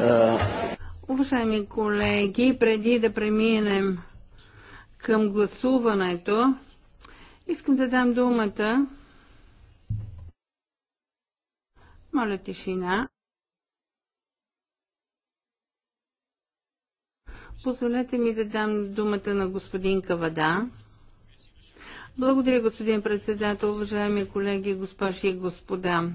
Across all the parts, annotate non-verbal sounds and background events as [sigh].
Uh, Уважаеми колеги, преди да преминем към гласуването, искам да дам думата. Моля тишина. Позволете ми да дам думата на господин Кавада. Благодаря, господин председател, уважаеми колеги, госпожи и господа.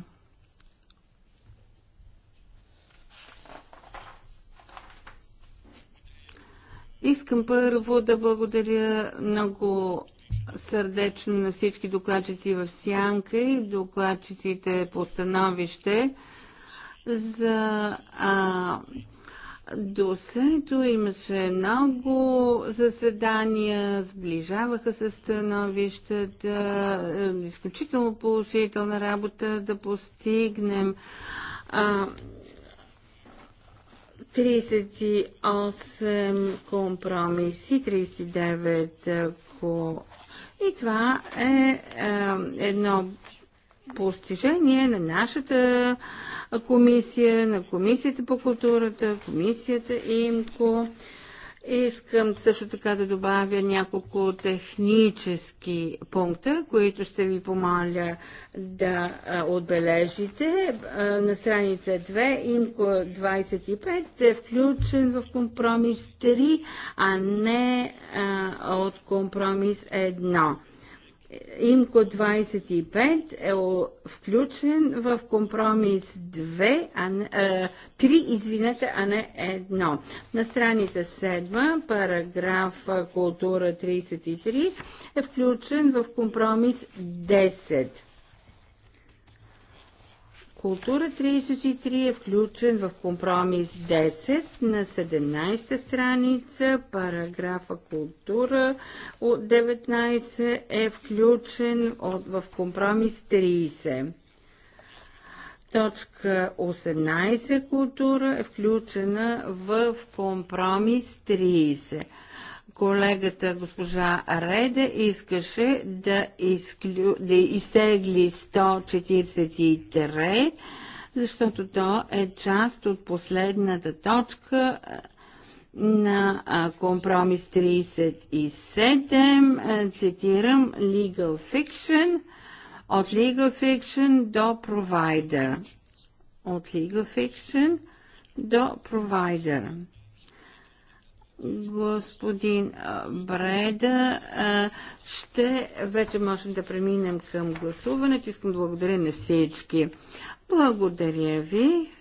Искам първо да благодаря много сърдечно на всички докладчици в Сянка и докладчиците по становище за а, до сето имаше много заседания, сближаваха се становищата, е, изключително положителна работа да постигнем. 38 компромиси, 39 е, ко... И това е, е едно постижение на нашата комисия, на комисията по културата, комисията ИМКО. Искам също така да добавя няколко технически пункта, които ще ви помоля да отбележите. На страница 2, имко 25 е включен в компромис 3, а не от компромис 1. Имко 25 е, е, е включен в компромис 2, а, а, 3, извинете, а не 1. На страница 7, параграф култура 33 е включен в компромис 10 култура 33 е включен в компромис 10 на 17 страница, параграфа култура от 19 е включен от, в компромис 30. Точка 18 култура е включена в компромис 30 колегата госпожа Реде искаше да, изклю... да изтегли 143, защото то е част от последната точка е, на компромис 37, е, цитирам Legal Fiction, от Legal Fiction до Provider. От Legal Fiction до Provider господин Бреда. Ще вече можем да преминем към гласуването. Искам да благодаря на всички. Благодаря ви.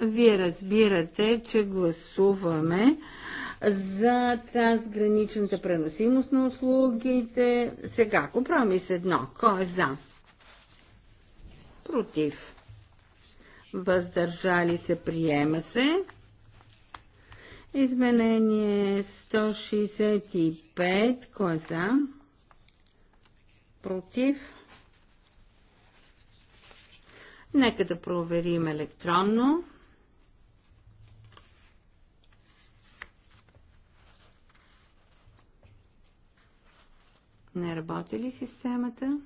Вие разбирате, че гласуваме за трансграничната преносимост на услугите. Сега, компромис едно. Кой е за? Против. Въздържали се, приема се. Изменение 165. Кой е за? Против. Нека да проверим електронно. Не работи ли системата?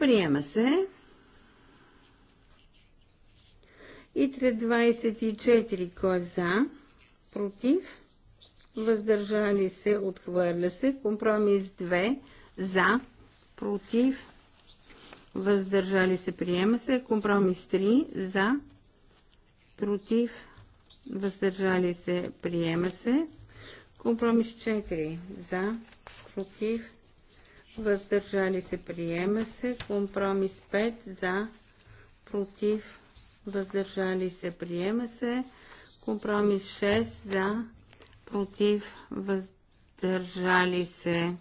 Приема се. И 324 кой е за, против, въздържали се, отхвърля се. Компромис 2 за, против, въздържали се, приема се. Компромис 3 за, против, въздържали се, приема се. Компромис 4 за, против, въздържали се, приема се. Компромис 5 за, против, въздържали се, приема се. Компромис 6 за, против, въздържали се,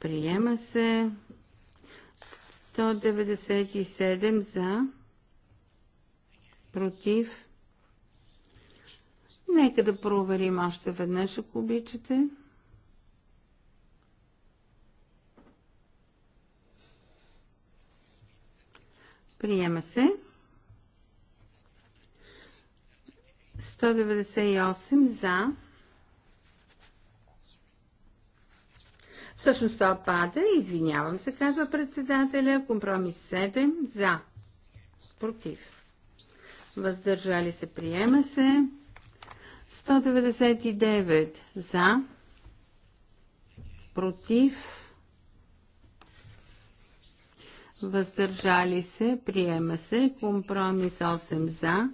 приема се. 197 за, против. Нека да проверим още веднъж, ако обичате. Приема се. 198 за. Всъщност това пада, извинявам се, казва председателя. Компромис 7 за. Против. Въздържали се, приема се. 199 за. Против въздържали се, приема се, компромис 8 за.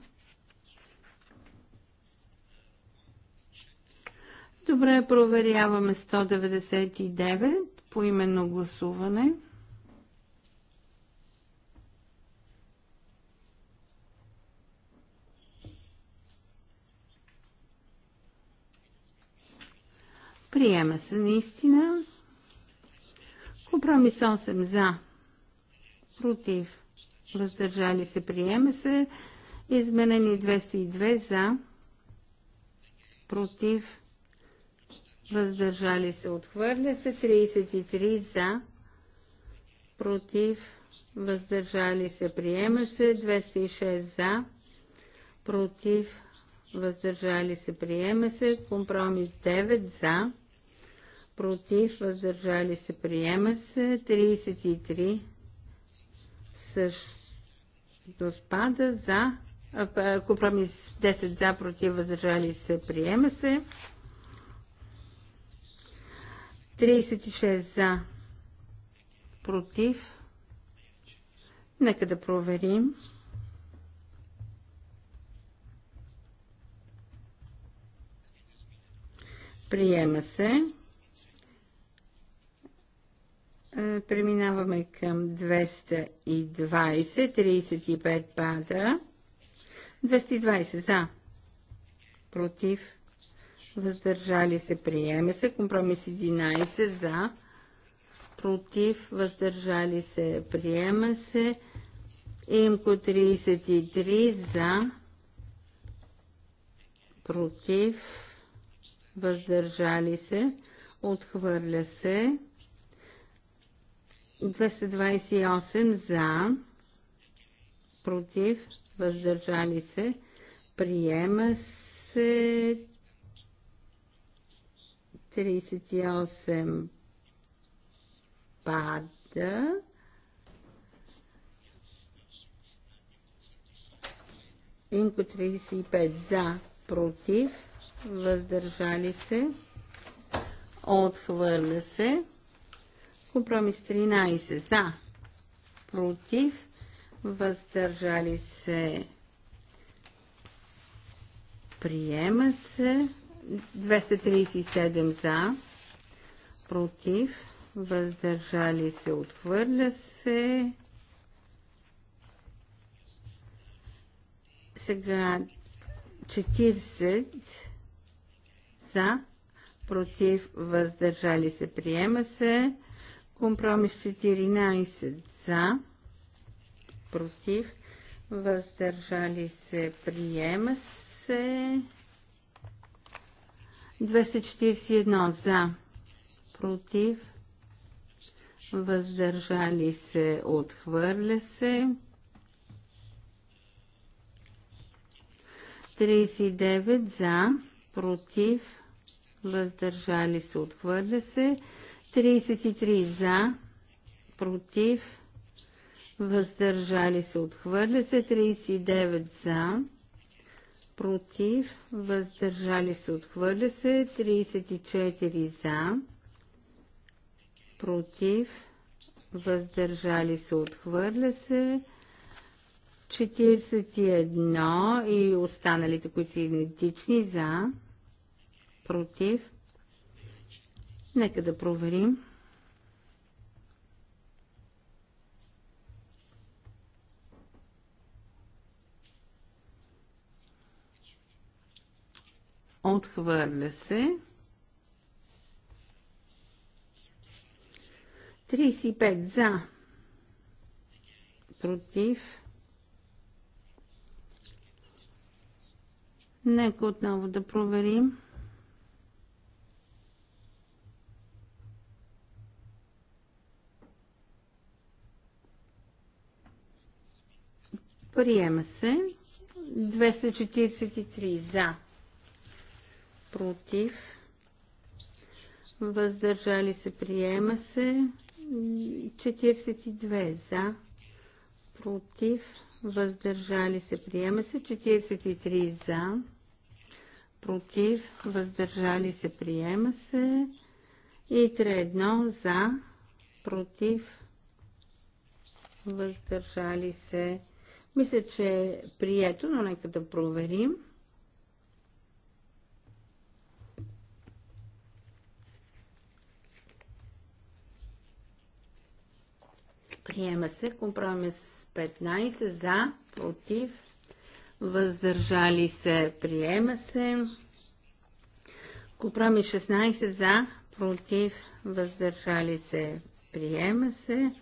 Добре, проверяваме 199 по именно гласуване. Приема се наистина. Компромис 8 за против, въздържали се, приема се. Изменени 202 за, против, въздържали се, отхвърля се. 33 за, против, въздържали се, приема се. 206 за, против, въздържали се, приема се. Компромис 9 за, против, въздържали се, приема се. 33 до спада за компромис 10 за против въздържали се приема се 36 за против нека да проверим приема се Преминаваме към 220. 35 пада. 220 за. Против. Въздържали се. Приеме се. Компромис 11 за. Против. Въздържали се. Приема се. Имко 33 за. Против. Въздържали се. Отхвърля се. 228 за, против, въздържали се, приема се 38 пада. Инко 35 за, против, въздържали се, отхвърля се. Компромис 13 за, против, въздържали се, приема се, 237 за, против, въздържали се, отхвърля се. Сега 40 за, против, въздържали се, приема се. Компромис 14 за, против, въздържали се, приема се. 241 за, против, въздържали се, отхвърля се. 39 за, против, въздържали се, отхвърля се. 33 за, против, въздържали се, отхвърля се. 39 за, против, въздържали се, отхвърля се. 34 за, против, въздържали се, отхвърля се. 41 и останалите, които са идентични, за, против, Нека да проверим. Отхвърля се. 35 за. Против. Нека отново да проверим. Приема се. 243 за. Против. Въздържали се. Приема се. 42 за. Против. Въздържали се. Приема се. 43 за. Против. Въздържали се. Приема се. И 3-1 за. Против. Въздържали се. Приема се мисля, че е прието, но нека да проверим. Приема се компромис 15 за, против, въздържали се, приема се. Компромис 16 за, против, въздържали се, приема се.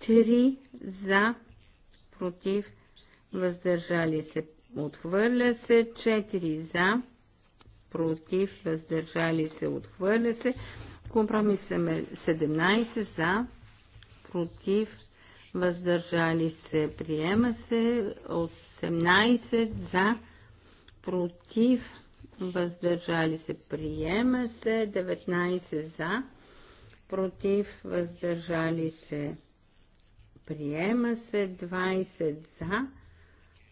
3 за, против, въздържали се, отхвърля се, 4 за, против, въздържали се, отхвърля се. Компромис 17 е за, против, въздържали се, приема се, 18 за, против, въздържали се, приема се, 19 за, против, въздържали се, Приема се 20 за,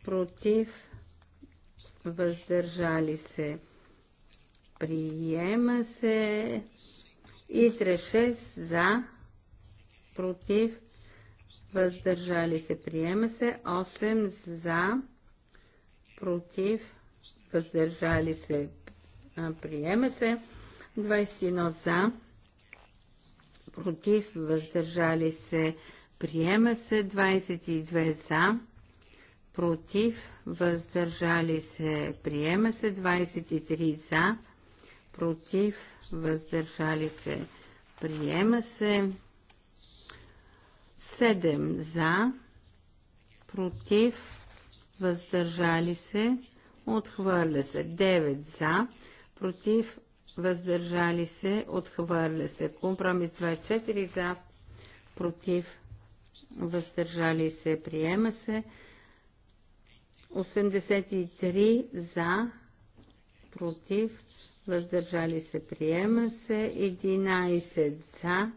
против, въздържали се. Приема се и 6 за, против, въздържали се. Приема се 8 за, против, въздържали се. Приема се 21 за, против, въздържали се. Приема се 22 за, против, въздържали се. Приема се 23 за, против, въздържали се. Приема се 7 за, против, въздържали се. Отхвърля се 9 за, против, въздържали се. Отхвърля се. Компромис 24 за, против, въздържали се, приема се. 83 за, против, въздържали се, приема се. 11 за,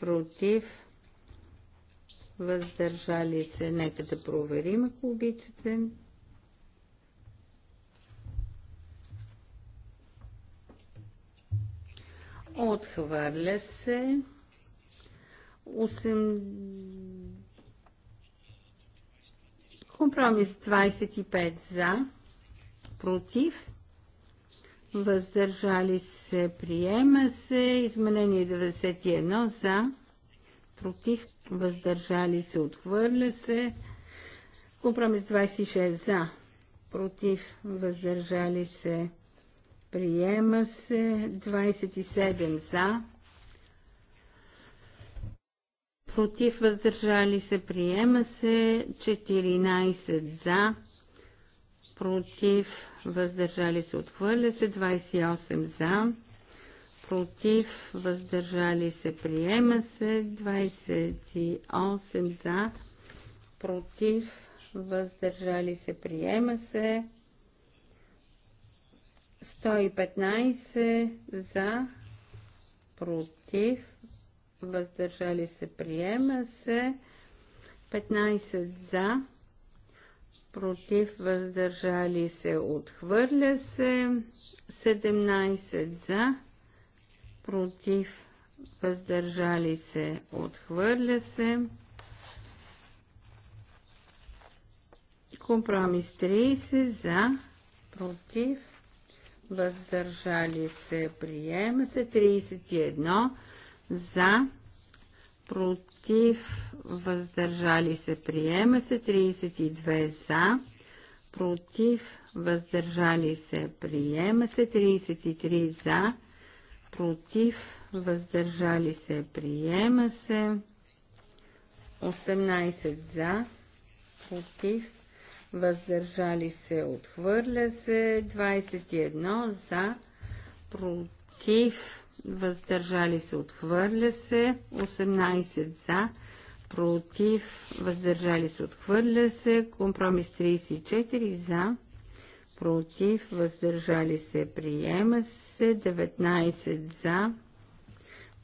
против, въздържали се. Нека да проверим, ако обичате. Отхвърля се. 8... Компромис 25 за, против, въздържали се, приема се, изменение 91 за, против, въздържали се, отхвърля се, компромис 26 за, против, въздържали се, приема се, 27 за, против въздържали се, приема се 14 за, против въздържали се, отхвърля се 28 за, против въздържали се, приема се 28 за, против въздържали се, приема се 115 за, против въздържали се, приема се. 15 за, против, въздържали се, отхвърля се. 17 за, против, въздържали се, отхвърля се. Компромис 30 за, против, въздържали се, приема се. 31 за, против, въздържали се, приема се, 32 за, против, въздържали се, приема се, 33 за, против, въздържали се, приема се, 18 за, против, въздържали се, отхвърля се, 21 за, против, въздържали се, отхвърля се, 18 за, против, въздържали се, отхвърля се, компромис 34 за, против, въздържали се, приема се, 19 за,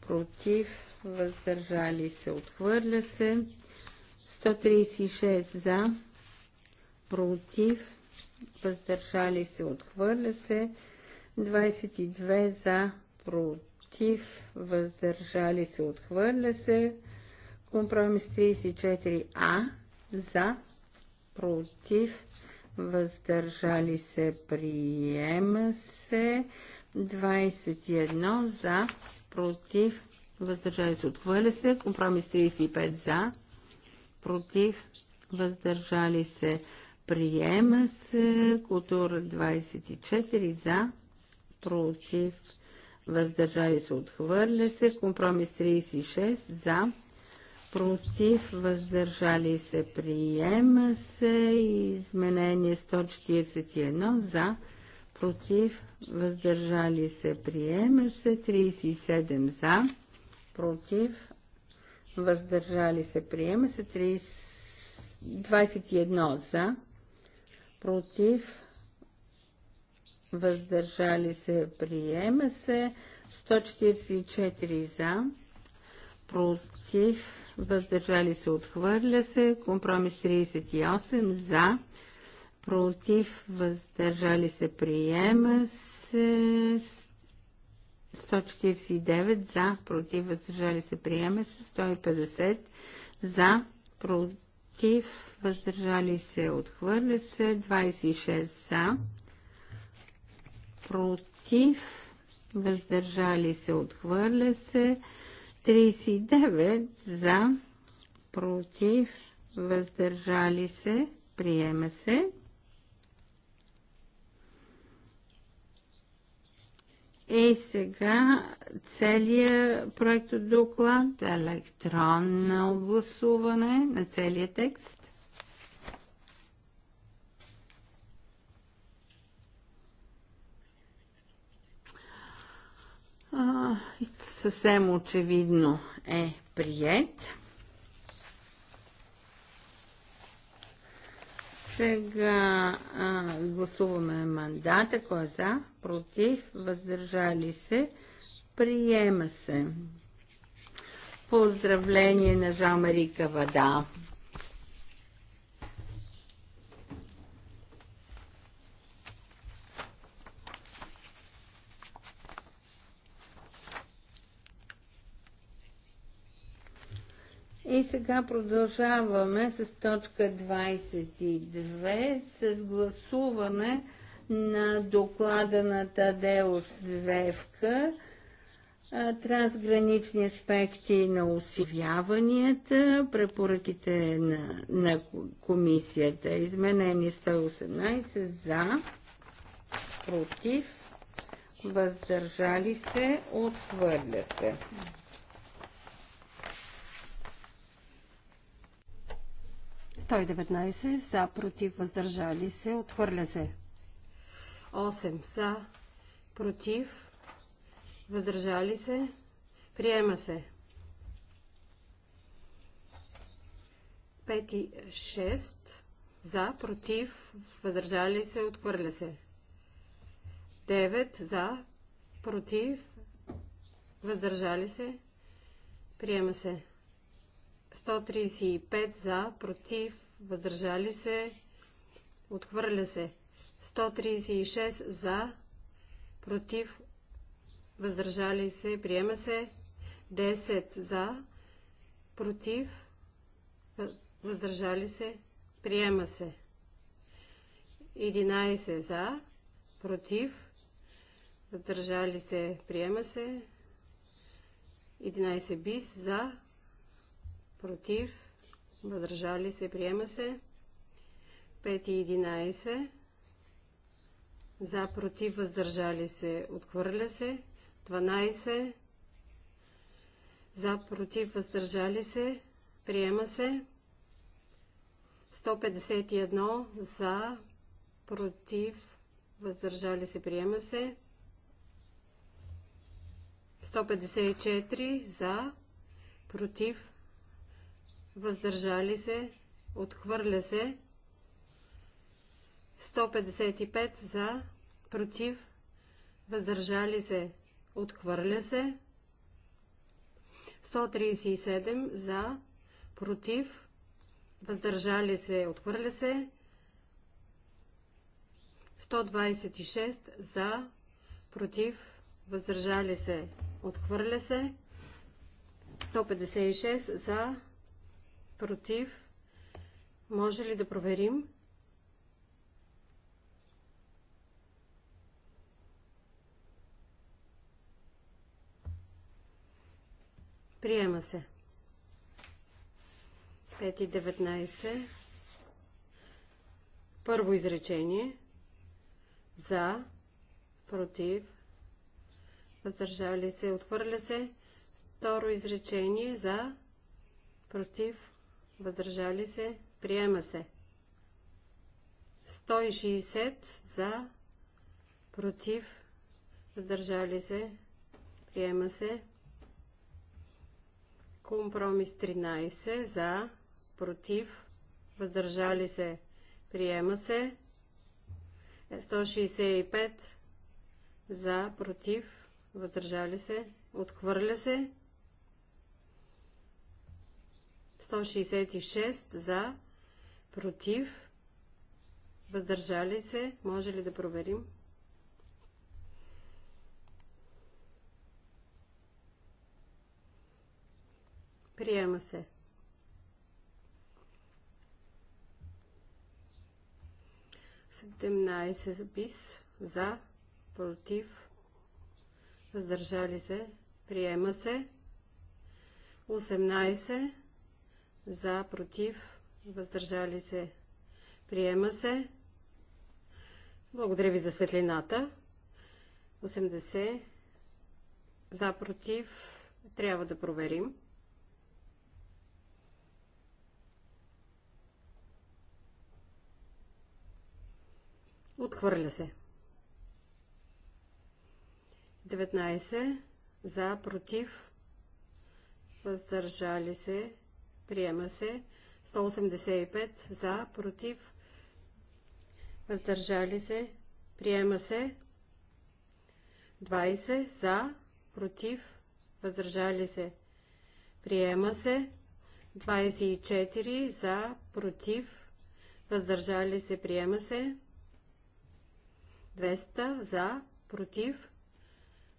против, въздържали се, отхвърля се, 136 за, против, въздържали се, отхвърля се, 22 за, против, против, въздържали се, отхвърля се. Компромис 34А за, против, въздържали се, приема се. 21 за, против, въздържали се, отхвърля се. Компромис 35 за, против, въздържали се, приема се. Култура 24 за, против, въздържали се, отхвърля се. Компромис 36 за, против, въздържали се, приема се. Изменение 141 за, против, въздържали се, приема се. 37 за, против, въздържали се, приема се. 30... 21 за, против, въздържали се, приема се, 144 за, против, въздържали се, отхвърля се, компромис 38 за, против, въздържали се, приема се, 149 за, против, въздържали се, приема се, 150 за, против, въздържали се, отхвърля се, 26 за, против, въздържали се, отхвърля се. 39 за, против, въздържали се, приема се. И сега целият проект от доклад, електронно гласуване на целият текст. А, съвсем очевидно е прият. Сега а, гласуваме мандата. Кой е за? Против? Въздържали се? Приема се. Поздравление на Жан-Мари Кавада. И сега продължаваме с точка 22 с гласуване на доклада на Тадеуш Звевка трансгранични аспекти на усивяванията, препоръките на, на комисията. Изменени 118 за, против, въздържали се, отхвърля се. 119 за, против, въздържали се, отхвърля се. 8 за, против, въздържали се, приема се. 5 и 6 за, против, въздържали се, отхвърля се. 9 за, против, въздържали се, приема се. 135 за, против, въздържали се, отхвърля се. 136 за, против, въздържали се, приема се. 10 за, против, въздържали се, приема се. 11 за, против, въздържали се, приема се. 11 бис за, против, въздържали се, приема се. 5 и 11 за, против, въздържали се, отхвърля се. 12 за, против, въздържали се, приема се. 151 за, против, въздържали се, приема се. 154 за, против, въздържали се, отхвърля се. 155 за, против, въздържали се, отхвърля се. 137 за, против, въздържали се, отхвърля се. 126 за, против, въздържали се, отхвърля се. 156 за, против. Може ли да проверим? Приема се. 5.19. Първо изречение. За, против, въздържали се, отхвърля се. Второ изречение. За, против, въздържали се, приема се. 160 за, против, въздържали се, приема се. Компромис 13 за, против, въздържали се, приема се. 165 за, против, въздържали се, отхвърля се. 166 за, против, въздържали се. Може ли да проверим? Приема се. Седемнайсет запис. за, против, въздържали се, приема се. 18 за, против, въздържали се, приема се. Благодаря ви за светлината. 80 за, против, трябва да проверим. Отхвърля се. 19 за, против, въздържали се, Приема се. 185 за, против, въздържали се. Приема се. 20 за, против, въздържали се. Приема се. 24 за, против, въздържали се. Приема се. 200 за, против,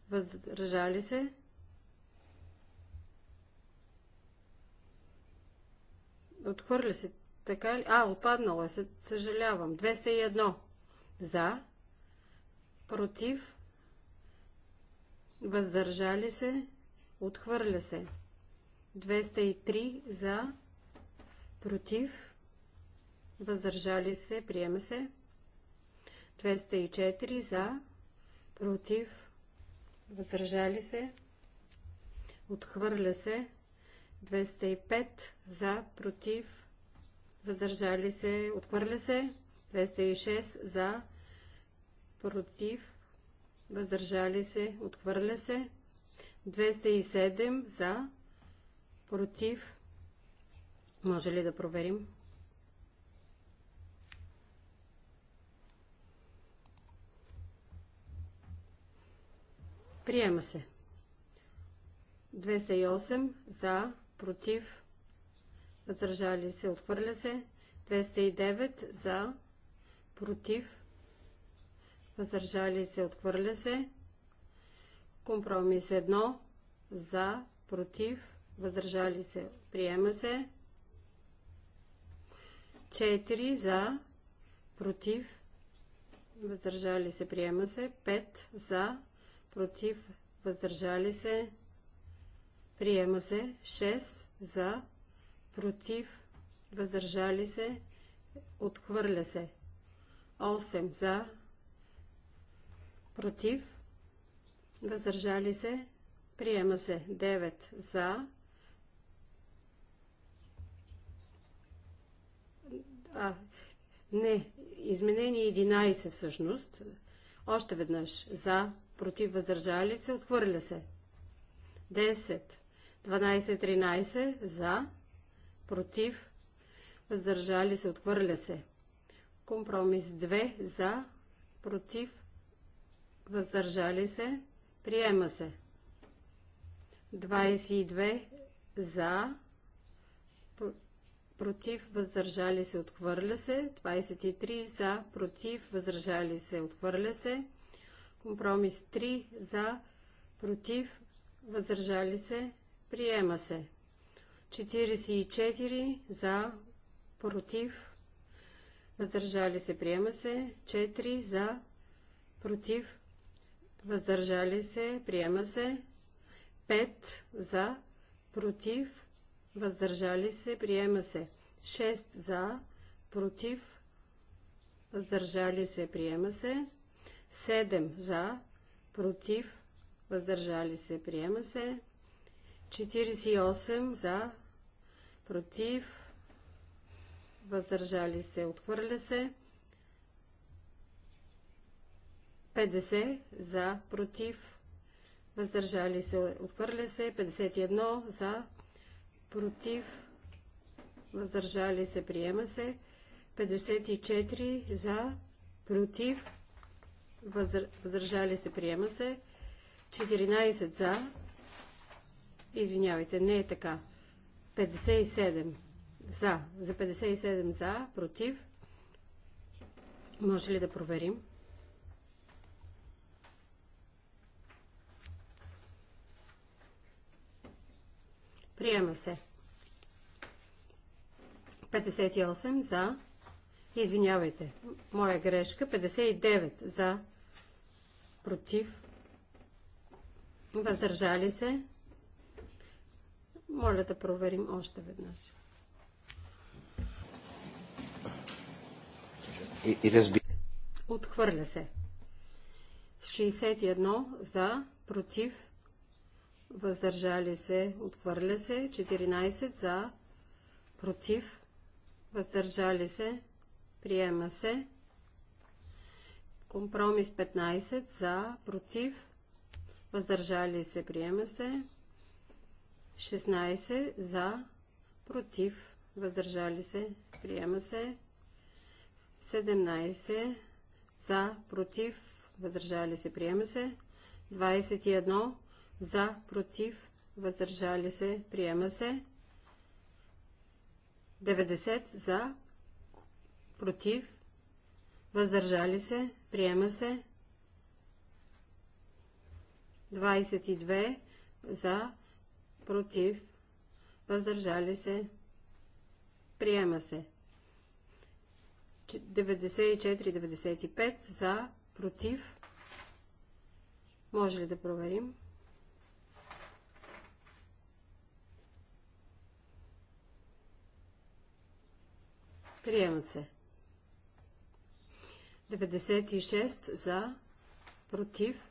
въздържали се. Отхвърля се. Така ли? А, отпаднала е, се. Съжалявам. 201. За. Против. Въздържали се. Отхвърля се. 203. За. Против. Въздържали се. Приема се. 204. За. Против. Въздържали се. Отхвърля се. 205 за, против, въздържали се, отхвърля се. 206 за, против, въздържали се, отхвърля се. 207 за, против. Може ли да проверим? Приема се. 208 за, против, въздържали се, отхвърля се. 209 за, против, въздържали се, отхвърля се. Компромис 1 за, против, въздържали се, приема се. 4 за, против, въздържали се, приема се. 5 за, против, въздържали се, Приема се 6 за, против, въздържали се, отхвърля се. 8 за, против, въздържали се, приема се. 9 за, а, не, изменение 11 всъщност. Още веднъж. За, против, въздържали се, отхвърля се. 10 12-13 за, против, въздържали се, отхвърля се. Компромис 2 за, против, въздържали се, приема се. 22 за, против, въздържали се, отхвърля се. 23 за, против, въздържали се, отхвърля се. Компромис 3 за, против, въздържали се, Приема се. 44 за, против, въздържали се. Приема се. 4 за, против, въздържали се. Приема се. 5 за, против, въздържали се. Приема се. 6 за, против, въздържали се. Приема се. 7 за, против, въздържали се. Приема се. 48 за, против, въздържали се, отхвърля се. 50 за, против, въздържали се, отхвърля се. 51 за, против, въздържали се, приема се. 54 за, против, въздържали се, приема се. 14 за, Извинявайте, не е така. 57 за. За 57 за, против. Може ли да проверим? Приема се. 58 за. Извинявайте, моя грешка. 59 за. Против. Въздържали се. Моля да проверим още веднъж. Отхвърля се. 61 за, против, въздържали се, отхвърля се. 14 за, против, въздържали се, приема се. Компромис 15 за, против, въздържали се, приема се. 16 за, против, въздържали се, приема се. 17 за, против, въздържали се, приема се. 21 за, против, въздържали се, приема се. 90 за, против, въздържали се, приема се. 22 за, против, въздържали се, приема се. 94-95 за, против. Може ли да проверим? Приемат се. 96 за, против,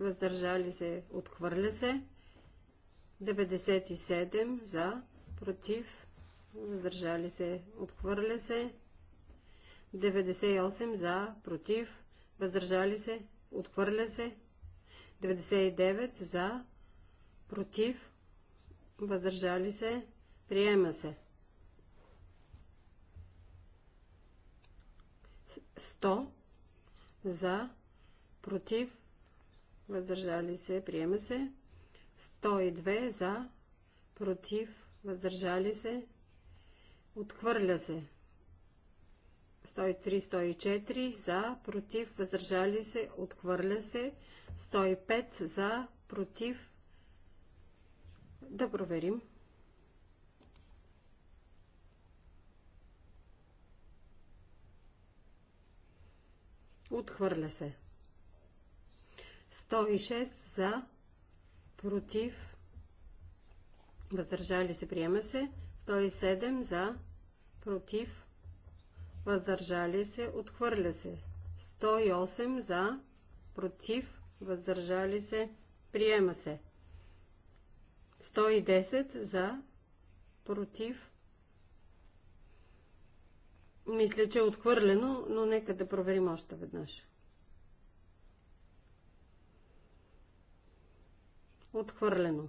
въздържали се, отхвърля се. 97 за, против, въздържали се, отхвърля се. 98 за, против, въздържали се, отхвърля се. 99 за, против, въздържали се, приема се. 100 за, против, въздържали се, приема се. 102 за, против, въздържали се, отхвърля се. 103-104 за, против, въздържали се, отхвърля се. 105 за, против. Да проверим. Отхвърля се. 106 за, против, въздържали се, приема се. 107 за, против, въздържали се, отхвърля се. 108 за, против, въздържали се, приема се. 110 за, против. Мисля, че е отхвърлено, но нека да проверим още веднъж. Отхвърлено.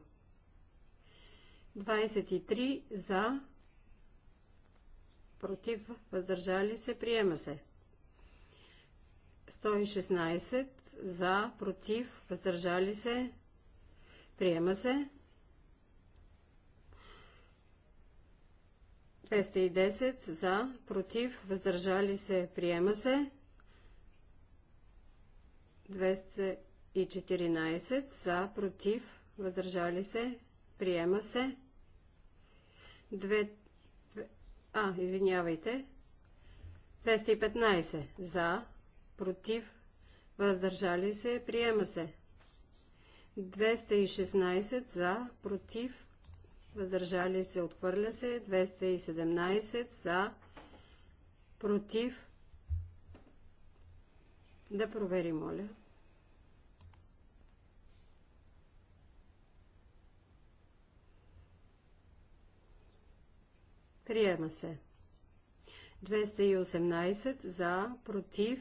23 за. Против. Въздържали се. Приема се. 116 за. Против. Въздържали се. Приема се. 210 за, против, въздържали се, приема се. 200 и 14 за, против, въздържали се, приема се. две, а, извинявайте. 215 за, против, въздържали се, приема се. 216 за, против, въздържали се, отхвърля се. 217 за, против. Да проверим, моля. 217. Приема се. 218 за, против,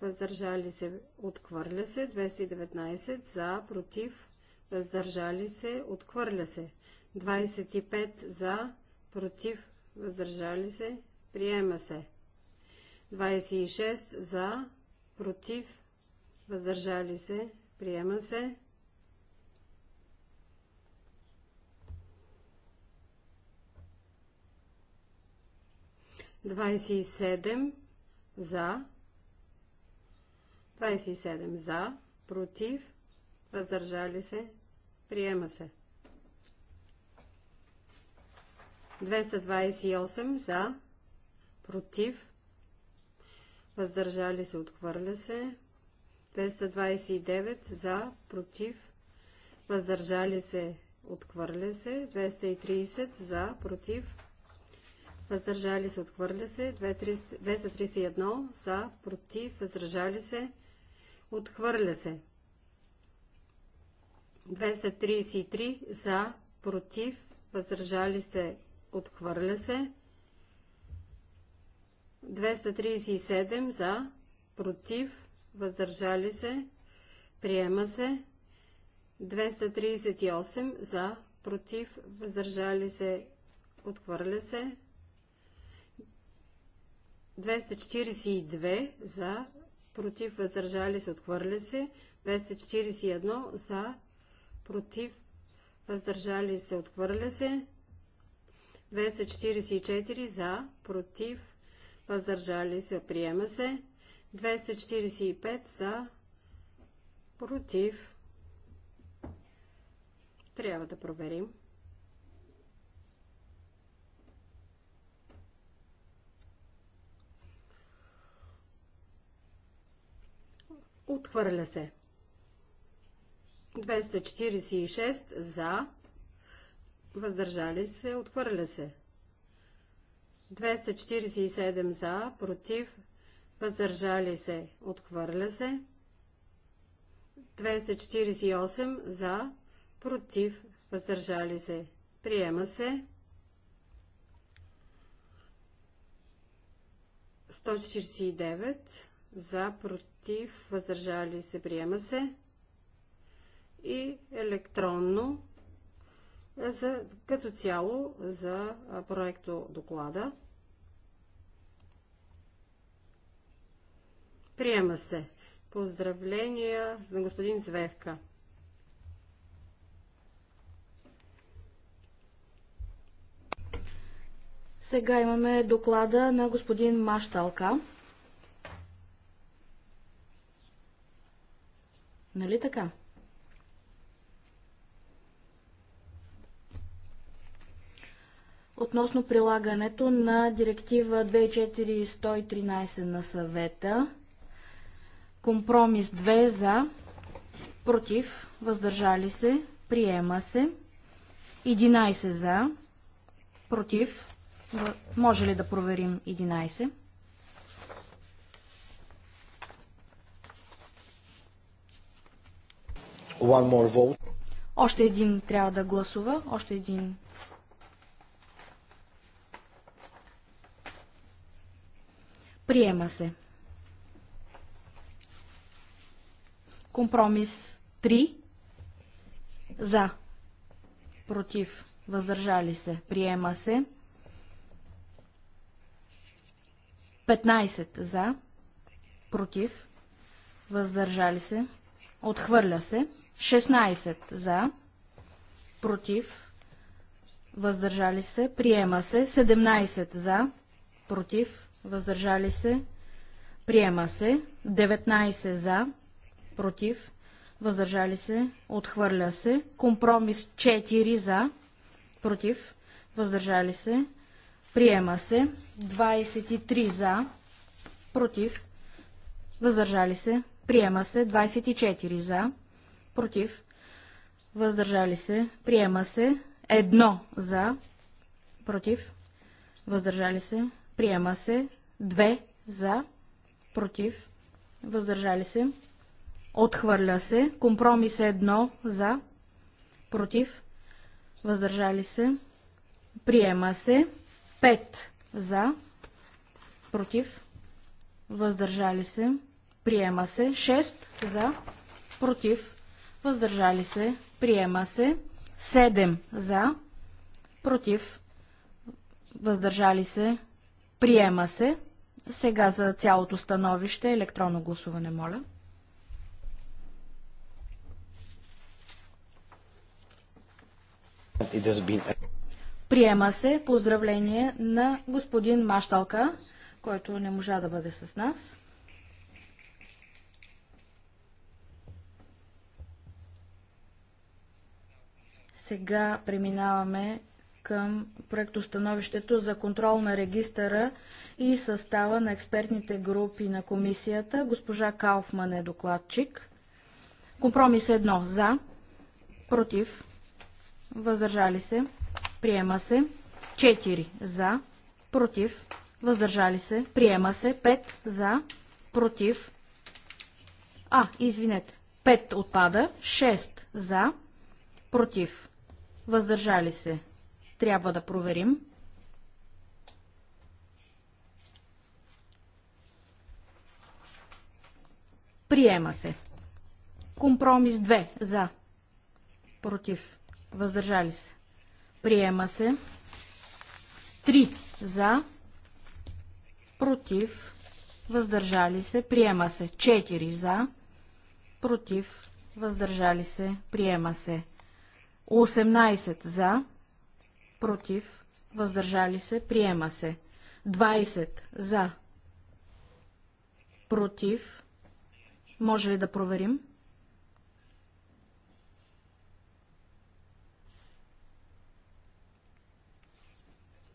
въздържали се, отхвърля се. 219 за, против, въздържали се, отхвърля се. 25 за, против, въздържали се, приема се. 26 за, против, въздържали се, приема се. 27 за, 27 за, против, въздържали се, приема се. 228 за, против, въздържали се, отхвърля се. 229 за, против, въздържали се, отхвърля се. 230 за, против, въздържали се, отхвърля се. 231 за, против, въздържали се, отхвърля се. 233 за, против, въздържали се, отхвърля се. 237 за, против, въздържали се, приема се. 238 за, против, въздържали се, отхвърля се. 242 за, против, въздържали се, отхвърля се. 241 за, против, въздържали се, отхвърля се. 244 за, против, въздържали се, приема се. 245 за, против. Трябва да проверим. Отхвърля се. 246 за. Въздържали се. Отхвърля се. 247 за. Против. Въздържали се. Отхвърля се. 248 за. Против. Въздържали се. Приема се. 149 за. Против против, въздържали се, приема се. И електронно е, за, като цяло за проекто доклада. Приема се. Поздравления на господин Звевка. Сега имаме доклада на господин Машталка. Нали така? Относно прилагането на директива 2413 на съвета, компромис 2 за, против, въздържали се, приема се, 11 за, против, може ли да проверим 11? One more vote. Още един трябва да гласува. Още един. Приема се. Компромис 3. За. Против. Въздържали се. Приема се. 15 за. Против. Въздържали се. Отхвърля се. 16 за. Против. Въздържали се. Приема се. 17 за. Против. Въздържали се. Приема се. 19 за. Против. Въздържали се. Отхвърля се. Компромис 4 за. Против. Въздържали се. Приема се. 23 за. Против. Въздържали се. Приема се 24 за, против, въздържали се. Приема се 1 за, против, въздържали се. Приема се 2 за, против, въздържали се. Отхвърля се. Компромис 1 за, против, въздържали се. Приема се 5 за, против, въздържали се приема се. 6 за, против, въздържали се, приема се. 7 за, против, въздържали се, приема се. Сега за цялото становище електронно гласуване, моля. Приема се поздравление на господин Машталка, който не можа да бъде с нас. Сега преминаваме към проектостановището за контрол на регистъра и състава на експертните групи на комисията. Госпожа Кауфман е докладчик. Компромис едно за, против, въздържали се, приема се. 4 за, против, въздържали се, приема се. 5 за, против. А, извинете. 5 отпада. 6 за, против въздържали се. Трябва да проверим. Приема се. Компромис 2 за. Против. Въздържали се. Приема се. 3 за. Против. Въздържали се. Приема се. 4 за. Против. Въздържали се. Приема се. 18 за, против, въздържали се, приема се. 20 за, против, може ли да проверим?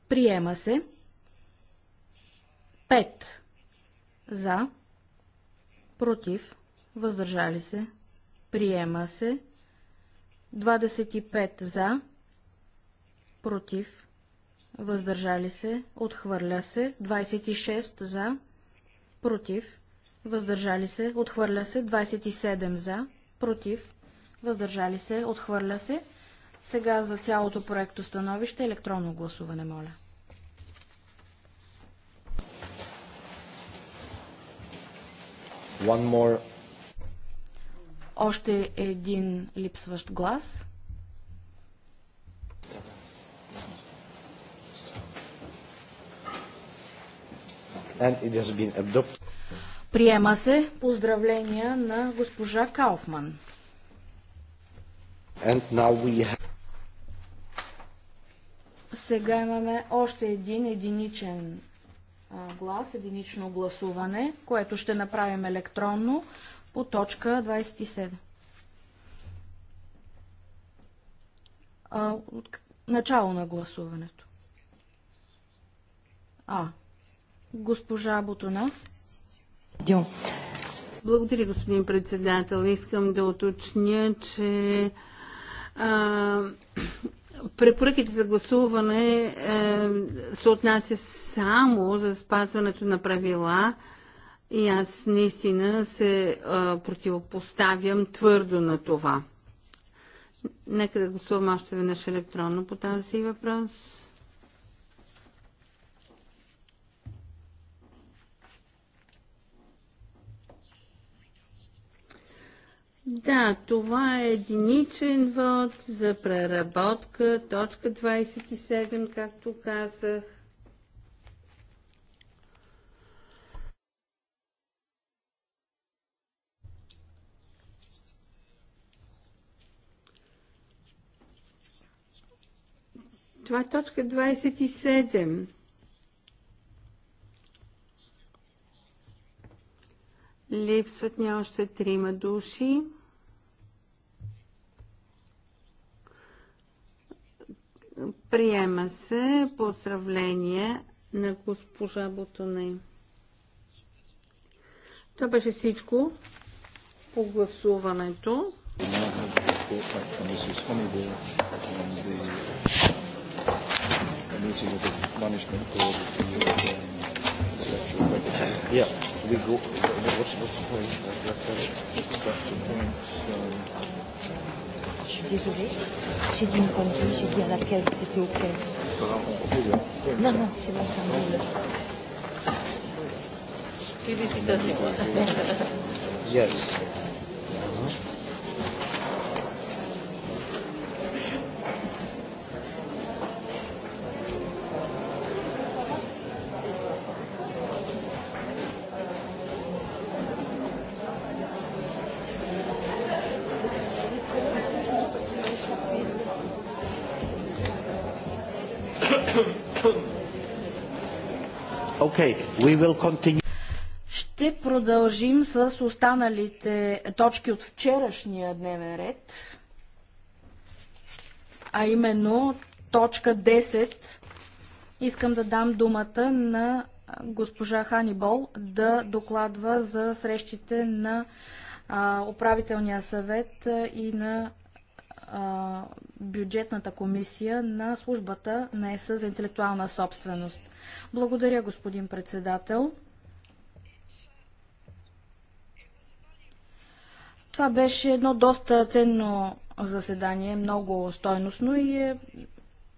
Приема се. 5 за, против, въздържали се, приема се. 25 за, против, въздържали се, отхвърля се. 26 за, против, въздържали се, отхвърля се. 27 за, против, въздържали се, отхвърля се. Сега за цялото проекто становище електронно гласуване, моля. One more още един липсващ глас. Приема се поздравления на госпожа Кауфман. Have... Сега имаме още един единичен глас, единично гласуване, което ще направим електронно по точка 27. А, от, начало на гласуването. А. Госпожа Бутона. Благодаря, господин председател. Искам да уточня, че а, препоръките за гласуване а, е, се отнася само за спазването на правила и аз наистина се а, противопоставям твърдо на това. Нека да гласувам още веднъж електронно по тази въпрос. Да, това е единичен вод за преработка, точка 27, както казах. Това е точка 27. Липсват ни още трима души. Приема се поздравление на госпожа Бутоне. Това беше всичко по гласуването meeting of the management board of the European selection regulatory. Yeah, we go. What's, what's the point? That's the point. Je suis désolée, j'ai dit une connerie, j'ai dit à laquelle c'était auquel. Non, non, c'est bon, ça me Félicitations. Yes. Uh -huh. Ще продължим с останалите точки от вчерашния дневен ред, а именно точка 10. Искам да дам думата на госпожа Ханибол да докладва за срещите на а, управителния съвет и на а, бюджетната комисия на службата на ЕСА за интелектуална собственост. Благодаря, господин председател. Това беше едно доста ценно заседание, много стойностно и е,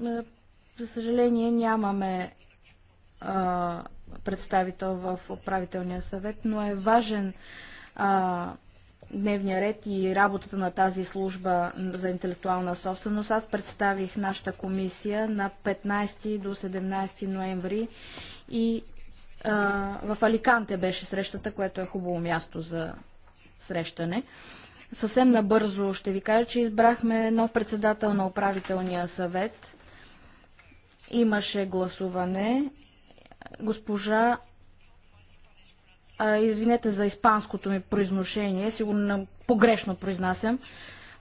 е за съжаление нямаме а, представител в управителния съвет, но е важен а, дневния ред и работата на тази служба за интелектуална собственост. Аз представих нашата комисия на 15 до 17 ноември и а, в Аликанте беше срещата, което е хубаво място за срещане. Съвсем набързо ще ви кажа, че избрахме нов председател на управителния съвет. Имаше гласуване. Госпожа а, извинете за испанското ми произношение, сигурно погрешно произнасям.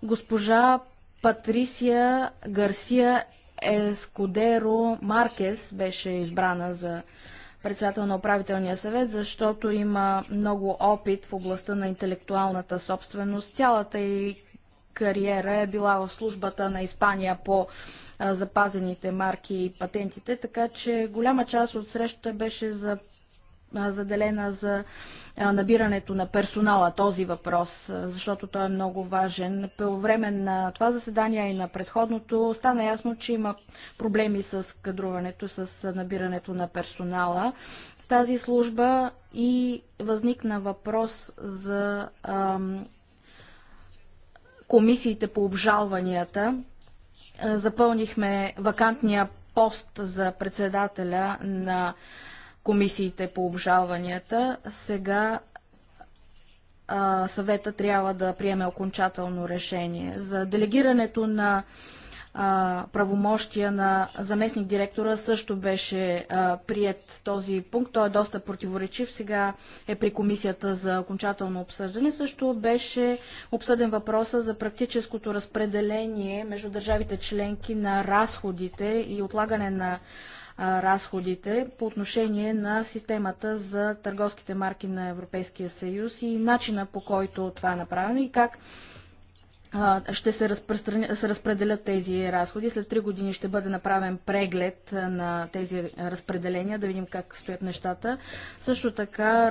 Госпожа Патрисия Гарсия Ескодеро Маркес беше избрана за председател на управителния съвет, защото има много опит в областта на интелектуалната собственост. Цялата и кариера е била в службата на Испания по запазените марки и патентите, така че голяма част от срещата беше за заделена за набирането на персонала този въпрос, защото той е много важен. По време на това заседание и на предходното стана ясно, че има проблеми с кадруването, с набирането на персонала в тази служба и възникна въпрос за ам, комисиите по обжалванията. Запълнихме вакантния пост за председателя на комисиите по обжалванията. Сега а, съвета трябва да приеме окончателно решение. За делегирането на а, правомощия на заместник директора също беше а, прият този пункт. Той е доста противоречив. Сега е при комисията за окончателно обсъждане. Също беше обсъден въпроса за практическото разпределение между държавите членки на разходите и отлагане на разходите по отношение на системата за търговските марки на Европейския съюз и начина по който това е направено и как ще се, се разпределят тези разходи. След 3 години ще бъде направен преглед на тези разпределения, да видим как стоят нещата. Също така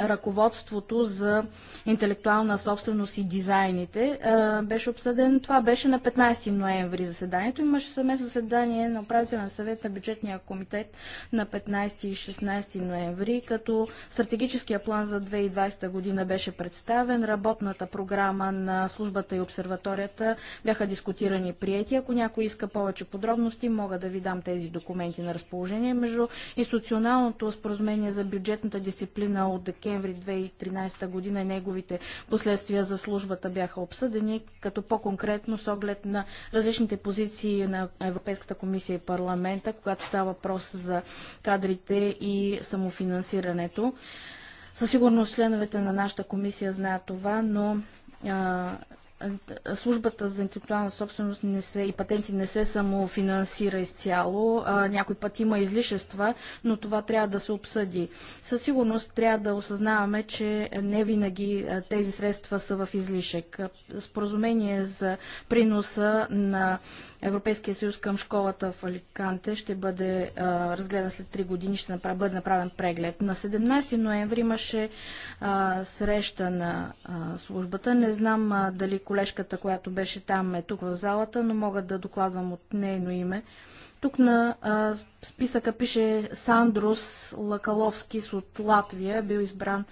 ръководството за интелектуална собственост и дизайните беше обсъден. Това беше на 15 ноември заседанието. Имаше съместно заседание на управителен съвет на бюджетния комитет на 15 и 16 ноември, като стратегическия план за 2020 година беше представен, работната програма на службата Академията и обсерваторията бяха дискутирани и прияти. Ако някой иска повече подробности, мога да ви дам тези документи на разположение. Между институционалното споразумение за бюджетната дисциплина от декември 2013 година и неговите последствия за службата бяха обсъдени, като по-конкретно с оглед на различните позиции на Европейската комисия и парламента, когато става въпрос за кадрите и самофинансирането. Със сигурност членовете на нашата комисия знаят това, но а, службата за интелектуална собственост не се, и патенти не се самофинансира изцяло. А, някой път има излишества, но това трябва да се обсъди. Със сигурност трябва да осъзнаваме, че не винаги тези средства са в излишек. Споразумение за приноса на Европейския съюз към школата в Аликанте ще бъде а, разгледан след 3 години, ще направ... бъде направен преглед. На 17 ноември имаше а, среща на а, службата. Не знам а, дали колежката, която беше там, е тук в залата, но мога да докладвам от нейно име. Тук на а, списъка пише Сандрус Лакаловскис от Латвия, бил избран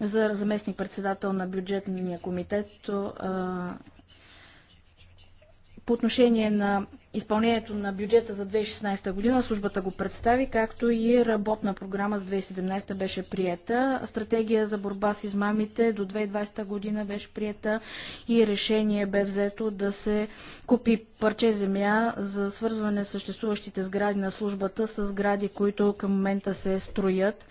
за заместник председател на бюджетния комитет. А, по отношение на изпълнението на бюджета за 2016 година, службата го представи, както и работна програма за 2017 беше приета. Стратегия за борба с измамите до 2020 година беше приета и решение бе взето да се купи парче земя за свързване с съществуващите сгради на службата с сгради, които към момента се строят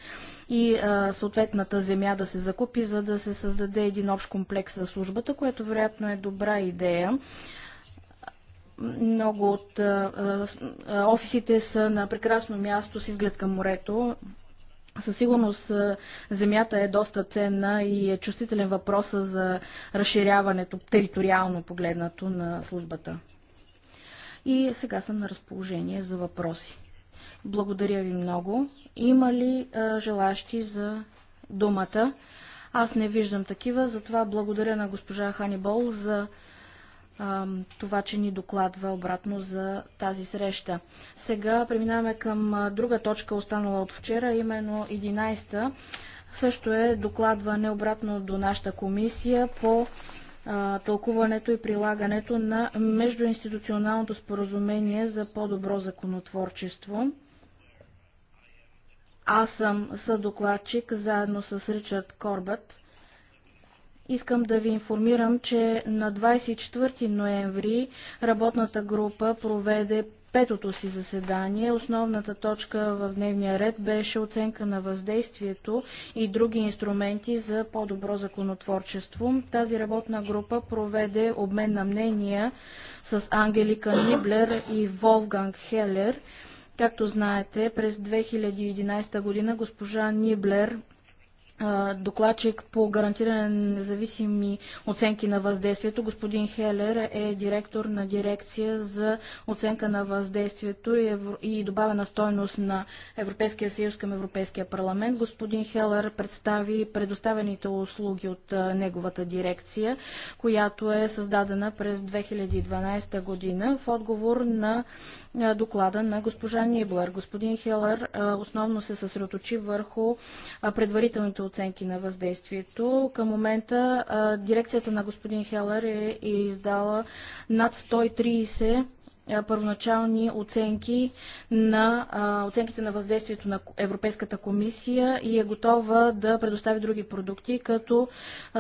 и а, съответната земя да се закупи, за да се създаде един общ комплекс за службата, което вероятно е добра идея много от офисите са на прекрасно място с изглед към морето. Със сигурност земята е доста ценна и е чувствителен въпрос за разширяването териториално погледнато на службата. И сега съм на разположение за въпроси. Благодаря ви много. Има ли а, желащи за думата? Аз не виждам такива, затова благодаря на госпожа Ханибол за това, че ни докладва обратно за тази среща. Сега преминаваме към друга точка, останала от вчера, именно 11-та. Също е докладване обратно до нашата комисия по тълкуването и прилагането на междуинституционалното споразумение за по-добро законотворчество. Аз съм съдокладчик заедно с Ричард Корбът Искам да ви информирам, че на 24 ноември работната група проведе петото си заседание. Основната точка в дневния ред беше оценка на въздействието и други инструменти за по-добро законотворчество. Тази работна група проведе обмен на мнения с Ангелика Ниблер и Волфганг Хелер. Както знаете, през 2011 година госпожа Ниблер докладчик по гарантиране на независими оценки на въздействието. Господин Хелер е директор на дирекция за оценка на въздействието и, добавена стойност на Европейския съюз към Европейския парламент. Господин Хелер представи предоставените услуги от неговата дирекция, която е създадена през 2012 година в отговор на е, доклада на госпожа Ниблър. Господин Хелър е, основно се съсредоточи върху е, предварителните оценки на въздействието. Към момента дирекцията на господин Хелър е издала над 130 първоначални оценки на оценките на въздействието на Европейската комисия и е готова да предостави други продукти, като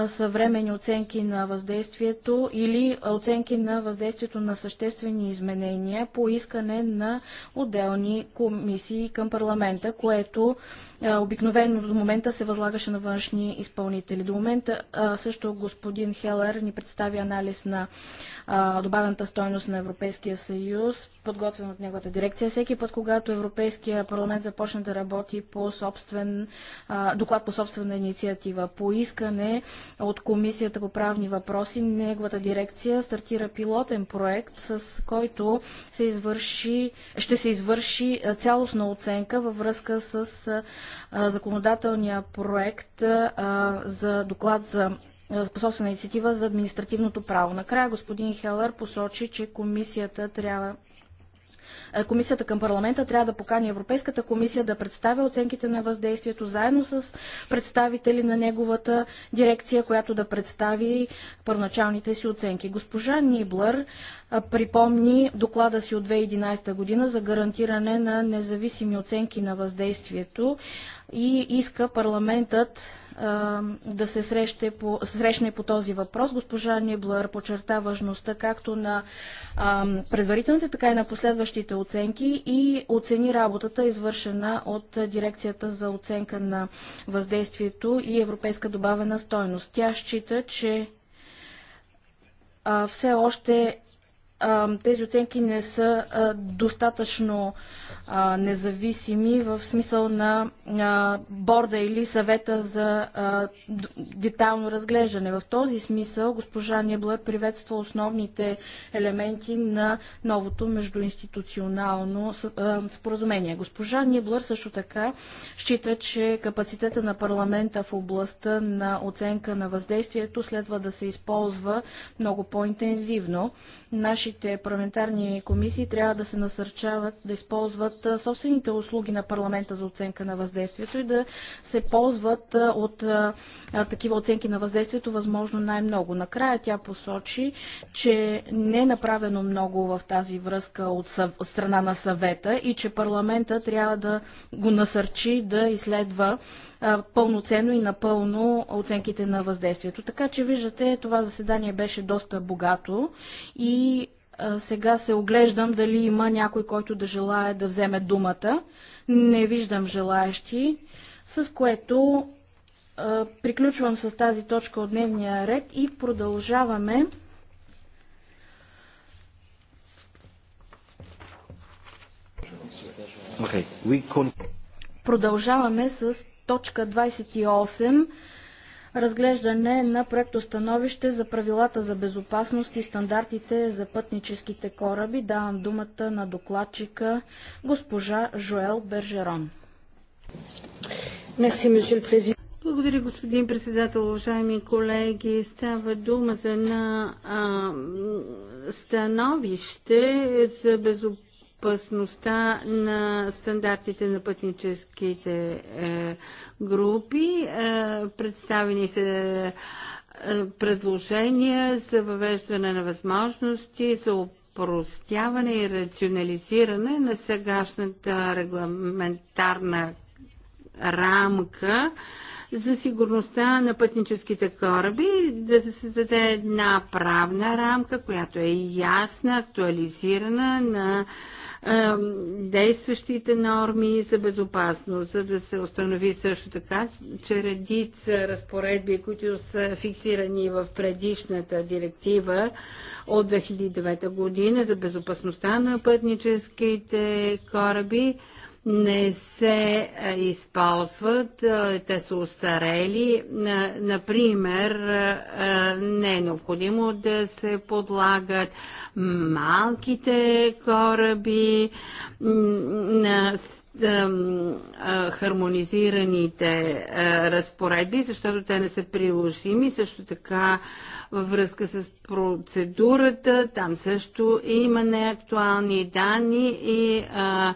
съвременни оценки на въздействието или оценки на въздействието на съществени изменения по искане на отделни комисии към парламента, което Обикновено до момента се възлагаше на външни изпълнители. До момента също господин Хелер ни представи анализ на добавената стойност на Европейския съюз, подготвен от неговата дирекция. Всеки път, когато Европейския парламент започне да работи по собствен, доклад по собствена инициатива, по искане от Комисията по правни въпроси, неговата дирекция стартира пилотен проект, с който се извърши, ще се извърши цялостна оценка във връзка с законодателния проект за доклад за по собствена инициатива за административното право. Накрая господин Хелър посочи, че комисията трябва е, комисията към парламента трябва да покани Европейската комисия да представя оценките на въздействието заедно с представители на неговата дирекция, която да представи първоначалните си оценки. Госпожа Ниблър е, припомни доклада си от 2011 година за гарантиране на независими оценки на въздействието и иска парламентът да се срещне по, срещне по този въпрос. Госпожа Ниблър подчерта важността както на предварителните, така и на последващите оценки и оцени работата, извършена от Дирекцията за оценка на въздействието и европейска добавена стойност. Тя счита, че все още тези оценки не са достатъчно а, независими в смисъл на а, борда или съвета за а, детално разглеждане. В този смисъл госпожа Нибла приветства основните елементи на новото междуинституционално споразумение. Госпожа Ниблър също така счита, че капацитета на парламента в областта на оценка на въздействието следва да се използва много по-интензивно. Нашите парламентарни комисии трябва да се насърчават да използват използват собствените услуги на парламента за оценка на въздействието и да се ползват от такива оценки на въздействието възможно най-много. Накрая тя посочи, че не е направено много в тази връзка от страна на съвета и че парламента трябва да го насърчи да изследва пълноценно и напълно оценките на въздействието. Така че виждате, това заседание беше доста богато и сега се оглеждам дали има някой, който да желая да вземе думата. Не виждам желаящи, с което приключвам с тази точка от дневния ред и продължаваме Продължаваме с точка 28 разглеждане на проектостановище за правилата за безопасност и стандартите за пътническите кораби. Давам думата на докладчика госпожа Жоел Бержерон. Благодаря, господин председател, уважаеми колеги. Става дума за на а, становище за безопасност безопасността на стандартите на пътническите е, групи. Е, представени са е, предложения за въвеждане на възможности за упростяване и рационализиране на сегашната регламентарна рамка за сигурността на пътническите кораби, да се създаде една правна рамка, която е ясна, актуализирана на действащите норми за безопасност, за да се установи също така, че редица разпоредби, които са фиксирани в предишната директива от 2009 година за безопасността на пътническите кораби, не се е, използват, е, те са устарели. Е, например, не е необходимо да се подлагат малките кораби на хармонизираните разпоредби, защото те не са приложими. Също така във връзка с процедурата, там също има неактуални данни и а,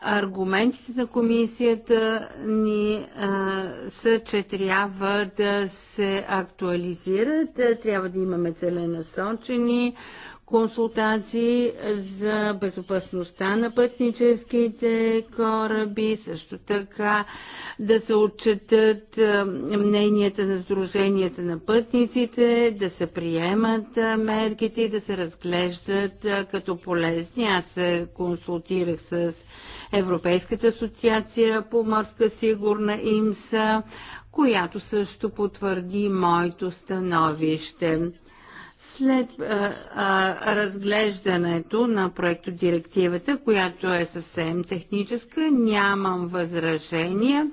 Аргументите на комисията ни а, са, че трябва да се актуализират, трябва да имаме целенасочени консултации за безопасността на пътническите кораби, също така да се отчетат мненията на Сдруженията на пътниците, да се приемат мерките и да се разглеждат като полезни. Аз се консултирах с Европейската асоциация по морска сигурна имса, която също потвърди моето становище. След а, а, разглеждането на директивата, която е съвсем техническа, нямам възражения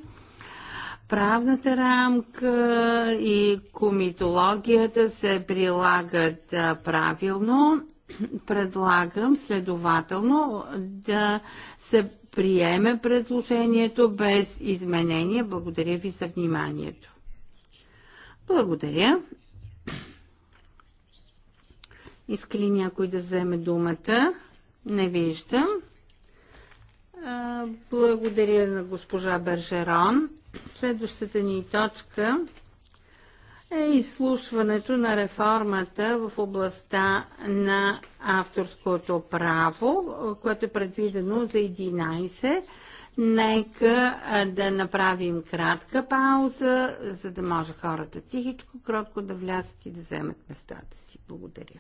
правната рамка и комитологията се прилагат правилно Предлагам следователно да се приеме предложението без изменение. Благодаря ви за вниманието. Благодаря. Иска ли някой да вземе думата? Не виждам. Благодаря на госпожа Бержерон. Следващата ни точка е изслушването на реформата в областта на авторското право, което е предвидено за 11. Нека да направим кратка пауза, за да може хората тихичко, кротко да влязат и да вземат местата си. Благодаря.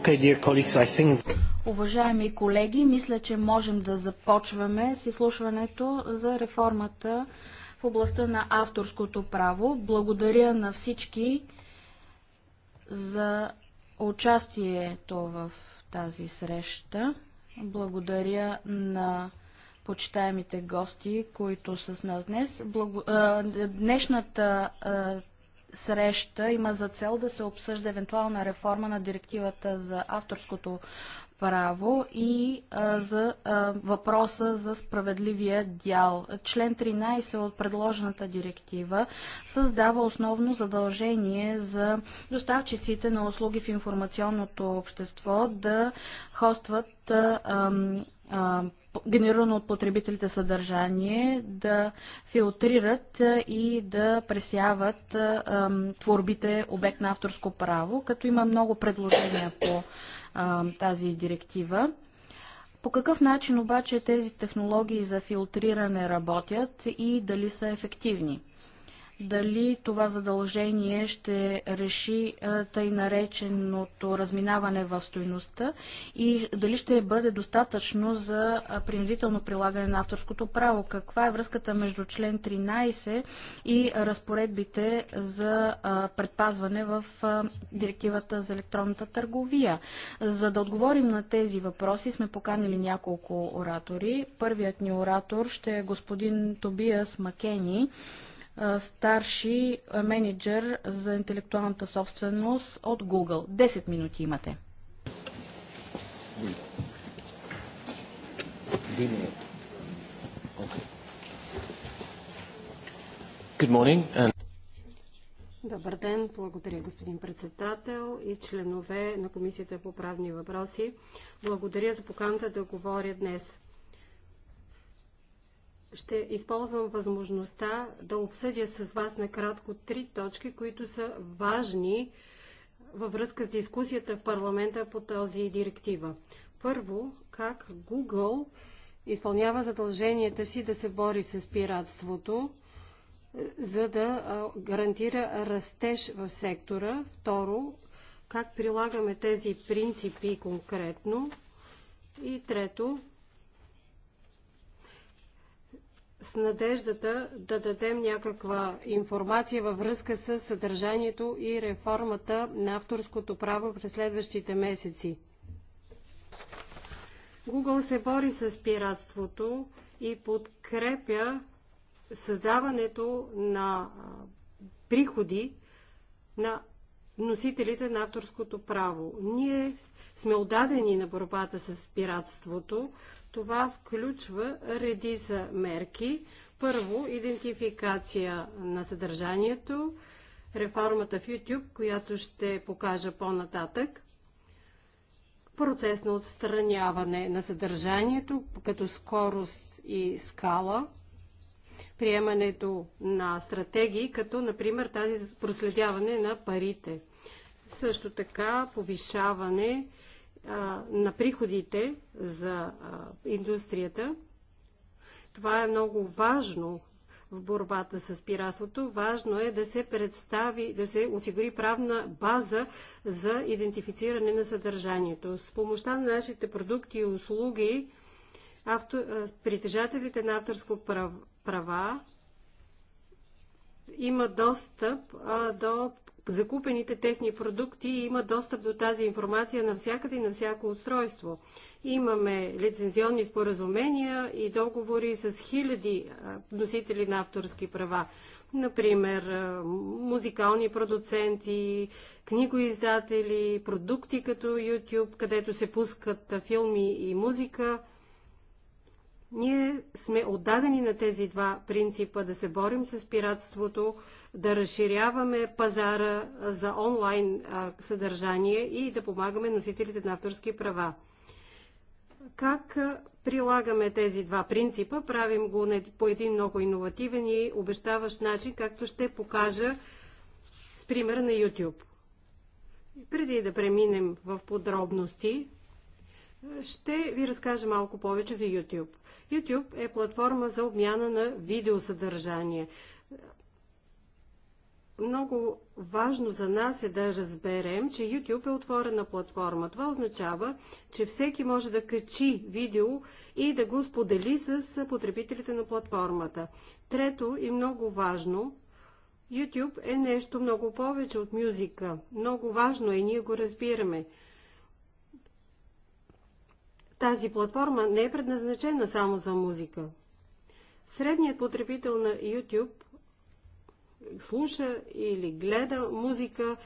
Okay, dear colleagues, I think... Уважаеми колеги, мисля, че можем да започваме с изслушването за реформата в областта на авторското право. Благодаря на всички за участието в тази среща. Благодаря на почитаемите гости, които са с нас днес. Благо... Днешната среща има за цел да се обсъжда евентуална реформа на директивата за авторското право и а, за а, въпроса за справедливия дял. Член 13 от предложената директива създава основно задължение за доставчиците на услуги в информационното общество да хостват а, генерирано от потребителите съдържание, да филтрират и да пресяват творбите обект на авторско право, като има много предложения по тази директива. По какъв начин обаче тези технологии за филтриране работят и дали са ефективни? дали това задължение ще реши тъй нареченото разминаване в стойността и дали ще бъде достатъчно за принудително прилагане на авторското право. Каква е връзката между член 13 и разпоредбите за предпазване в директивата за електронната търговия? За да отговорим на тези въпроси сме поканили няколко оратори. Първият ни оратор ще е господин Тобиас Макени, старши менеджер за интелектуалната собственост от Google. 10 минути имате. Добър ден, благодаря господин председател и членове на Комисията по правни въпроси. Благодаря за поканата да говоря днес ще използвам възможността да обсъдя с вас накратко три точки, които са важни във връзка с дискусията в парламента по този директива. Първо, как Google изпълнява задълженията си да се бори с пиратството, за да гарантира растеж в сектора. Второ, как прилагаме тези принципи конкретно. И трето, с надеждата да дадем някаква информация във връзка с съдържанието и реформата на авторското право през следващите месеци. Google се бори с пиратството и подкрепя създаването на приходи на носителите на авторското право. Ние сме отдадени на борбата с пиратството, това включва редица мерки. Първо, идентификация на съдържанието, реформата в YouTube, която ще покажа по-нататък, процес на отстраняване на съдържанието като скорост и скала, приемането на стратегии, като например тази проследяване на парите. Също така повишаване на приходите за индустрията. Това е много важно в борбата с пиратството. Важно е да се представи, да се осигури правна база за идентифициране на съдържанието. С помощта на нашите продукти и услуги, авто, притежателите на авторско права имат достъп а, до закупените техни продукти и има достъп до тази информация навсякъде и на всяко устройство. Имаме лицензионни споразумения и договори с хиляди носители на авторски права. Например, музикални продуценти, книгоиздатели, продукти като YouTube, където се пускат филми и музика – ние сме отдадени на тези два принципа да се борим с пиратството, да разширяваме пазара за онлайн съдържание и да помагаме носителите на авторски права. Как прилагаме тези два принципа? Правим го по един много иновативен и обещаващ начин, както ще покажа с пример на YouTube. Преди да преминем в подробности, ще ви разкажа малко повече за YouTube. YouTube е платформа за обмяна на видеосъдържание. Много важно за нас е да разберем, че YouTube е отворена платформа. Това означава, че всеки може да качи видео и да го сподели с потребителите на платформата. Трето и много важно, YouTube е нещо много повече от мюзика. Много важно е, ние го разбираме. Тази платформа не е предназначена само за музика. Средният потребител на YouTube слуша или гледа музика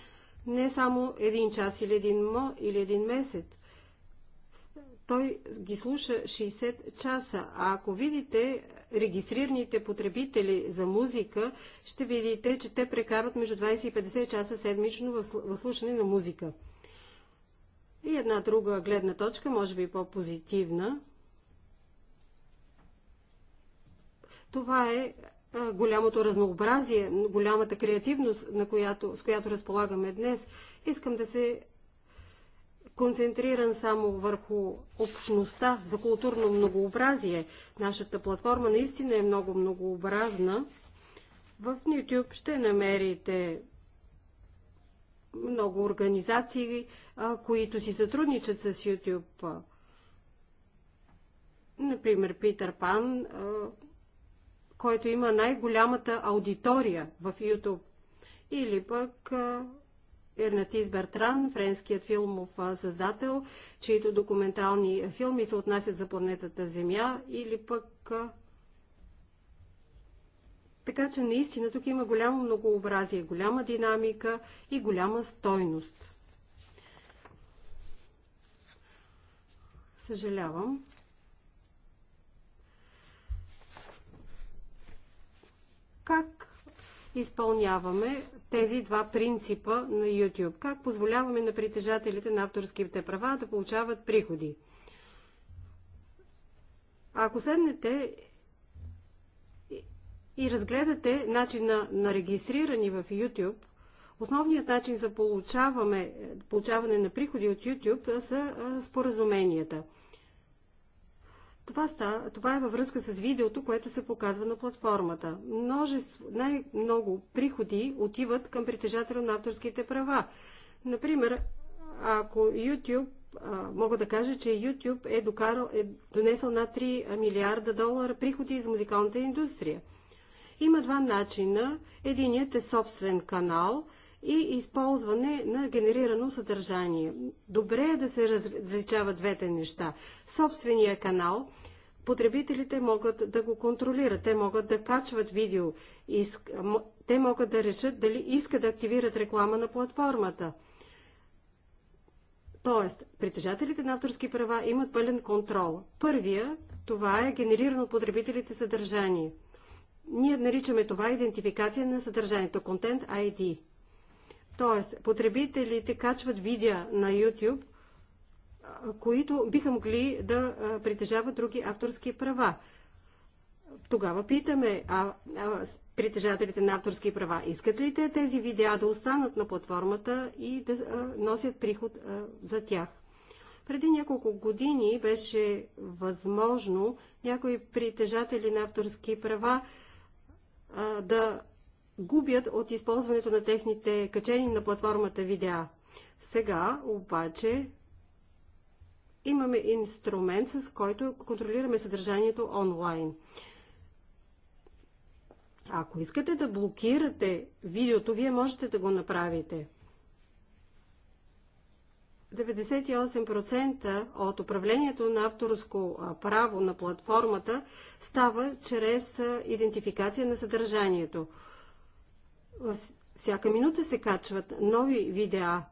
не само един час или един, мо, или един месец. Той ги слуша 60 часа, а ако видите регистрираните потребители за музика, ще видите, че те прекарват между 20 и 50 часа седмично в слушане на музика. И една друга гледна точка, може би по-позитивна. Това е голямото разнообразие, голямата креативност, на която, с която разполагаме днес. Искам да се концентриран само върху общността за културно многообразие. Нашата платформа наистина е много многообразна. В YouTube ще намерите много организации, а, които си сътрудничат с YouTube. Например, Питър Пан, а, който има най-голямата аудитория в YouTube. Или пък Ернатис Бертран, френският филмов създател, чието документални филми се отнасят за планетата Земя, или пък така че наистина тук има голямо многообразие, голяма динамика и голяма стойност. Съжалявам. Как изпълняваме тези два принципа на YouTube? Как позволяваме на притежателите на авторските права да получават приходи? Ако седнете и разгледате начина на регистриране в YouTube, основният начин за получаване на приходи от YouTube са споразуменията. Това, ста, това е във връзка с видеото, което се показва на платформата. Множество, най-много приходи отиват към притежателя на авторските права. Например, ако YouTube, а, мога да кажа, че YouTube е, докарал, е донесъл над 3 милиарда долара приходи из музикалната индустрия – има два начина. Единият е собствен канал и използване на генерирано съдържание. Добре е да се различават двете неща. Собствения канал потребителите могат да го контролират. Те могат да качват видео. Те могат да решат дали искат да активират реклама на платформата. Тоест, притежателите на авторски права имат пълен контрол. Първия, това е генерирано от потребителите съдържание. Ние наричаме това идентификация на съдържанието, Content ID. Тоест, потребителите качват видеа на YouTube, които биха могли да притежават други авторски права. Тогава питаме, а, а притежателите на авторски права, искат ли те тези видеа да останат на платформата и да а, носят приход а, за тях? Преди няколко години беше възможно някои притежатели на авторски права да губят от използването на техните качени на платформата видео. Сега обаче имаме инструмент, с който контролираме съдържанието онлайн. Ако искате да блокирате видеото, вие можете да го направите. 98% от управлението на авторско право на платформата става чрез идентификация на съдържанието. Всяка минута се качват нови видеа,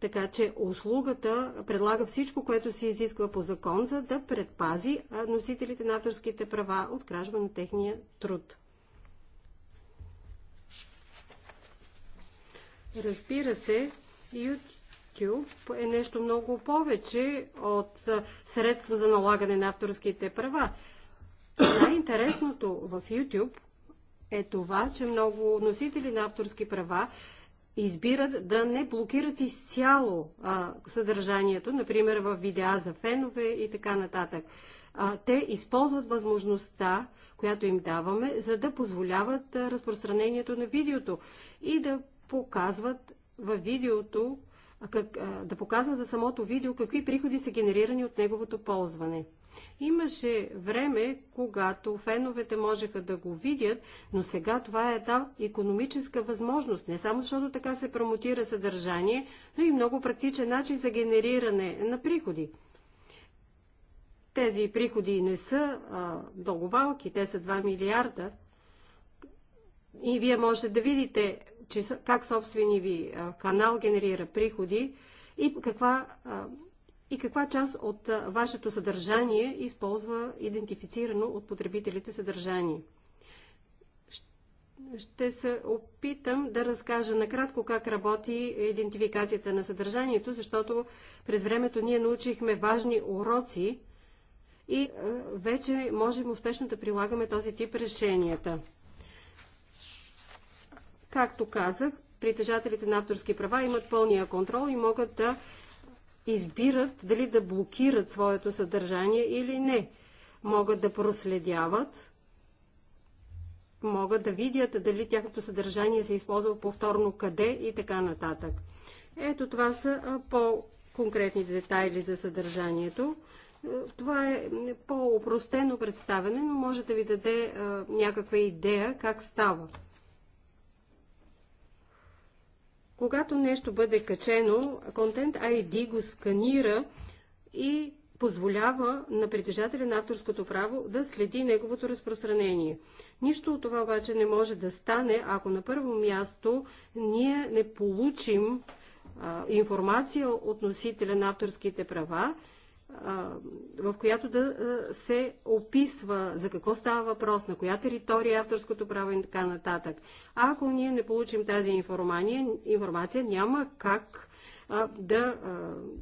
така че услугата предлага всичко, което се изисква по закон, за да предпази носителите на авторските права от кражба на техния труд. Разбира се, YouTube Cube е нещо много повече от средство за налагане на авторските права. Най-интересното в YouTube е това, че много носители на авторски права избират да не блокират изцяло а, съдържанието, например в видеа за фенове и така нататък. А, те използват възможността, която им даваме, за да позволяват а, разпространението на видеото и да показват във видеото как, да показва за самото видео какви приходи са генерирани от неговото ползване. Имаше време, когато феновете можеха да го видят, но сега това е една економическа възможност. Не само защото така се промотира съдържание, но и много практичен начин за генериране на приходи. Тези приходи не са а, много малки, те са 2 милиарда. И вие можете да видите че как собствени ви канал генерира приходи и каква, и каква част от вашето съдържание използва идентифицирано от потребителите съдържание. Ще се опитам да разкажа накратко как работи идентификацията на съдържанието, защото през времето ние научихме важни уроци и вече можем успешно да прилагаме този тип решенията. Както казах, притежателите на авторски права имат пълния контрол и могат да избират дали да блокират своето съдържание или не. Могат да проследяват, могат да видят дали тяхното съдържание се е използва повторно къде и така нататък. Ето това са по-конкретните детайли за съдържанието. Това е по-опростено представене, но може да ви даде някаква идея как става. Когато нещо бъде качено, Content ID го сканира и позволява на притежателя на авторското право да следи неговото разпространение. Нищо от това обаче не може да стане, ако на първо място ние не получим а, информация от носителя на авторските права в която да се описва за какво става въпрос, на коя територия е авторското право и така нататък. А ако ние не получим тази информация, информация няма как да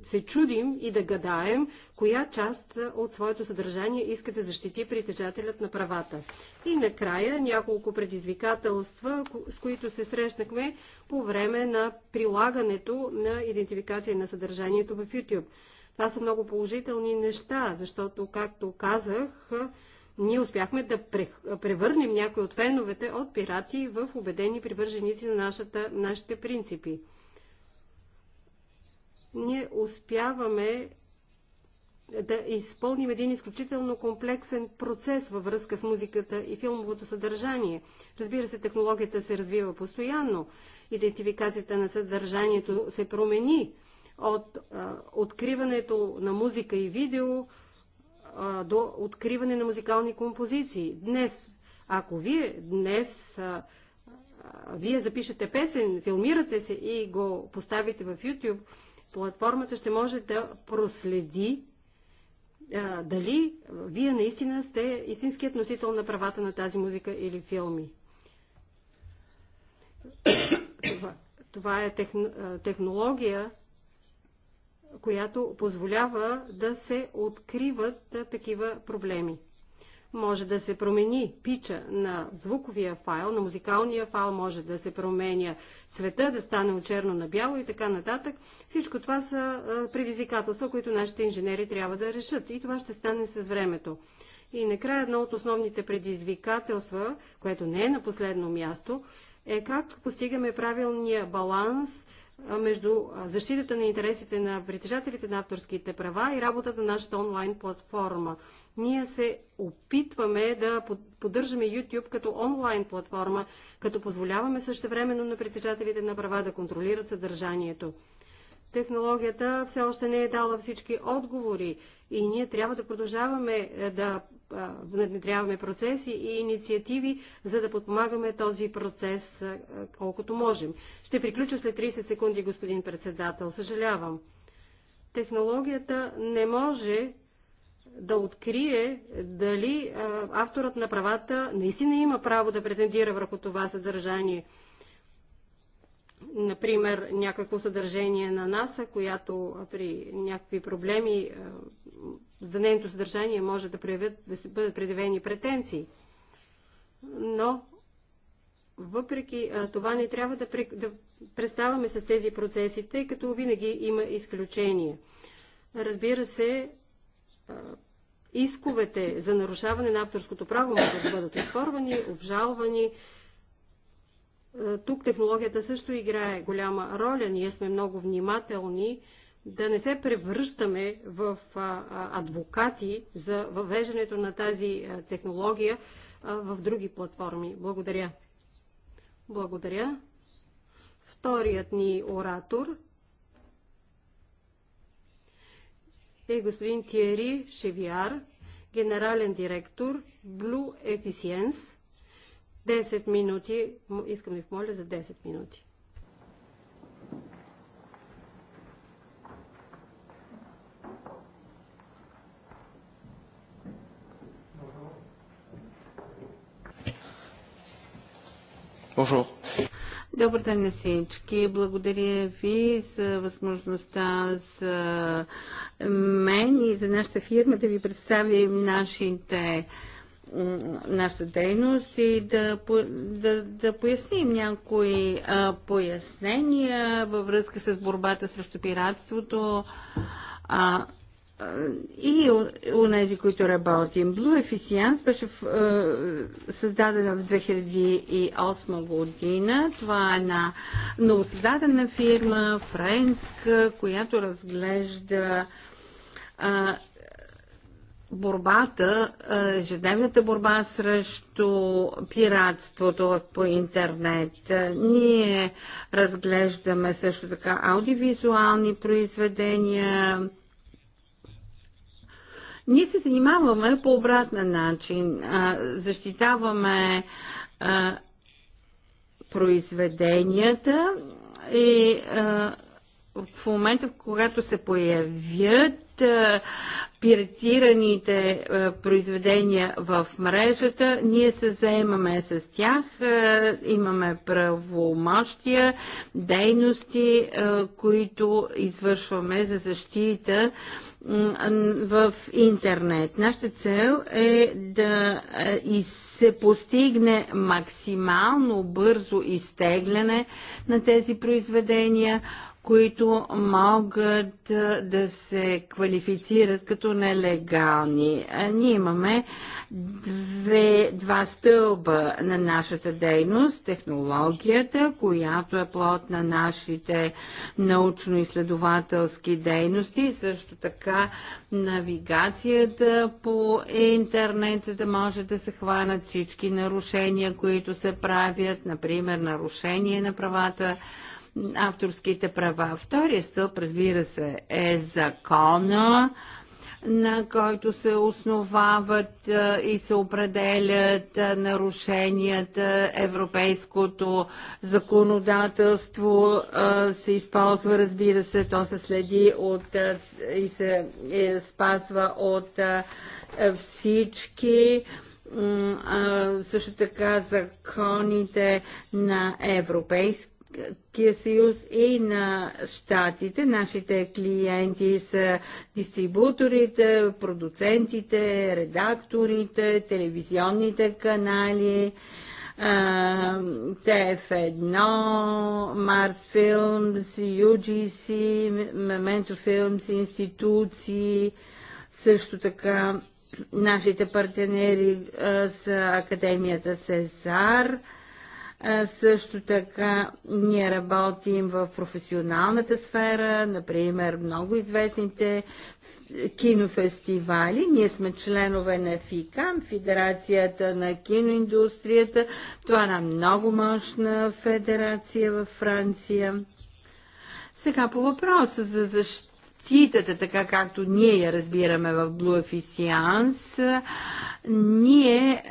се чудим и да гадаем коя част от своето съдържание иска да защити притежателят на правата. И накрая няколко предизвикателства, с които се срещнахме по време на прилагането на идентификация на съдържанието в YouTube. Това са много положителни неща, защото, както казах, ние успяхме да превърнем някои от феновете от пирати в убедени привърженици на нашата, нашите принципи. Ние успяваме да изпълним един изключително комплексен процес във връзка с музиката и филмовото съдържание. Разбира се, технологията се развива постоянно, идентификацията на съдържанието се промени, от а, откриването на музика и видео а, до откриване на музикални композиции. Днес, ако вие днес а, вие запишете песен, филмирате се и го поставите в YouTube, платформата ще може да проследи а, дали вие наистина сте истинският носител на правата на тази музика или филми. [coughs] Това, това е технология, която позволява да се откриват такива проблеми. Може да се промени пича на звуковия файл, на музикалния файл, може да се променя цвета, да стане от черно на бяло и така нататък. Всичко това са предизвикателства, които нашите инженери трябва да решат. И това ще стане с времето. И накрая едно от основните предизвикателства, което не е на последно място, е как постигаме правилния баланс между защитата на интересите на притежателите на авторските права и работата на нашата онлайн платформа. Ние се опитваме да поддържаме YouTube като онлайн платформа, като позволяваме същевременно на притежателите на права да контролират съдържанието. Технологията все още не е дала всички отговори и ние трябва да продължаваме е, да внедряваме процеси и инициативи, за да подпомагаме този процес колкото можем. Ще приключа след 30 секунди, господин председател. Съжалявам. Технологията не може да открие дали авторът на правата наистина има право да претендира върху това съдържание например, някакво съдържание на НАСА, която при някакви проблеми за нейното съдържание може да, проявят, да се бъдат предявени претенции. Но въпреки това не трябва да, да преставаме с тези процеси, тъй като винаги има изключения. Разбира се, исковете за нарушаване на авторското право могат да бъдат оспорвани, обжалвани. Тук технологията също играе голяма роля. Ние сме много внимателни да не се превръщаме в адвокати за въвеждането на тази технология в други платформи. Благодаря. Благодаря. Вторият ни оратор е господин Тиери Шевиар, генерален директор Blue Efficience. 10 минути. Искам да ви помоля за 10 минути. Bonjour. Добър ден на всички. Благодаря ви за възможността за мен и за нашата фирма да ви представим нашите нашата дейност и да, да, да поясним някои а, пояснения във връзка с борбата срещу пиратството. А, и у нези, които работим. Blue Efficience беше е, създадена в 2008 година. Това е една новосъздадена фирма, френска, която разглежда е, борбата, ежедневната борба срещу пиратството по интернет. Ние разглеждаме също така аудиовизуални произведения, ние се занимаваме по обратна начин. Защитаваме произведенията и а, в момента, в когато се появят пиратираните произведения в мрежата, ние се заемаме с тях, имаме правомощия, дейности, които извършваме за защита в интернет. Нашата цел е да се постигне максимално бързо изтегляне на тези произведения които могат да се квалифицират като нелегални. Ние имаме две, два стълба на нашата дейност. Технологията, която е плод на нашите научно-изследователски дейности, също така навигацията по интернет, за да може да се хванат всички нарушения, които се правят, например нарушение на правата авторските права. Втория стълб, разбира се, е закона, на който се основават е, и се определят е, нарушенията. Европейското законодателство е, се използва, разбира се, то се следи от, и се и спазва от всички също така законите на европейски Европейския съюз и на щатите. Нашите клиенти са дистрибуторите, продуцентите, редакторите, телевизионните канали. ТФ1, Марс Филмс, UGC, Мементо Филмс, институции, също така нашите партнери с са Академията Сезар – също така ние работим в професионалната сфера, например много известните кинофестивали. Ние сме членове на ФИКАМ, Федерацията на киноиндустрията. Това е една много мощна федерация във Франция. Сега по въпроса за защита Титата, така както ние я разбираме в Blue Efficience, ние,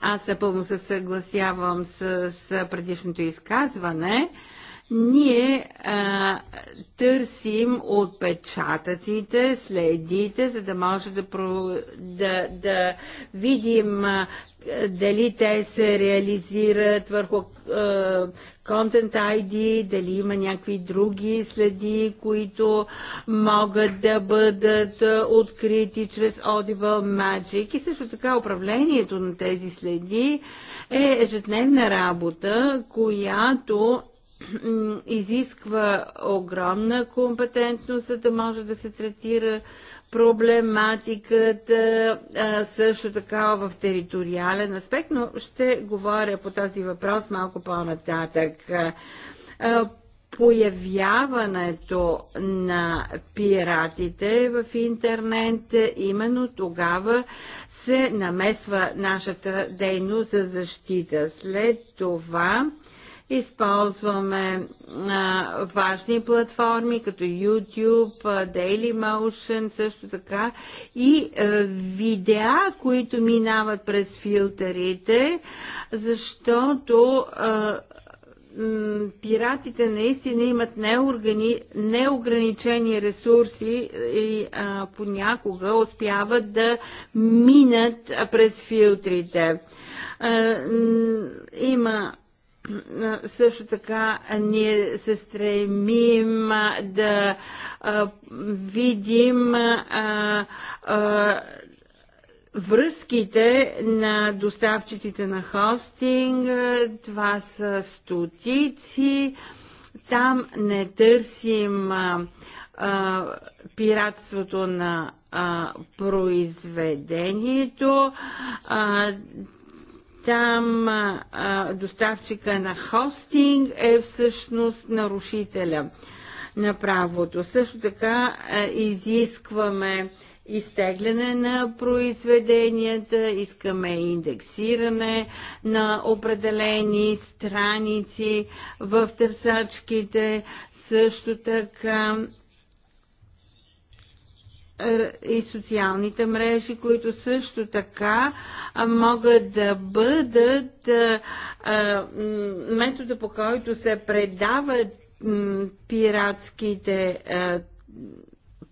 аз напълно се съгласявам с предишното изказване, ние а, търсим отпечатъците, следите, за да може да, про, да, да видим а, дали те се реализират върху а, Content ID, дали има някакви други следи, които могат да бъдат открити чрез Audible Magic. И също така управлението на тези следи е ежедневна работа, която изисква огромна компетентност, за да може да се третира проблематиката също така в териториален аспект, но ще говоря по този въпрос малко по-нататък. Появяването на пиратите в интернет, именно тогава се намесва нашата дейност за защита. След това Използваме а, важни платформи, като YouTube, Daily Motion, също така. И а, видеа, които минават през филтърите, защото а, пиратите наистина имат неоргани... неограничени ресурси и а, понякога успяват да минат през филтрите. А, има също така ние се стремим да а, видим а, а, връзките на доставчиците на хостинг. Това са стотици. Там не търсим а, а, пиратството на а, произведението. А, там а, доставчика на хостинг е всъщност нарушителя на правото. Също така а, изискваме изтегляне на произведенията, искаме индексиране на определени страници в търсачките, също така и социалните мрежи, които също така могат да бъдат метода по който се предават пиратските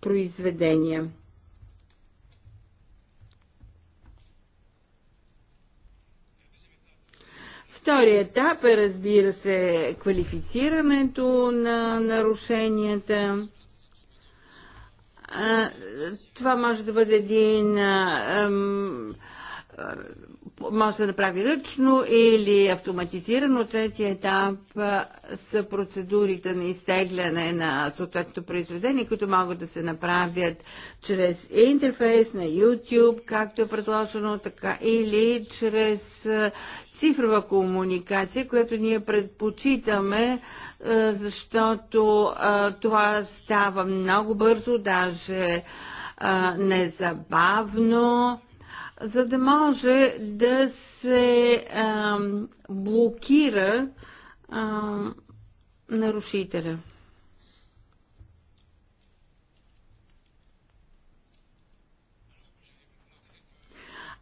произведения. Втори етап е, разбира се, квалифицирането на нарушенията това може да бъде един може да направи ръчно или автоматизирано. Третия етап са процедурите на изтегляне на съответното произведение, които могат да се направят чрез интерфейс на YouTube, както е предложено, така или чрез цифрова комуникация, която ние предпочитаме е, защото е, това става много бързо, даже е, незабавно, за да може да се блокира нарушителя.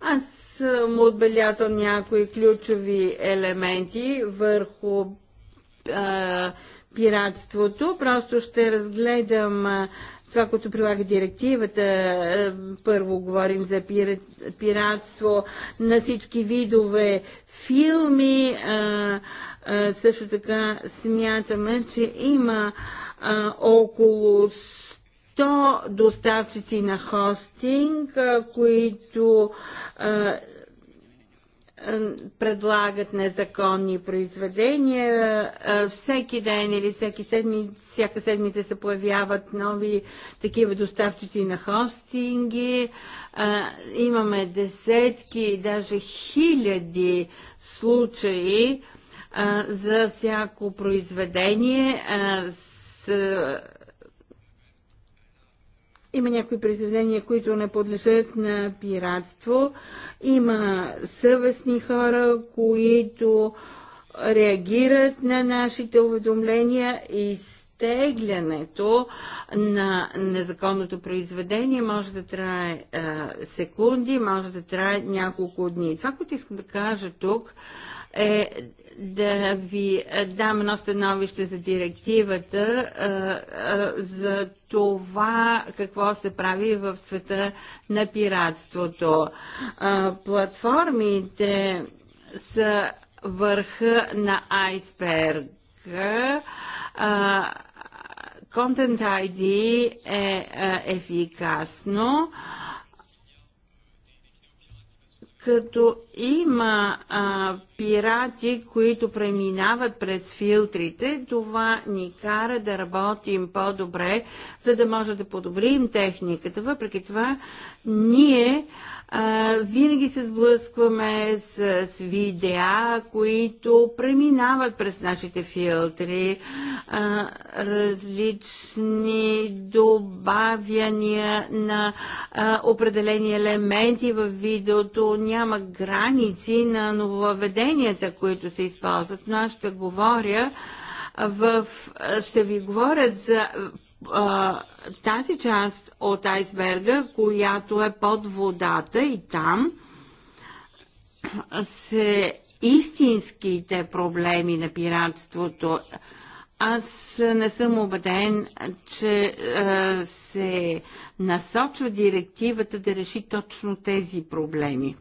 Аз му отбелязвам някои ключови елементи върху а, пиратството. Просто ще разгледам а, това, което прилага директивата. Първо говорим за пират, пиратство на всички видове филми. А, а, също така смятаме, че има а, около 100 доставчици на хостинг, които предлагат незаконни произведения. Всеки ден или всеки седмица, всяка седмица се появяват нови такива доставчици на хостинги. Имаме десетки, даже хиляди случаи за всяко произведение с има някои произведения, които не подлежат на пиратство. Има съвестни хора, които реагират на нашите уведомления и изтеглянето на незаконното произведение може да трае е, секунди, може да трае няколко дни. Това, което искам да кажа тук е да ви е, дам едно становище за директивата, е, е, за това какво се прави в света на пиратството. Платформите са върха на айсберга. Content ID е ефикасно като има а, пирати, които преминават през филтрите. Това ни кара да работим по-добре, за да може да подобрим техниката. Въпреки това, ние а, винаги се сблъскваме с, с видеа, които преминават през нашите филтри, а, различни добавяния на а, определени елементи в видеото, няма граници на нововведение определенията, които се използват, но аз ще говоря в, ще ви говоря за а, тази част от айсберга, която е под водата и там се истинските проблеми на пиратството. Аз не съм убеден, че се насочва директивата да реши точно тези проблеми.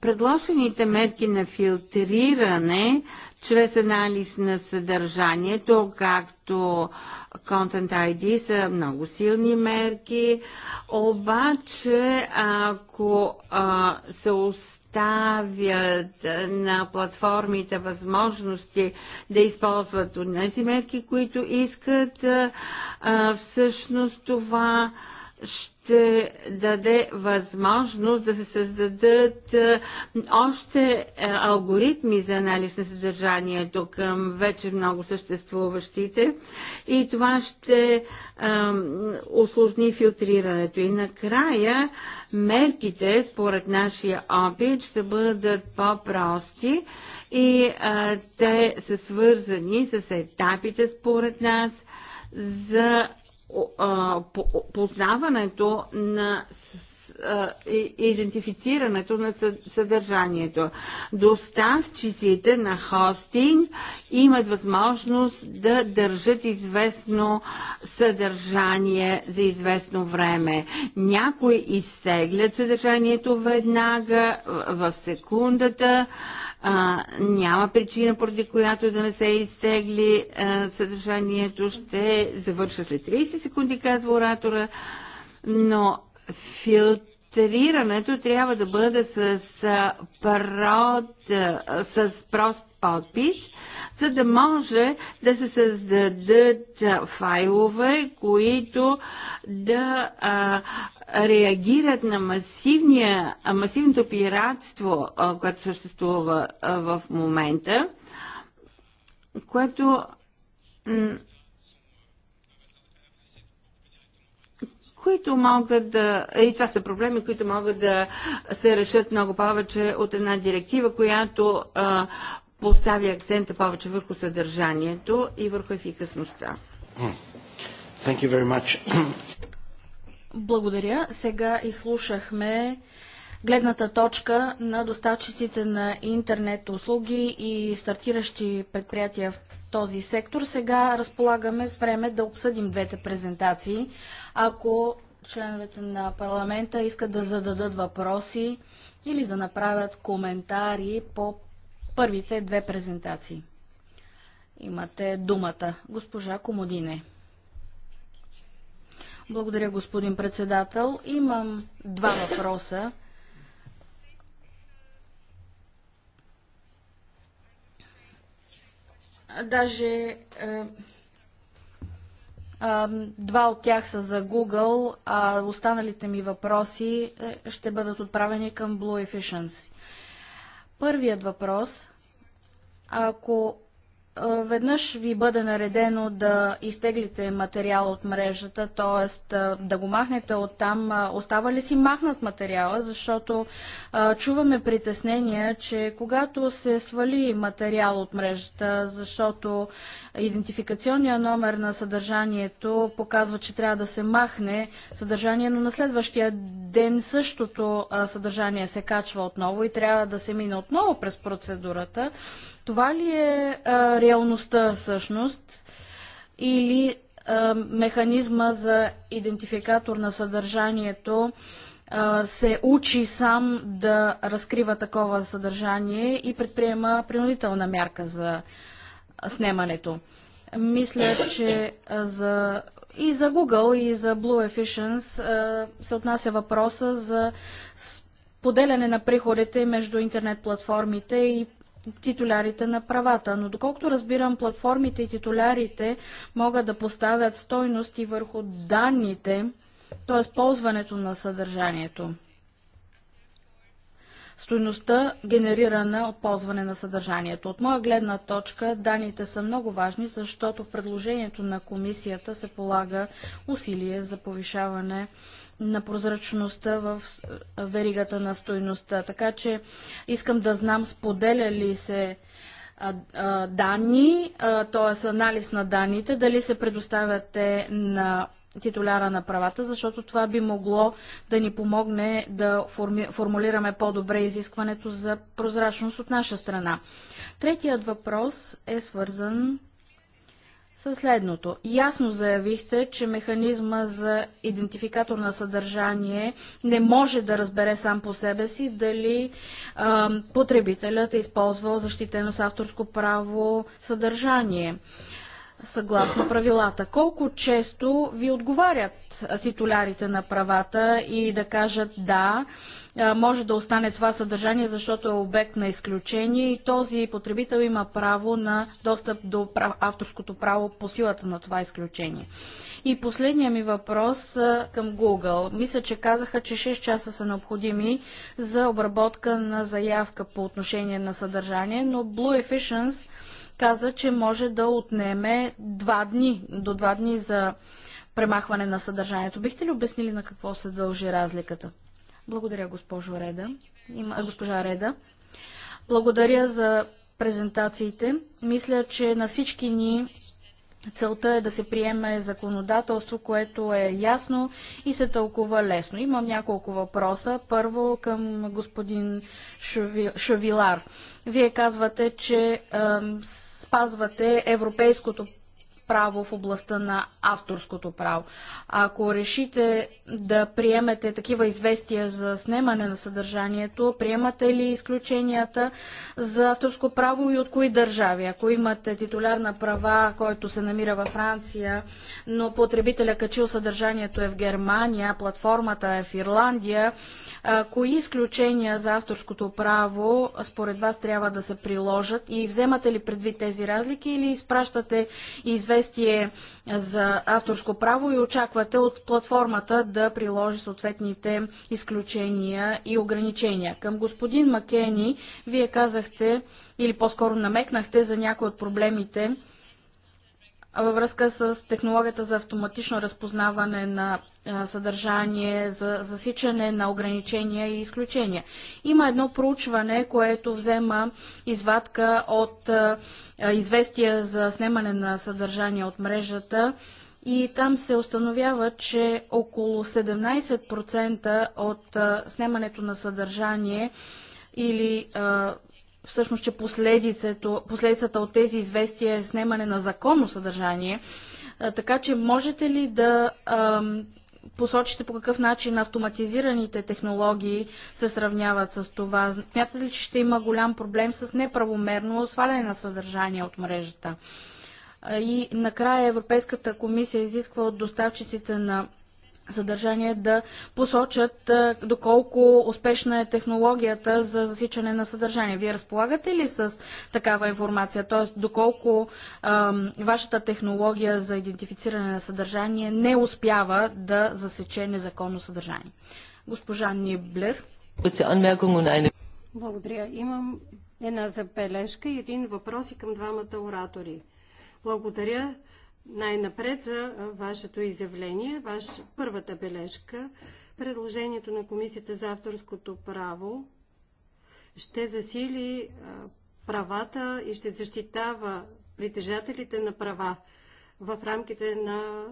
предложените мерки на филтриране чрез анализ на съдържанието, както Content ID са много силни мерки, обаче ако а, се оставят на платформите възможности да използват тези мерки, които искат, а, всъщност това а, ще даде възможност да се създадат е, още е, алгоритми за анализ на съдържанието към вече много съществуващите и това ще е, усложни филтрирането. И накрая мерките, според нашия опит, ще бъдат по-прости и а, те са свързани с етапите, според нас, за познаването на идентифицирането на съдържанието. Доставчиците на хостинг имат възможност да държат известно съдържание за известно време. Някои изтеглят съдържанието веднага, в секундата, а, няма причина, поради която да не се изтегли а, съдържанието. Ще завърша след 30 секунди, казва оратора, но филтрирането трябва да бъде с, а, прод, а, с прост подпис, за да може да се създадат файлове, които да а, реагират на масивния, масивното пиратство, което съществува в момента, което които могат да... И това са проблеми, които могат да се решат много повече от една директива, която а, поставя акцента повече върху съдържанието и върху ефикасността. Thank you very much. Благодаря. Сега изслушахме гледната точка на доставчиците на интернет услуги и стартиращи предприятия в този сектор. Сега разполагаме с време да обсъдим двете презентации. Ако членовете на парламента искат да зададат въпроси или да направят коментари по първите две презентации. Имате думата. Госпожа Комодине. Благодаря, господин председател. Имам два въпроса. Даже е, е, два от тях са за Google, а останалите ми въпроси е, ще бъдат отправени към Blue Efficiency. Първият въпрос. Ако веднъж ви бъде наредено да изтеглите материал от мрежата, т.е. да го махнете от там, остава ли си махнат материала, защото чуваме притеснения, че когато се свали материал от мрежата, защото идентификационният номер на съдържанието показва, че трябва да се махне съдържание, но на следващия ден същото съдържание се качва отново и трябва да се мине отново през процедурата, това ли е а, реалността всъщност или а, механизма за идентификатор на съдържанието а, се учи сам да разкрива такова съдържание и предприема принудителна мярка за снимането. Мисля, че за и за Google, и за Blue Efficiency се отнася въпроса за поделяне на приходите между интернет платформите и титулярите на правата. Но доколкото разбирам, платформите и титулярите могат да поставят стойности върху данните, т.е. ползването на съдържанието стоеността, генерирана от ползване на съдържанието. От моя гледна точка данните са много важни, защото в предложението на комисията се полага усилие за повишаване на прозрачността в веригата на стоеността. Така че искам да знам споделя ли се данни, т.е. анализ на данните, дали се предоставят те на титуляра на правата, защото това би могло да ни помогне да форми, формулираме по-добре изискването за прозрачност от наша страна. Третият въпрос е свързан със следното. Ясно заявихте, че механизма за идентификатор на съдържание не може да разбере сам по себе си дали а, потребителят е използвал защитено с авторско право съдържание съгласно правилата. Колко често ви отговарят титулярите на правата и да кажат да, може да остане това съдържание, защото е обект на изключение и този потребител има право на достъп до авторското право по силата на това изключение. И последния ми въпрос към Google. Мисля, че казаха, че 6 часа са необходими за обработка на заявка по отношение на съдържание, но Blue Efficiency каза, че може да отнеме два дни, до два дни за премахване на съдържанието. Бихте ли обяснили на какво се дължи разликата? Благодаря, госпожо Реда. Има, госпожа Реда. Благодаря за презентациите. Мисля, че на всички ни Целта е да се приеме законодателство, което е ясно и се тълкува лесно. Имам няколко въпроса. Първо към господин Шовилар. Вие казвате, че спазвате европейското право в областта на авторското право. Ако решите да приемете такива известия за снимане на съдържанието, приемате ли изключенията за авторско право и от кои държави? Ако имате титуляр на права, който се намира във Франция, но потребителя качил съдържанието е в Германия, платформата е в Ирландия, кои изключения за авторското право според вас трябва да се приложат и вземате ли предвид тези разлики или изпращате известия известие за авторско право и очаквате от платформата да приложи съответните изключения и ограничения. Към господин Макени, вие казахте или по-скоро намекнахте за някои от проблемите, във връзка с технологията за автоматично разпознаване на съдържание, за засичане на ограничения и изключения. Има едно проучване, което взема извадка от известия за снимане на съдържание от мрежата и там се установява, че около 17% от снимането на съдържание или а, всъщност, че последицата от тези известия е снимане на законно съдържание. Така че можете ли да посочите по какъв начин автоматизираните технологии се сравняват с това? Смятате ли, че ще има голям проблем с неправомерно сваляне на съдържание от мрежата? И накрая Европейската комисия изисква от доставчиците на съдържание да посочат доколко успешна е технологията за засичане на съдържание. Вие разполагате ли с такава информация, т.е. доколко ам, вашата технология за идентифициране на съдържание не успява да засече незаконно съдържание? Госпожа Ниблер. Благодаря. Имам една забележка и един въпрос и към двамата оратори. Благодаря най-напред за вашето изявление, ваш първата бележка, предложението на Комисията за авторското право ще засили правата и ще защитава притежателите на права в рамките на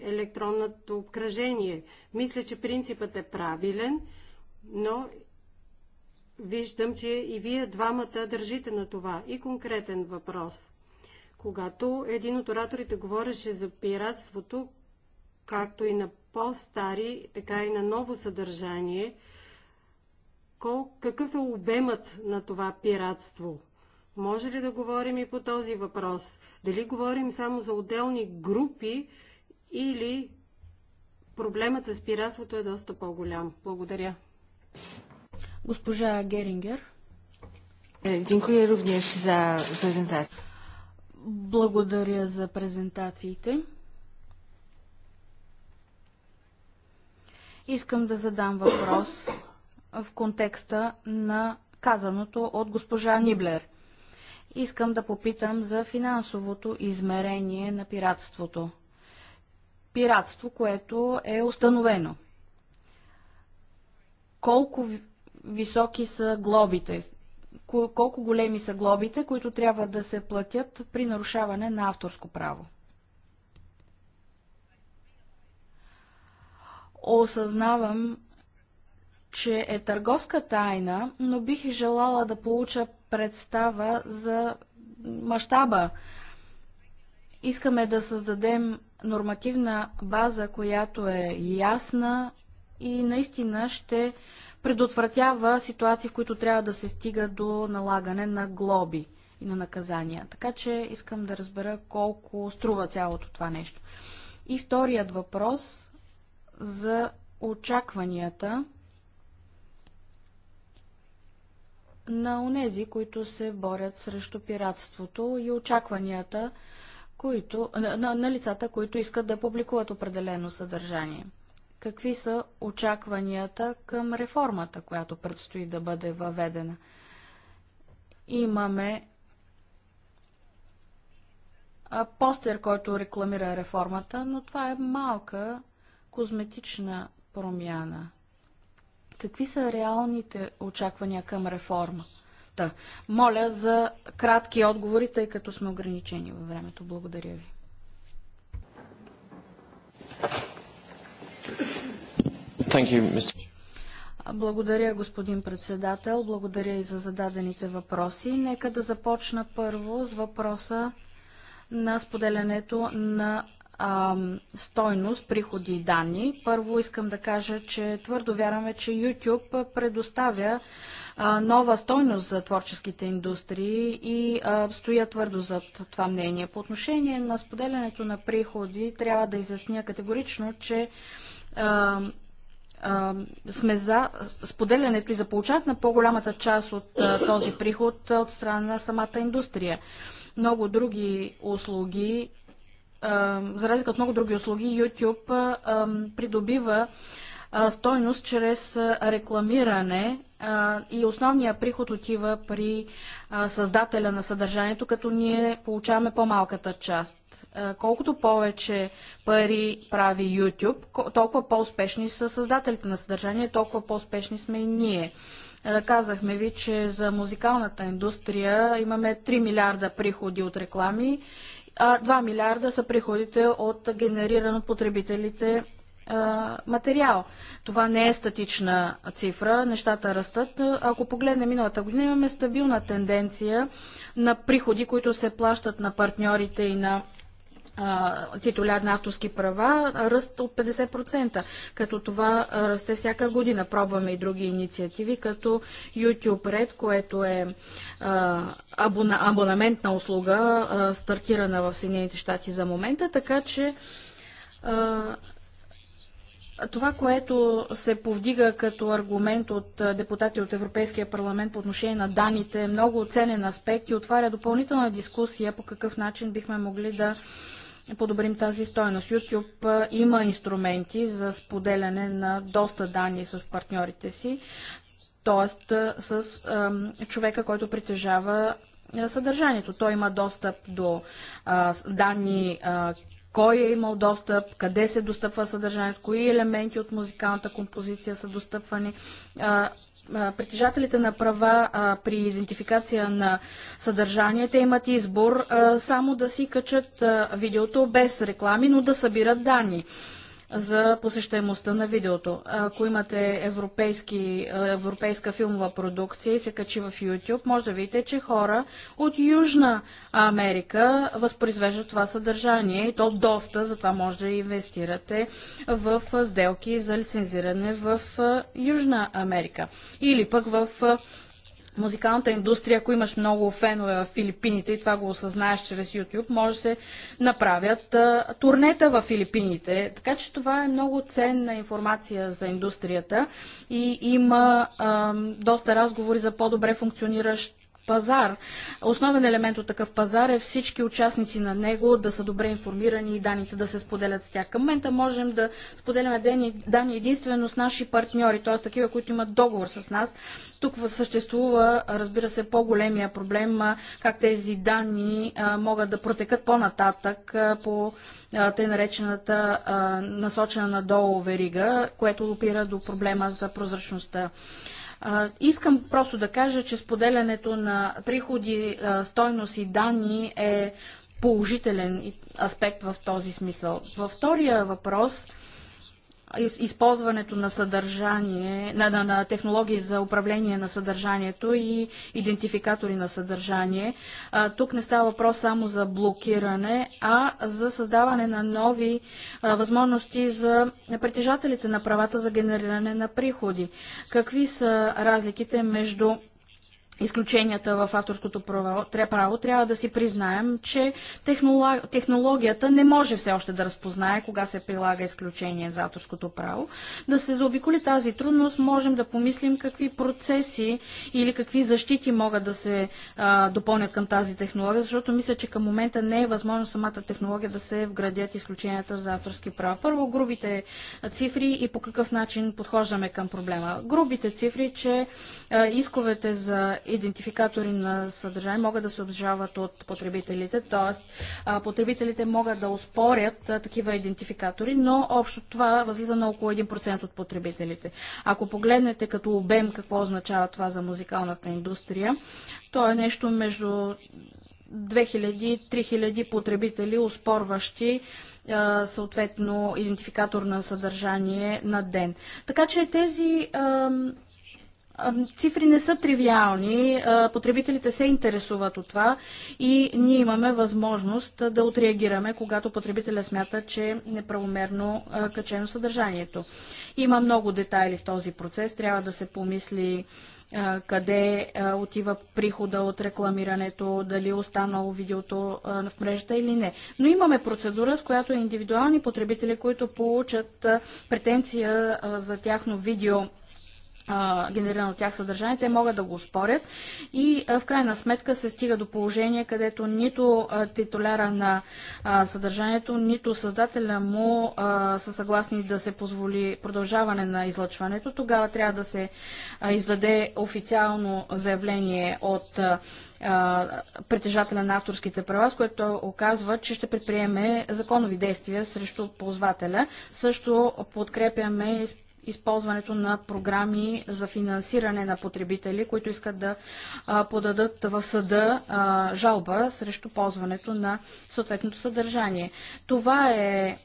електронното обкръжение. Мисля, че принципът е правилен, но виждам, че и вие двамата държите на това. И конкретен въпрос. Когато един от ораторите говореше за пиратството, както и на по-стари, така и на ново съдържание, кол, какъв е обемът на това пиратство? Може ли да говорим и по този въпрос? Дали говорим само за отделни групи или проблемът с пиратството е доста по-голям? Благодаря. Госпожа Герингер. Dziękuję е, również za prezentację. Благодаря за презентациите. Искам да задам въпрос в контекста на казаното от госпожа Ниблер. Искам да попитам за финансовото измерение на пиратството. Пиратство, което е установено. Колко високи са глобите колко големи са глобите, които трябва да се платят при нарушаване на авторско право. Осъзнавам, че е търговска тайна, но бих и желала да получа представа за мащаба. Искаме да създадем нормативна база, която е ясна и наистина ще предотвратява ситуации, в които трябва да се стига до налагане на глоби и на наказания. Така че искам да разбера колко струва цялото това нещо. И вторият въпрос за очакванията на онези, които се борят срещу пиратството и очакванията които, на, на лицата, които искат да публикуват определено съдържание какви са очакванията към реформата, която предстои да бъде въведена. Имаме постер, който рекламира реформата, но това е малка козметична промяна. Какви са реалните очаквания към реформа? Та, моля за кратки отговори, тъй като сме ограничени във времето. Благодаря ви. Благодаря, господин председател. Благодаря и за зададените въпроси. Нека да започна първо с въпроса на споделянето на стойност, приходи и данни. Първо искам да кажа, че твърдо вярваме, че YouTube предоставя нова стойност за творческите индустрии и стоя твърдо за това мнение. По отношение на споделянето на приходи, трябва да изясня категорично, че сме за споделянето и за получаването на по-голямата част от този приход от страна на самата индустрия. Много други услуги, за разлика от много други услуги, YouTube придобива стойност чрез рекламиране и основният приход отива при създателя на съдържанието, като ние получаваме по-малката част. Е, колкото повече пари прави YouTube, толкова по-успешни са създателите на съдържание, толкова по-успешни сме и ние. Е, казахме ви, че за музикалната индустрия имаме 3 милиарда приходи от реклами, а 2 милиарда са приходите от генерирано потребителите е, материал. Това не е статична цифра, нещата растат. Ако погледнем миналата година, имаме стабилна тенденция на приходи, които се плащат на партньорите и на титуляр на авторски права, ръст от 50%, като това расте всяка година. Пробваме и други инициативи, като YouTube Red, което е абонаментна услуга, стартирана в Съединените щати за момента, така че това, което се повдига като аргумент от депутати от Европейския парламент по отношение на данните, е много ценен аспект и отваря допълнителна дискусия по какъв начин бихме могли да подобрим тази стойност. YouTube има инструменти за споделяне на доста данни с партньорите си, т.е. с човека, който притежава съдържанието. Той има достъп до а, данни, а, кой е имал достъп, къде се достъпва съдържанието, кои елементи от музикалната композиция са достъпвани. А, притежателите на права при идентификация на съдържанията имат избор само да си качат видеото без реклами, но да събират данни за посещаемостта на видеото. Ако имате европейски, европейска филмова продукция и се качи в YouTube, може да видите, че хора от Южна Америка възпроизвеждат това съдържание и то доста, затова може да инвестирате в сделки за лицензиране в Южна Америка или пък в музикалната индустрия, ако имаш много фенове в Филипините и това го осъзнаеш чрез YouTube, може да се направят а, турнета в Филипините. Така че това е много ценна информация за индустрията и има а, доста разговори за по-добре функциониращ пазар. Основен елемент от такъв пазар е всички участници на него да са добре информирани и данните да се споделят с тях. Към момента можем да споделяме данни единствено с наши партньори, т.е. такива, които имат договор с нас. Тук съществува, разбира се, по-големия проблем, как тези данни могат да протекат по-нататък по тъй наречената насочена надолу верига, което опира до проблема за прозрачността. Искам просто да кажа, че споделянето на приходи, стойност и данни е положителен аспект в този смисъл. Във втория въпрос – използването на съдържание, на, на, на технологии за управление на съдържанието и идентификатори на съдържание. А, тук не става въпрос само за блокиране, а за създаване на нови а, възможности за притежателите на правата за генериране на приходи. Какви са разликите между изключенията в авторското право, трябва да си признаем, че технологията не може все още да разпознае кога се прилага изключение за авторското право. Да се заобиколи тази трудност, можем да помислим какви процеси или какви защити могат да се а, допълнят към тази технология, защото мисля, че към момента не е възможно самата технология да се вградят изключенията за авторски права. Първо, грубите цифри и по какъв начин подхождаме към проблема. Грубите цифри, че а, исковете за идентификатори на съдържание могат да се обжават от потребителите, т.е. потребителите могат да успорят такива идентификатори, но общо това възлиза на около 1% от потребителите. Ако погледнете като обем какво означава това за музикалната индустрия, то е нещо между 2000-3000 потребители, успорващи съответно идентификатор на съдържание на ден. Така че тези цифри не са тривиални, потребителите се интересуват от това и ние имаме възможност да отреагираме, когато потребителя смята, че е неправомерно качено съдържанието. Има много детайли в този процес, трябва да се помисли къде отива прихода от рекламирането, дали е останало видеото в мрежата или не. Но имаме процедура, с която индивидуални потребители, които получат претенция за тяхно видео генерирано от тях съдържание, те могат да го спорят и в крайна сметка се стига до положение, където нито титуляра на съдържанието, нито създателя му са съгласни да се позволи продължаване на излъчването. Тогава трябва да се издаде официално заявление от притежателя на авторските права, с което оказва, че ще предприеме законови действия срещу ползвателя. Също подкрепяме използването на програми за финансиране на потребители, които искат да подадат в съда жалба срещу ползването на съответното съдържание. Това е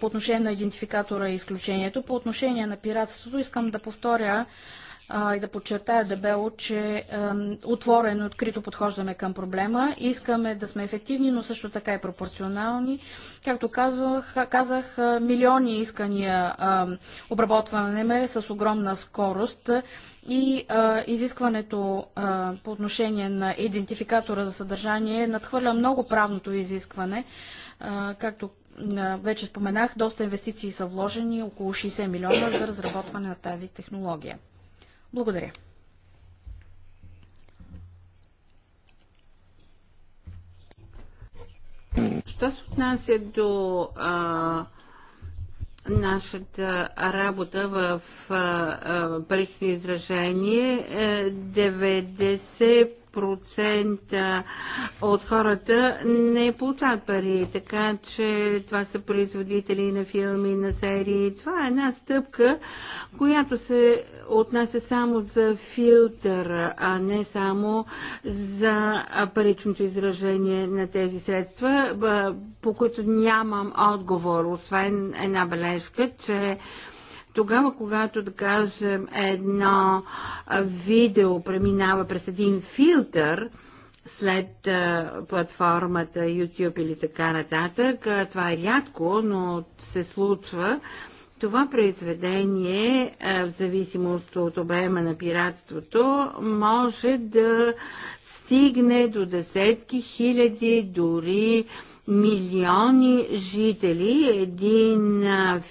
по отношение на идентификатора и изключението. По отношение на пиратството искам да повторя а, и да подчертая дебело, че а, отворено, открито подхождаме към проблема. Искаме да сме ефективни, но също така и пропорционални. Както казвах, казах, милиони искания а, обработваме с огромна скорост и а, изискването а, по отношение на идентификатора за съдържание надхвърля много правното изискване. А, както вече споменах, доста инвестиции са вложени, около 60 милиона за разработване на тази технология. Благодаря. Що се отнася до а, нашата работа в а, парично изражение, е, 10% от хората не получават пари, така че това са производители на филми, на серии. Това е една стъпка, която се отнася само за филтър, а не само за паричното изражение на тези средства, по които нямам отговор, освен една бележка, че тогава, когато, да кажем, едно видео преминава през един филтър, след платформата YouTube или така нататък. това е рядко, но се случва. Това произведение, в зависимост от обема на пиратството, може да стигне до десетки хиляди, дори милиони жители. Един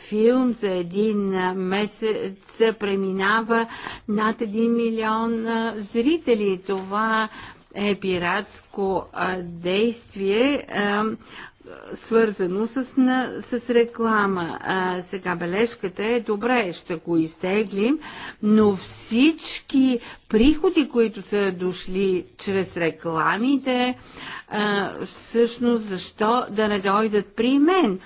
филм за един месец преминава над един милион зрители. Това е пиратско действие свързано с, на, с реклама. А, сега бележката е добре, ще го изтеглим, но всички приходи, които са дошли чрез рекламите, а, всъщност защо да не дойдат при мен?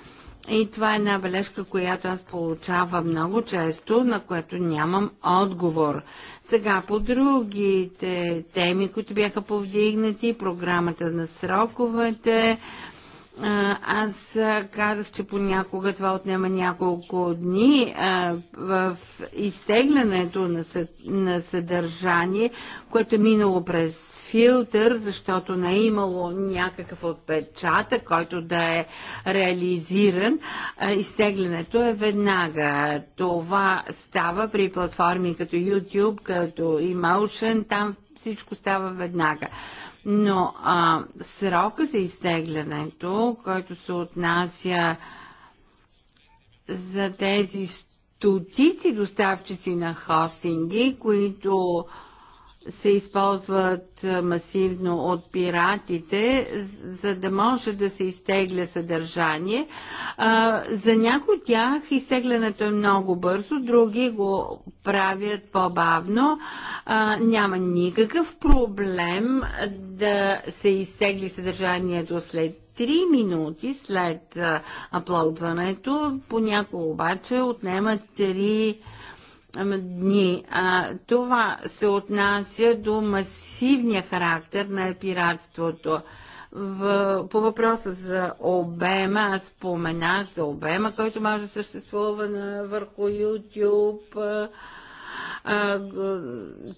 И това е една бележка, която аз получавам много често, на което нямам отговор. Сега по другите теми, които бяха повдигнати, програмата на сроковете, аз казах, че понякога това отнема няколко дни в изтеглянето на, на съдържание, което е минало през филтър, защото не е имало някакъв отпечатък, който да е реализиран. Изтеглянето е веднага. Това става при платформи като YouTube, като Emotion, там всичко става веднага. Но а, срока за изтеглянето, който се отнася за тези стотици доставчици на хостинги, които а, се използват масивно от пиратите, за да може да се изтегля съдържание. За някои от тях изтеглянето е много бързо, други го правят по-бавно. Няма никакъв проблем да се изтегли съдържанието след 3 минути след аплодването, понякога обаче отнема 3 дни. А, това се отнася до масивния характер на пиратството. В, по въпроса за обема, аз споменах за обема, който може да съществува на, върху YouTube. А, а,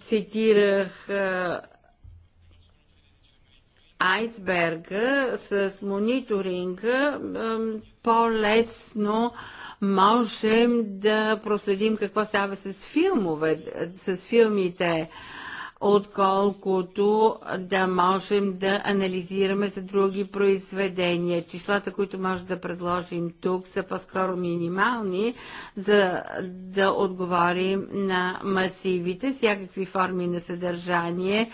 цитирах а, айсберга с мониторинга по-лесно а, можем да проследим какво става с филмове, с филмите, отколкото да можем да анализираме за други произведения. Числата, които може да предложим тук, са по-скоро минимални, за да отговорим на масивите, всякакви форми на съдържание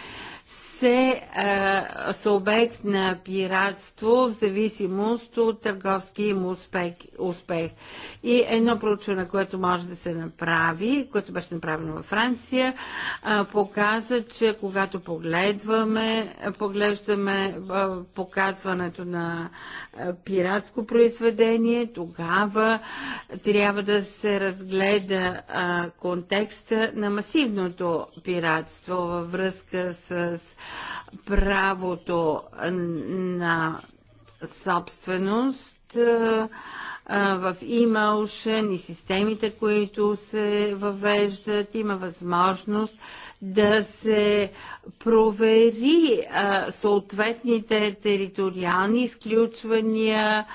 се а, е, са обект на пиратство в зависимост от търговски им успех, успех. И едно проучване, което може да се направи, което беше направено във Франция, а, е, показа, че когато погледваме, поглеждаме а, е, показването на а, пиратско произведение, тогава трябва да се разгледа а, контекста на масивното пиратство във връзка с правото на собственост в имаушен и системите, които се въвеждат, има възможност да се провери съответните териториални изключвания,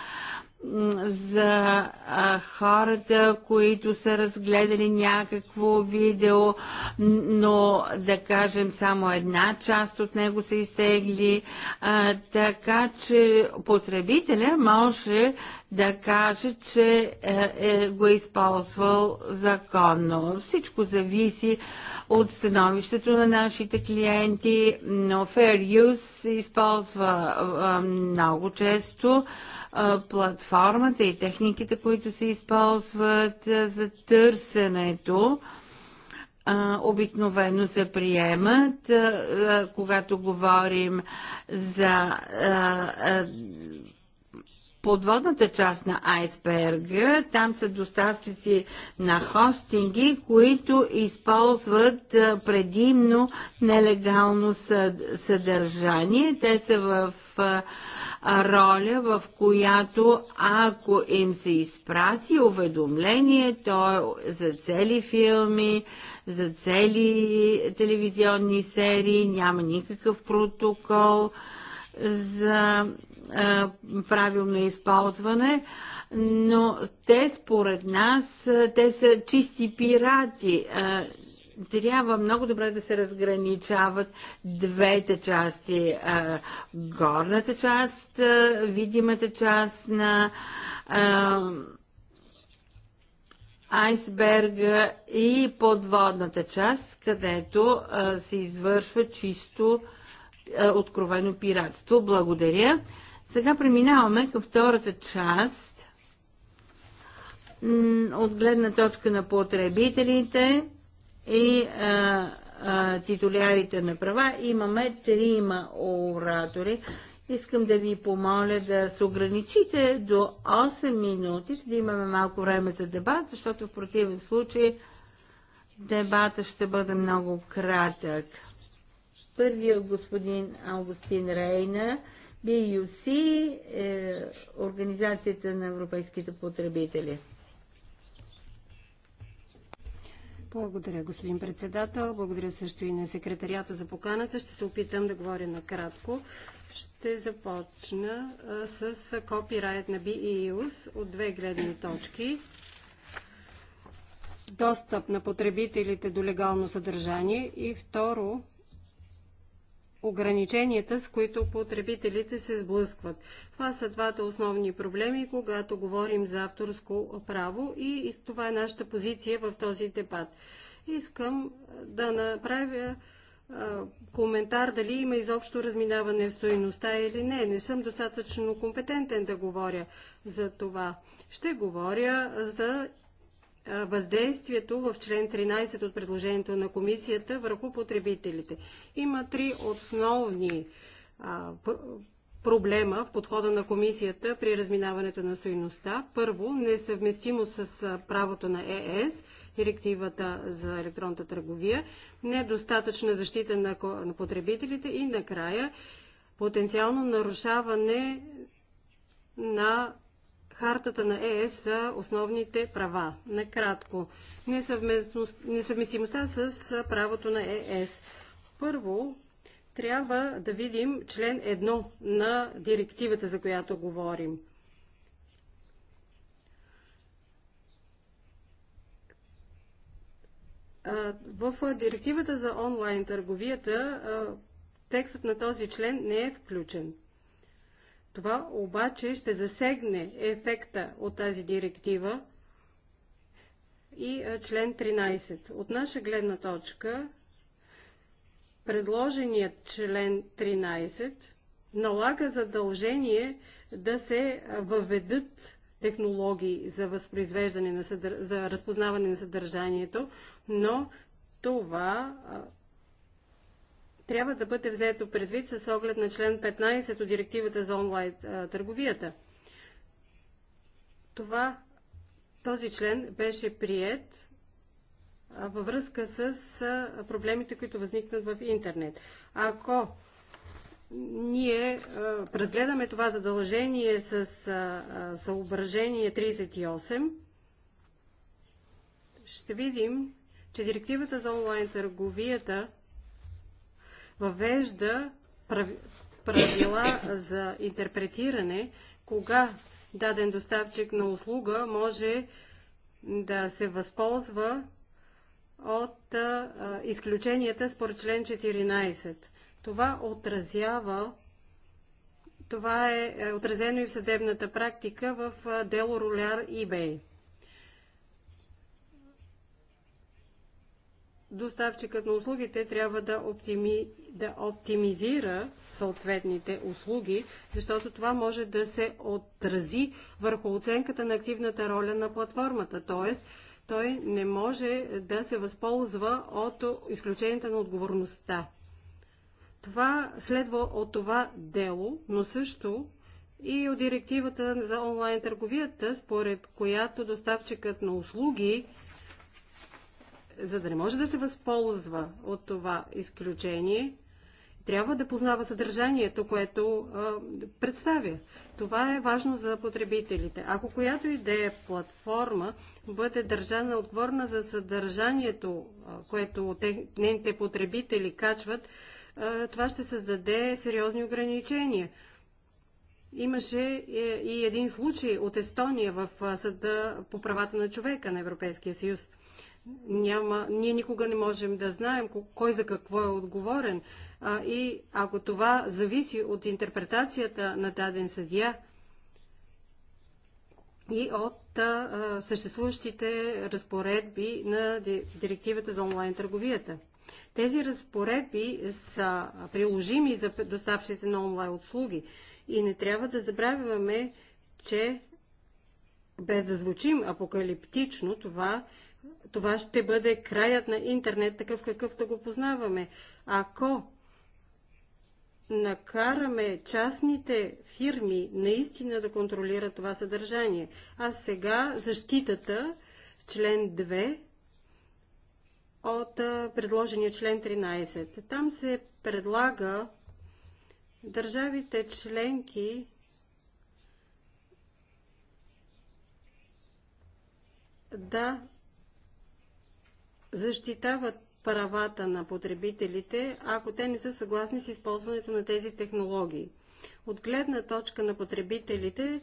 за а, хората, които са разгледали някакво видео, но да кажем само една част от него се изтегли, а, така че потребителя може да каже, че е, е, го е използвал законно. Всичко зависи от становището на нашите клиенти, но Fair Use се използва е, много често. Е, платформата и техниките, които се използват е, за търсенето, е, обикновено се приемат, е, когато говорим за подводната част на айсберга. Там са доставчици на хостинги, които използват предимно нелегално съдържание. Те са в роля, в която ако им се изпрати уведомление, то е за цели филми, за цели телевизионни серии, няма никакъв протокол за е, правилно използване, но те според нас, е, те са чисти пирати. Е, трябва много добре да се разграничават двете части. Горната част, видимата част на айсберга и подводната част, където се извършва чисто откровено пиратство. Благодаря. Сега преминаваме към втората част от гледна точка на потребителите и а, а, титулярите на права. Имаме трима оратори. Искам да ви помоля да се ограничите до 8 минути, да имаме малко време за дебат, защото в противен случай дебата ще бъде много кратък. Първият е господин Августин Рейна BUC, е, Организацията на европейските потребители. Благодаря, господин председател. Благодаря също и на секретарията за поканата. Ще се опитам да говоря накратко. Ще започна а, с копирайт на BEUS от две гледни точки. Достъп на потребителите до легално съдържание и второ ограниченията, с които потребителите се сблъскват. Това са двата основни проблеми, когато говорим за авторско право и това е нашата позиция в този дебат. Искам да направя коментар дали има изобщо разминаване в стоеността или не. Не съм достатъчно компетентен да говоря за това. Ще говоря за въздействието в член 13 от предложението на комисията върху потребителите. Има три основни проблема в подхода на комисията при разминаването на стоиността. Първо, несъвместимо с правото на ЕС, е директивата за електронната търговия, недостатъчна защита на потребителите и накрая потенциално нарушаване на хартата на ЕС за основните права. Накратко, несъвместимостта с правото на ЕС. Първо, трябва да видим член 1 на директивата, за която говорим. В директивата за онлайн търговията текстът на този член не е включен. Това обаче ще засегне ефекта от тази директива и член 13. От наша гледна точка, предложеният член 13 налага задължение да се въведат технологии за възпроизвеждане на съдър... за разпознаване на съдържанието, но това трябва да бъде взето предвид с оглед на член 15 от директивата за онлайн търговията. Това, този член беше прият във връзка с проблемите, които възникнат в интернет. Ако ние разгледаме това задължение с съображение 38, ще видим, че директивата за онлайн търговията – въвежда правила за интерпретиране, кога даден доставчик на услуга може да се възползва от изключенията според член 14. Това отразява това е, е отразено и в съдебната практика в дело Роляр eBay. доставчикът на услугите трябва да, оптими, да оптимизира съответните услуги, защото това може да се отрази върху оценката на активната роля на платформата. Тоест, той не може да се възползва от изключенията на отговорността. Това следва от това дело, но също и от директивата за онлайн търговията, според която доставчикът на услуги за да не може да се възползва от това изключение, трябва да познава съдържанието, което а, представя. Това е важно за потребителите. Ако която идея платформа бъде държана отговорна за съдържанието, а, което те, нейните потребители качват, а, това ще създаде сериозни ограничения. Имаше е, и един случай от Естония в съда по правата на човека на Европейския съюз – няма, ние никога не можем да знаем кой за какво е отговорен. А, и ако това зависи от интерпретацията на даден съдия и от а, съществуващите разпоредби на директивата за онлайн търговията. Тези разпоредби са приложими за доставчите на онлайн услуги и не трябва да забравяме, че без да звучим апокалиптично, това това ще бъде краят на интернет, такъв какъвто го познаваме. Ако накараме частните фирми наистина да контролират това съдържание. А сега защитата в член 2 от предложения член 13. Там се предлага държавите членки да защитават правата на потребителите, ако те не са съгласни с използването на тези технологии. От гледна точка на потребителите,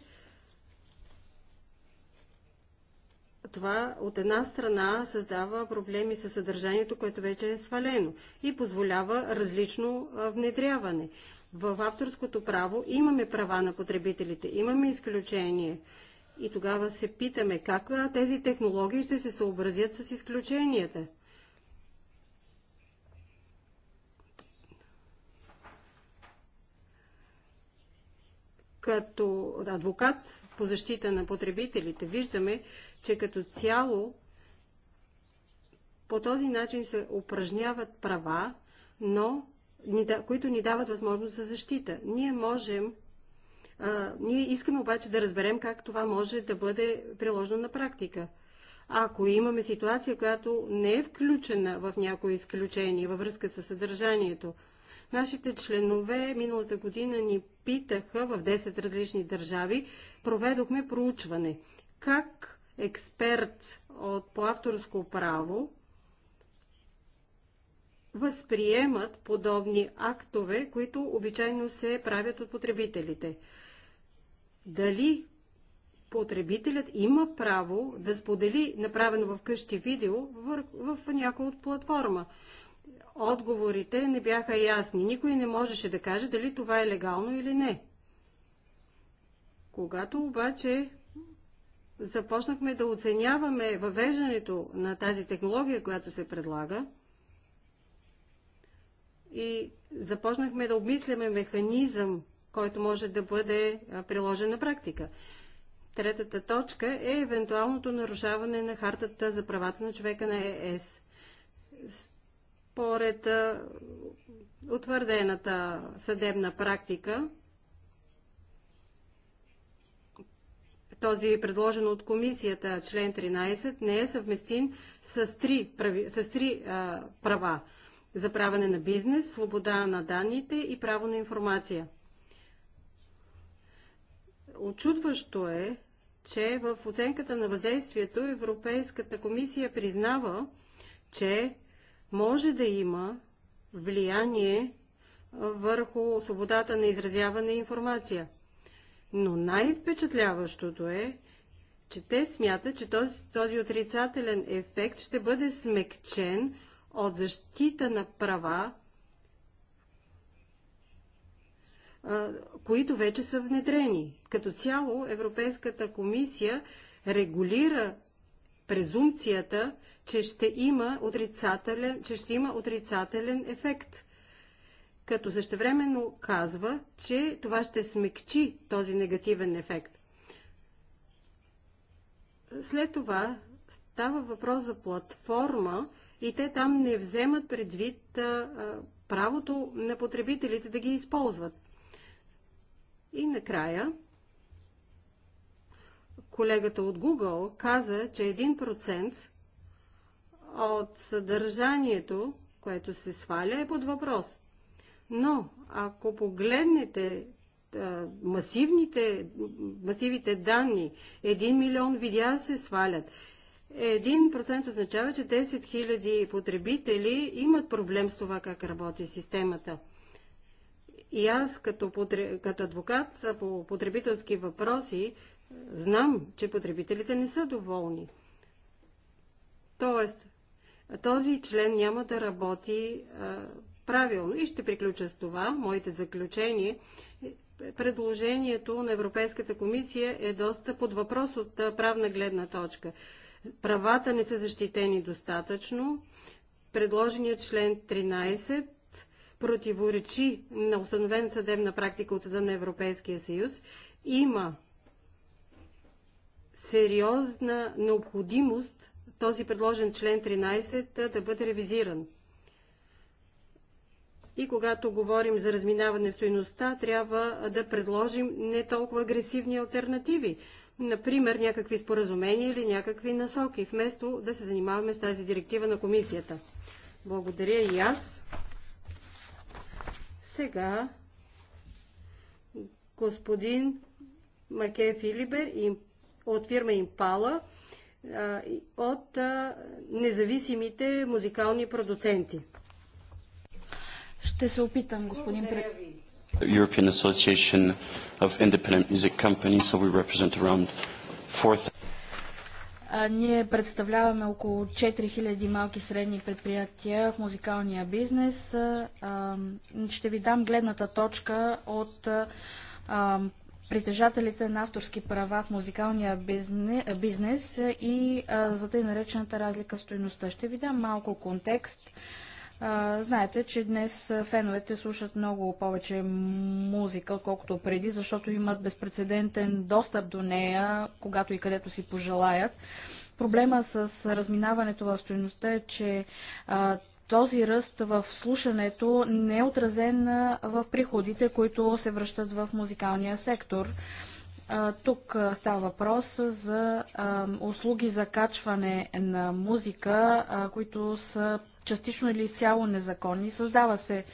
това от една страна създава проблеми с съдържанието, което вече е свалено и позволява различно внедряване. В авторското право имаме права на потребителите, имаме изключение – и тогава се питаме как тези технологии ще се съобразят с изключенията. Като адвокат по защита на потребителите виждаме, че като цяло по този начин се упражняват права, но които ни дават възможност за защита. Ние можем а, ние искаме обаче да разберем как това може да бъде приложено на практика. Ако имаме ситуация, която не е включена в някои изключение във връзка с съдържанието, Нашите членове миналата година ни питаха в 10 различни държави, проведохме проучване. Как експерт от по авторско право възприемат подобни актове, които обичайно се правят от потребителите дали потребителят има право да сподели направено в къщи видео в, в някоя от платформа. Отговорите не бяха ясни. Никой не можеше да каже дали това е легално или не. Когато обаче започнахме да оценяваме въвеждането на тази технология, която се предлага, и започнахме да обмисляме механизъм който може да бъде приложен на практика. Третата точка е евентуалното нарушаване на хартата за правата на човека на ЕС. Според утвърдената съдебна практика, този предложен от комисията член 13 не е съвместим с три, прави, с три а, права за правене на бизнес, свобода на данните и право на информация – Очудващо е, че в оценката на въздействието Европейската комисия признава, че може да има влияние върху свободата на изразяване и информация. Но най-впечатляващото е, че те смятат, че този, този отрицателен ефект ще бъде смекчен от защита на права които вече са внедрени. Като цяло Европейската комисия регулира презумпцията, че ще има отрицателен, че ще има отрицателен ефект. Като същевременно казва, че това ще смекчи този негативен ефект. След това става въпрос за платформа и те там не вземат предвид а, правото на потребителите да ги използват. И накрая, колегата от Google каза, че 1% от съдържанието, което се сваля, е под въпрос. Но ако погледнете масивните, масивите данни, 1 милион видеа се свалят, 1% означава, че 10 000 потребители имат проблем с това как работи системата. И аз като, потреб... като адвокат по потребителски въпроси знам, че потребителите не са доволни. Тоест, този член няма да работи а, правилно. И ще приключа с това, моите заключения. Предложението на Европейската комисия е доста под въпрос от правна гледна точка. Правата не са защитени достатъчно. Предложеният член 13 противоречи на установен съдебна практика от Съда на Европейския съюз, има сериозна необходимост този предложен член 13 да бъде ревизиран. И когато говорим за разминаване в стоеността, трябва да предложим не толкова агресивни альтернативи. Например, някакви споразумения или някакви насоки, вместо да се занимаваме с тази директива на комисията. Благодаря и аз. Сега господин Маке Филибер от фирма Импала от независимите музикални продуценти. Ще се опитам, господин председател. European Association of Independent Music Companies, so we represent around 4,000. Ние представляваме около 4000 малки и средни предприятия в музикалния бизнес. Ще ви дам гледната точка от притежателите на авторски права в музикалния бизнес, бизнес и за тъй наречената разлика в стоеността. Ще ви дам малко контекст Знаете, че днес феновете слушат много повече музика, отколкото преди, защото имат безпредседентен достъп до нея, когато и където си пожелаят. Проблема с разминаването в стоеността е, че а, този ръст в слушането не е отразен в приходите, които се връщат в музикалния сектор. Тук става въпрос за услуги за качване на музика, които са частично или изцяло незаконни. Създава се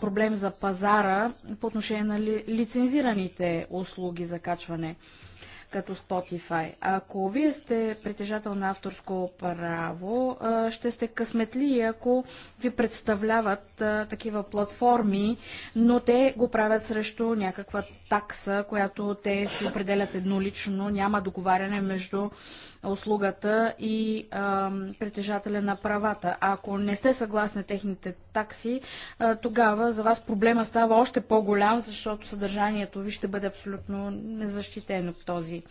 проблем за пазара по отношение на ли, лицензираните услуги за качване като Spotify. Ако вие сте притежател на авторско право, ще сте късметли, ако ви представляват такива платформи, но те го правят срещу някаква такса, която те си определят еднолично, няма договаряне между услугата и а, притежателя на правата. А ако не сте съгласни техните такси, а, тогава за вас проблема става още по-голям, защото съдържанието ви ще бъде абсолютно незащитено в този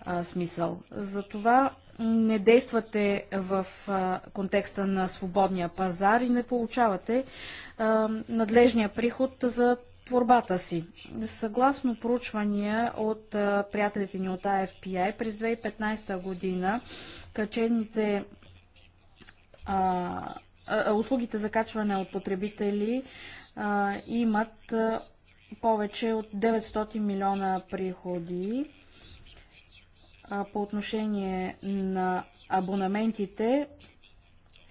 а, смисъл. Затова не действате в а, контекста на свободния пазар и не получавате а, надлежния приход за творбата си. Съгласно проучвания от приятелите ни от IFPI през 2015 година качените а, а, услугите за качване от потребители а, имат а, повече от 900 милиона приходи а, по отношение на абонаментите.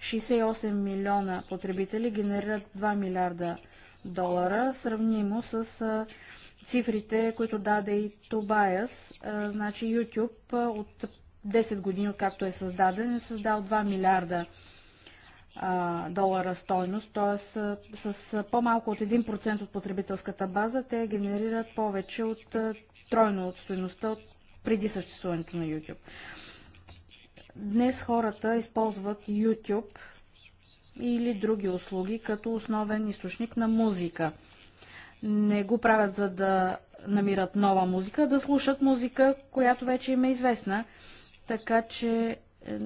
68 милиона потребители генерират 2 милиарда долара, сравнимо с цифрите, които даде и Тобайас. Значи YouTube от 10 години, откакто е създаден, е създал 2 милиарда долара стойност, т.е. с по-малко от 1% от потребителската база те генерират повече от тройно от стоеността от преди съществуването на YouTube. Днес хората използват YouTube или други услуги като основен източник на музика. Не го правят за да намират нова музика, да слушат музика, която вече им е известна. Така че е,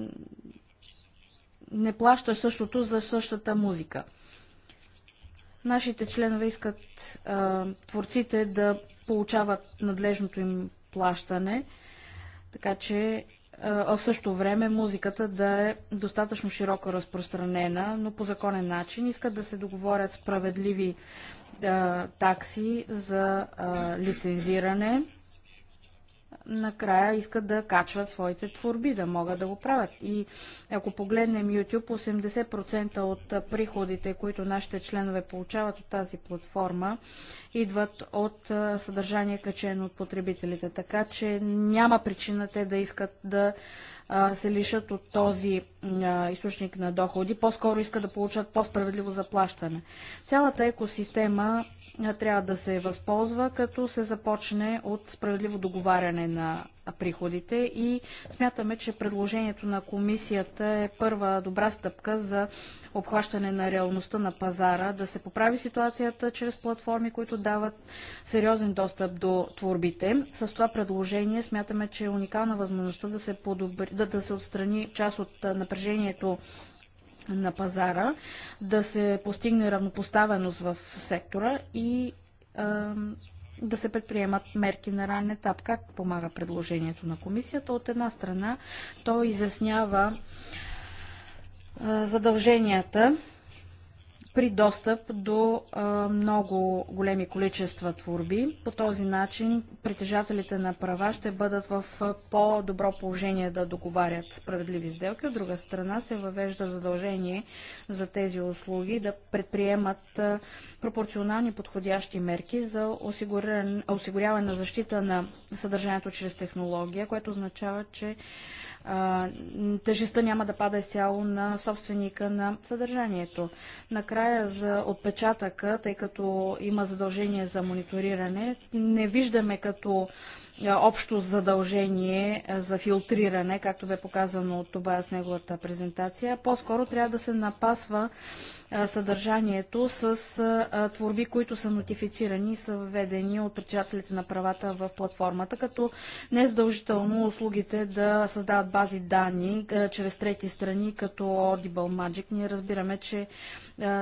не плаща същото за същата музика. Нашите членове искат а, творците да получават надлежното им плащане, така че а в същото време музиката да е достатъчно широко разпространена, но по законен начин. Искат да се договорят справедливи а, такси за а, лицензиране накрая искат да качват своите творби, да могат да го правят. И ако погледнем YouTube, 80% от приходите, които нашите членове получават от тази платформа, идват от съдържание качено от потребителите. Така че няма причина те да искат да се лишат от този източник на доходи, по-скоро искат да получат по-справедливо заплащане. Цялата екосистема трябва да се възползва, като се започне от справедливо договаряне на приходите и смятаме, че предложението на комисията е първа добра стъпка за обхващане на реалността на пазара, да се поправи ситуацията чрез платформи, които дават сериозен достъп до творбите. С това предложение смятаме, че е уникална възможността да се, подобри, да, да се отстрани част от напрежението на пазара, да се постигне равнопоставеност в сектора и да се предприемат мерки на ранен етап. Как помага предложението на комисията? От една страна, то изяснява задълженията при достъп до много големи количества творби. По този начин притежателите на права ще бъдат в по-добро положение да договарят справедливи сделки. От друга страна се въвежда задължение за тези услуги да предприемат пропорционални подходящи мерки за осигуряване на защита на съдържанието чрез технология, което означава, че тежестта няма да пада изцяло на собственика на съдържанието. Накрая за отпечатъка, тъй като има задължение за мониториране, не виждаме като общо задължение за филтриране, както бе показано от това с неговата презентация. По-скоро трябва да се напасва съдържанието с творби, които са нотифицирани и са введени от притежателите на правата в платформата, като не е задължително услугите да създават бази данни чрез трети страни, като Audible Magic. Ние разбираме, че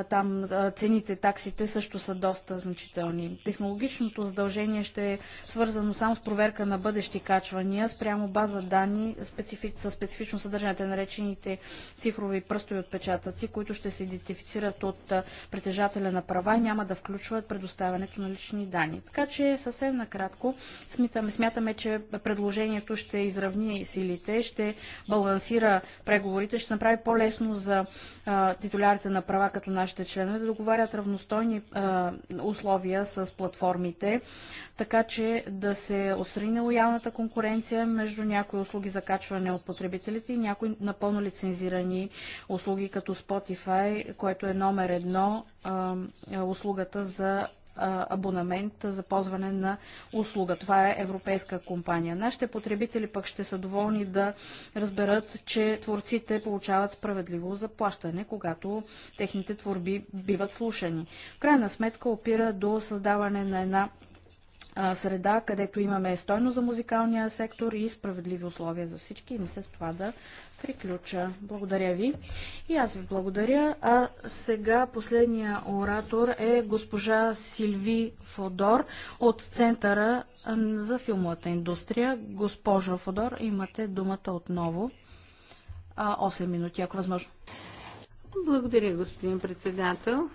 там цените, таксите също са доста значителни. Технологичното задължение ще е свързано само с проверка на бъдещи качвания спрямо база данни специфи... със специфично съдържание, наречените цифрови пръстови отпечатъци, които ще се идентифицират финансират от притежателя на права и няма да включват предоставянето на лични данни. Така че съвсем накратко смятаме, смятаме че предложението ще изравни силите, ще балансира преговорите, ще направи по-лесно за а, титулярите на права като нашите членове да договарят равностойни а, условия с платформите, така че да се осрани нелоялната конкуренция между някои услуги за качване от потребителите и някои напълно лицензирани услуги като Spotify, което е е номер едно е, услугата за абонамент за ползване на услуга. Това е европейска компания. Нашите потребители пък ще са доволни да разберат, че творците получават справедливо заплащане, когато техните творби биват слушани. В крайна сметка опира до създаване на една среда, където имаме стойност за музикалния сектор и справедливи условия за всички. И мисля с това да приключа. Благодаря ви. И аз ви благодаря. А сега последния оратор е госпожа Силви Фодор от Центъра за филмовата индустрия. Госпожо Фодор, имате думата отново. 8 минути, ако е възможно. Благодаря, господин председател.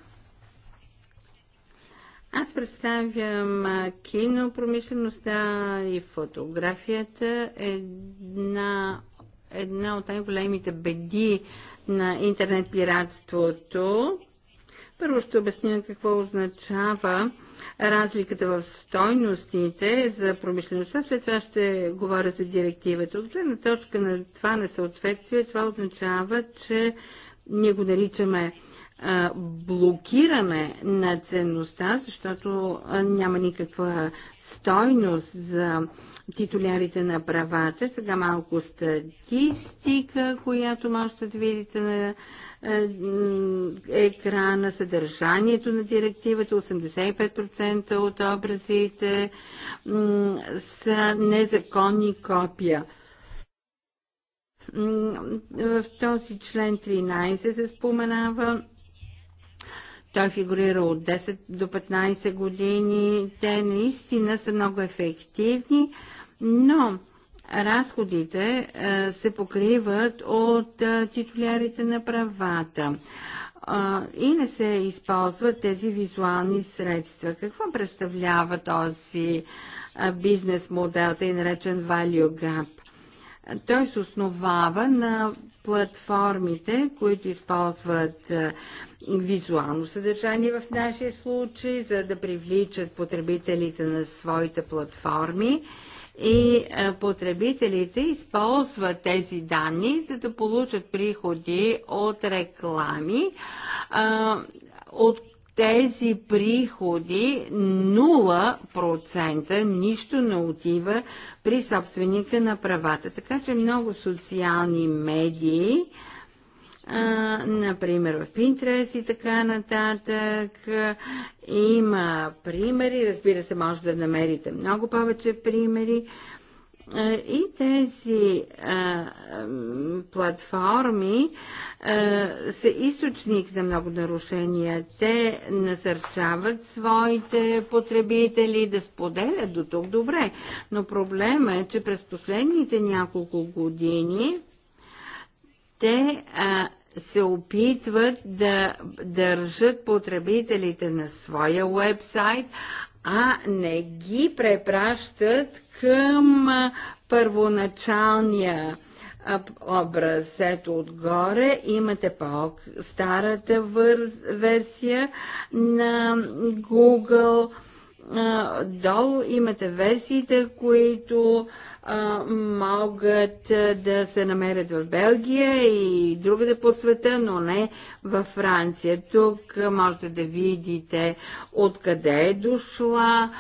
Аз представям кинопромишлеността и фотографията. Една, една от най-големите беди на интернет пиратството. Първо ще обясня какво означава разликата в стойностите за промишлеността. След това ще говоря за директивата. От гледна точка на това несъответствие, това означава, че ние го наричаме блокиране на ценността, защото няма никаква стойност за титулярите на правата. Сега малко статистика, която можете да видите на екрана, съдържанието на директивата, 85% от образите са незаконни копия. В този член 13 се споменава той фигурира от 10 до 15 години. Те наистина са много ефективни, но разходите е, се покриват от е, титулярите на правата е, и не се използват тези визуални средства. Какво представлява този бизнес модел, тъй наречен Value Gap? Той се основава на платформите, които използват визуално съдържание в нашия случай, за да привличат потребителите на своите платформи и потребителите използват тези данни, за да получат приходи от реклами, от тези приходи 0%, нищо не отива при собственика на правата. Така че много социални медии, а, например в Pinterest и така нататък. Има примери, разбира се, може да намерите много повече примери е, и тези а, е, платформи а, е, са източник на много нарушения. Те насърчават своите потребители да споделят до тук добре. Но проблема е, че през последните няколко години те а, се опитват да държат потребителите на своя уебсайт, а не ги препращат към първоначалния образ. Ето отгоре имате по-старата версия на Google. Долу имате версиите, които могат да се намерят в Белгия и другаде по света, но не във Франция. Тук можете да видите откъде е дошла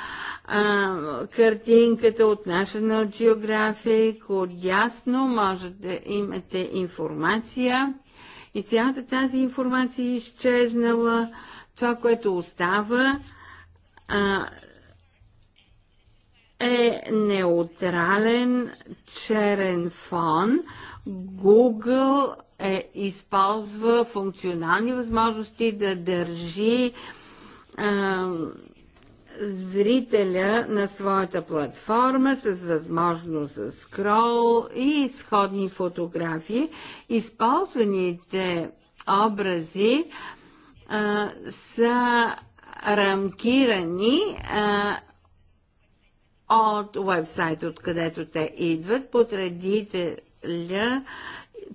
а, картинката от National Geographic. Отясно можете да имате информация и цялата тази информация е изчезнала. Това, което остава, а, е неутрален черен фон. Google е, използва функционални възможности да държи е, зрителя на своята платформа с възможност за скрол и изходни фотографии. Използваните образи е, са рамкирани Е, от вебсайт, откъдето те идват, потребителя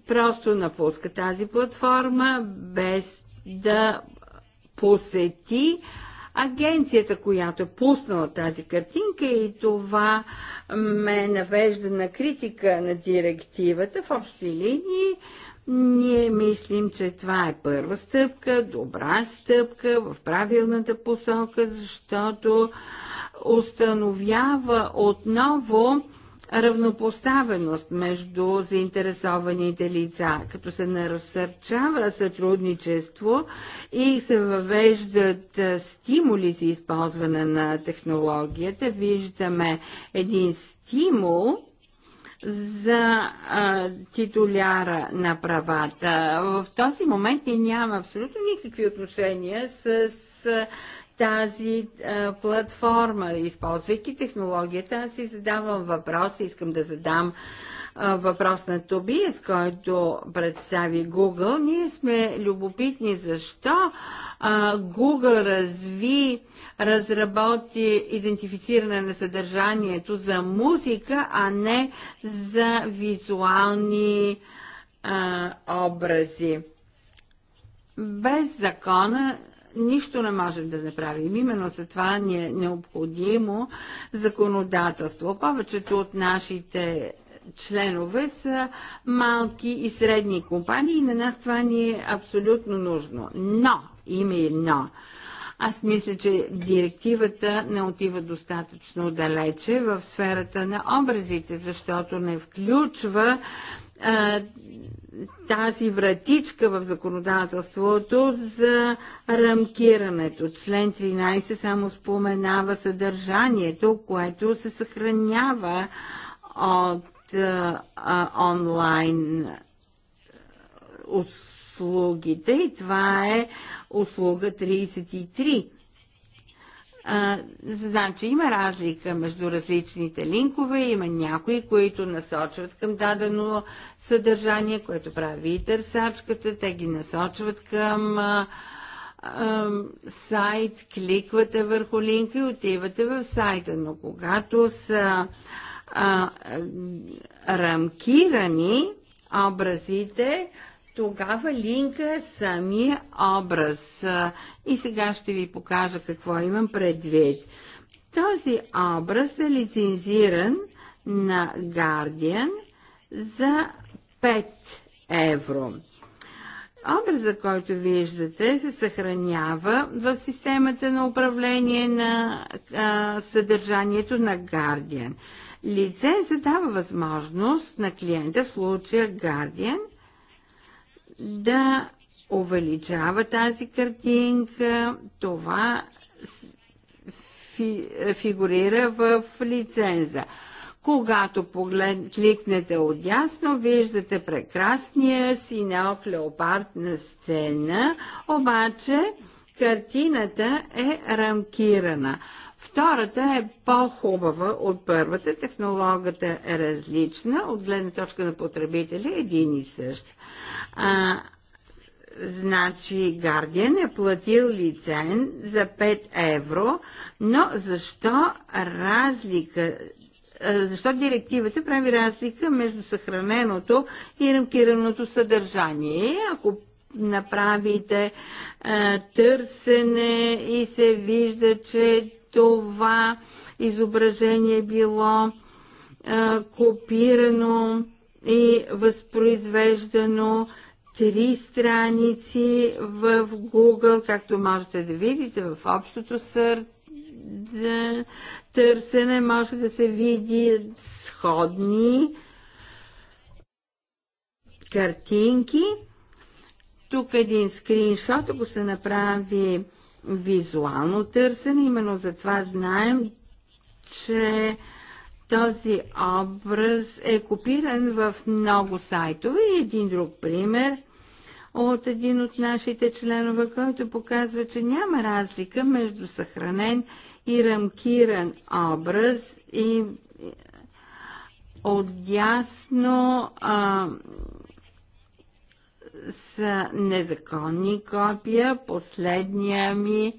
просто напуска тази платформа без да посети агенцията, която е пуснала тази картинка и това ме навежда на критика на директивата в общи линии ние мислим, че това е първа стъпка, добра стъпка в правилната посока, защото установява отново равнопоставеност между заинтересованите лица, като се насърчава сътрудничество и се въвеждат стимули за използване на технологията. Виждаме един стимул за а, титуляра на правата. В този момент ние няма абсолютно никакви отношения с а, тази а, платформа, използвайки технологията. Аз си задавам въпрос, искам да задам а, въпрос на с който представи Google. Ние сме любопитни защо а, Google разви, разработи идентифициране на съдържанието за музика, а не за визуални а, образи. Без закона нищо не можем да направим. Именно за това ни е необходимо законодателство. Повечето от нашите членове са малки и средни компании и на нас това ни е абсолютно нужно. Но, име но. Аз мисля, че директивата не отива достатъчно далече в сферата на образите, защото не включва тази вратичка в законодателството за рамкирането. Член 13 само споменава съдържанието, което се съхранява от а, а, онлайн услугите и това е услуга 33. А, значи има разлика между различните линкове, има някои, които насочват към дадено съдържание, което прави и търсачката, те ги насочват към а, а, сайт, кликвате върху линка и отивате в сайта, но когато са а, рамкирани образите, тогава линка е самия образ. И сега ще ви покажа какво имам предвид. Този образ е лицензиран на Guardian за 5 евро. Образа, който виждате, се съхранява в системата на управление на а, съдържанието на Guardian. Лицензът дава възможност на клиента, в случая Guardian, да увеличава тази картинка. Това фигурира в лиценза. Когато поглед, кликнете отясно, виждате прекрасния синал Клеопард на стена, обаче картината е рамкирана. Втората е по-хубава от първата. Технологията е различна от гледна точка на потребителя, е един и същ. А, значи Гардиан е платил лицен за 5 евро, но защо разлика защо директивата прави разлика между съхраненото и рамкираното съдържание. Ако направите а, търсене и се вижда, че това изображение било а, копирано и възпроизвеждано три страници в Google, както можете да видите в общото сърце да, търсене може да се види сходни картинки. Тук един скриншот, ако се направи визуално търсене. Именно за това знаем, че този образ е копиран в много сайтове. И един друг пример от един от нашите членове, който показва, че няма разлика между съхранен и рамкиран образ и отдясно а, са незаконни копия. Последния ми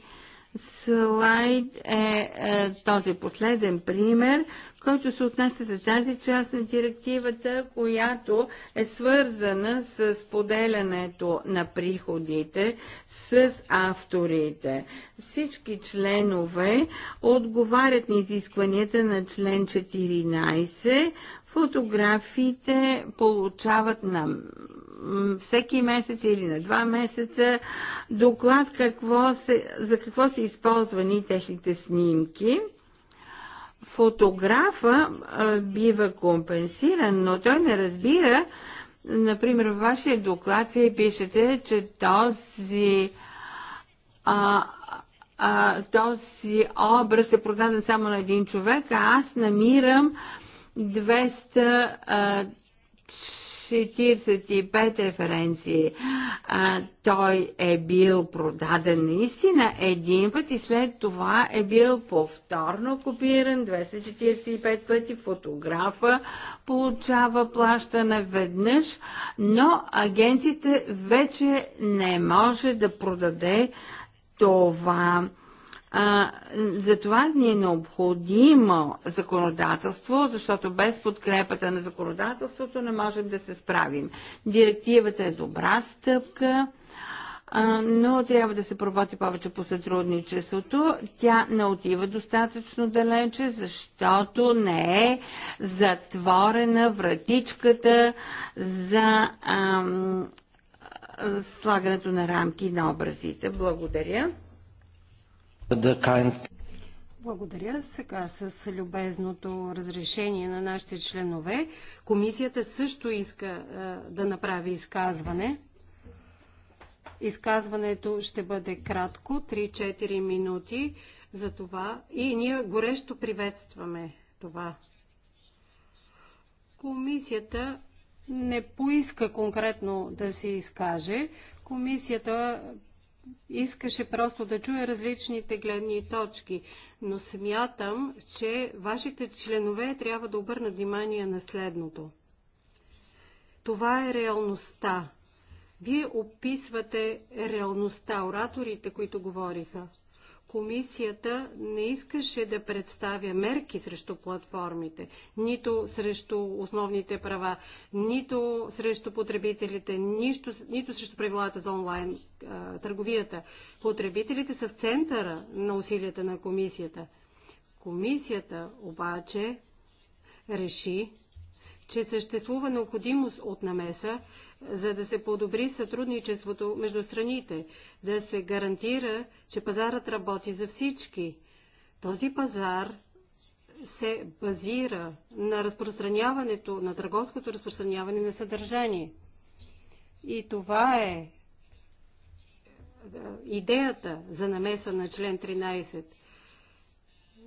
слайд е, е този последен пример, който се отнася за тази част на директивата, която е свързана с поделянето на приходите с авторите. Всички членове отговарят на изискванията на член 14 Фотографиите получават на всеки месец или на два месеца доклад какво се, за какво са използвани техните снимки. Фотографа бива компенсиран, но той не разбира, например, във вашия доклад вие пишете, че този а, а, този образ е продаден само на един човек, а аз намирам а, 245 референции. А, той е бил продаден наистина един път и след това е бил повторно копиран 245 пъти. Фотографа получава плащане веднъж, но агенцията вече не може да продаде това а, затова ни е необходимо законодателство, защото без подкрепата на законодателството не можем да се справим. Директивата е добра стъпка, а, но трябва да се проработи повече по сътрудничеството. Тя не отива достатъчно далече, защото не е затворена вратичката за ам, слагането на рамки на образите. Благодаря. Благодаря. Сега с любезното разрешение на нашите членове, комисията също иска е, да направи изказване. Изказването ще бъде кратко, 3-4 минути за това и ние горещо приветстваме това. Комисията не поиска конкретно да се изкаже. Комисията искаше просто да чуя различните гледни точки, но смятам, че вашите членове трябва да обърнат внимание на следното. Това е реалността. Вие описвате реалността, ораторите, които говориха комисията не искаше да представя мерки срещу платформите, нито срещу основните права, нито срещу потребителите, нито, нито срещу правилата за онлайн а, търговията. Потребителите са в центъра на усилията на комисията. Комисията обаче реши че съществува необходимост от намеса, за да се подобри сътрудничеството между страните, да се гарантира, че пазарът работи за всички. Този пазар се базира на разпространяването, на търговското разпространяване на съдържание. И това е, е идеята за намеса на член 13.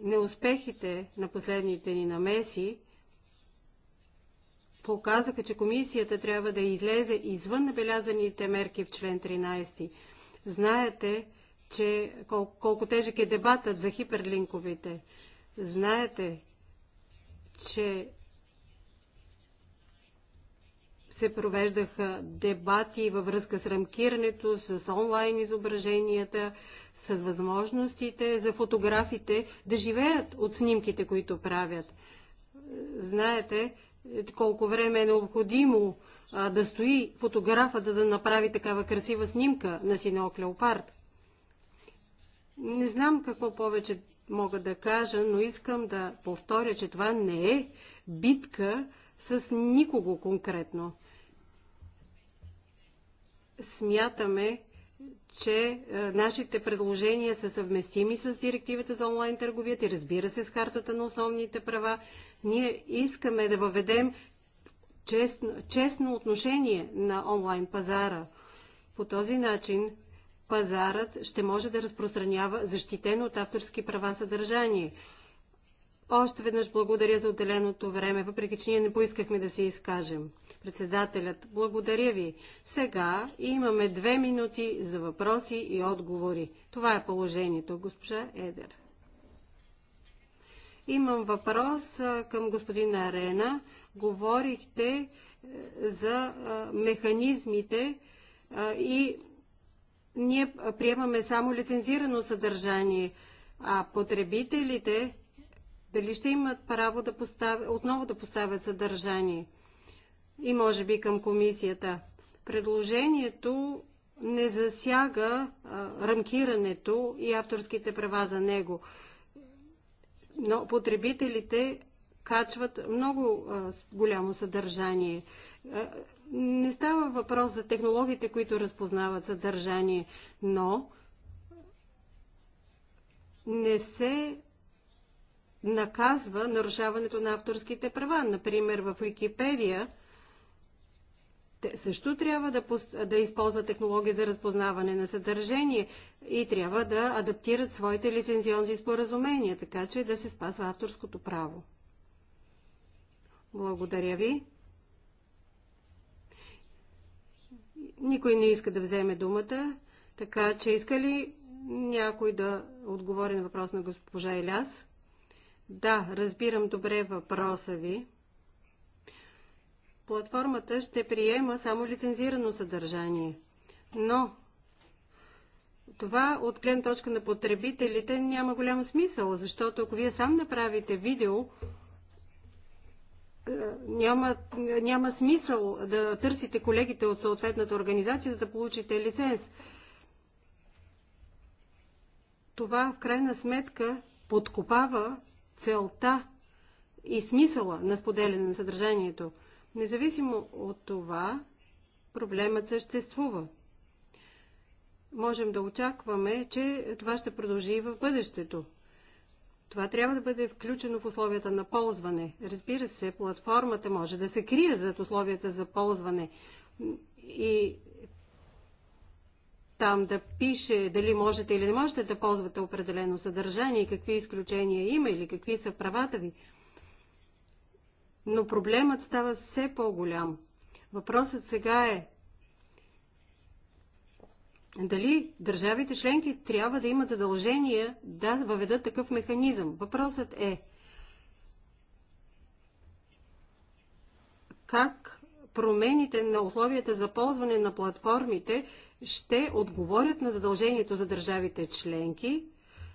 Неуспехите на последните ни намеси показаха, че комисията трябва да излезе извън набелязаните мерки в член 13. Знаете, че кол- колко тежък е дебатът за хиперлинковите. Знаете, че се провеждаха дебати във връзка с рамкирането, с онлайн изображенията, с възможностите за фотографите да живеят от снимките, които правят. Знаете, колко време е необходимо а, да стои фотографът, за да направи такава красива снимка на синок леопард. Не знам какво повече мога да кажа, но искам да повторя, че това не е битка с никого конкретно. Смятаме, че е, нашите предложения са съвместими с директивата за онлайн търговията и разбира се с хартата на основните права. Ние искаме да въведем честно, честно отношение на онлайн пазара. По този начин пазарът ще може да разпространява защитено от авторски права съдържание – още веднъж благодаря за отделеното време, въпреки че ние не поискахме да се изкажем. Председателят, благодаря ви. Сега имаме две минути за въпроси и отговори. Това е положението, госпожа Едер. Имам въпрос към господин Арена. Говорихте е, за механизмите и ние приемаме само лицензирано съдържание, а потребителите дали ще имат право да поставя, отново да поставят съдържание и може би към комисията. Предложението не засяга а, рамкирането и авторските права за него. Но потребителите качват много а, голямо съдържание. А, не става въпрос за технологиите, които разпознават съдържание, но не се наказва нарушаването на авторските права. Например, в Википедия също трябва да, да използват технологии за разпознаване на съдържание и трябва да адаптират своите лицензионни споразумения, така че да се спазва авторското право. Благодаря ви. Никой не иска да вземе думата, така че иска ли някой да отговори на въпрос на госпожа Иляс? Да, разбирам добре въпроса ви. Платформата ще приема само лицензирано съдържание, но това от гледна точка на потребителите няма голям смисъл, защото ако вие сам направите видео, е, няма, няма смисъл да търсите колегите от съответната организация, за да получите лиценз. Това в крайна сметка подкопава целта и смисъла на споделяне на съдържанието. Независимо от това, проблемът съществува. Можем да очакваме, че това ще продължи и в бъдещето. Това трябва да бъде включено в условията на ползване. Разбира се, платформата може да се крие зад условията за ползване и там да пише дали можете или не можете да ползвате определено съдържание, какви изключения има или какви са правата ви. Но проблемът става все по-голям. Въпросът сега е дали държавите членки трябва да имат задължение да въведат такъв механизъм. Въпросът е как промените на условията за ползване на платформите ще отговорят на задължението за държавите членки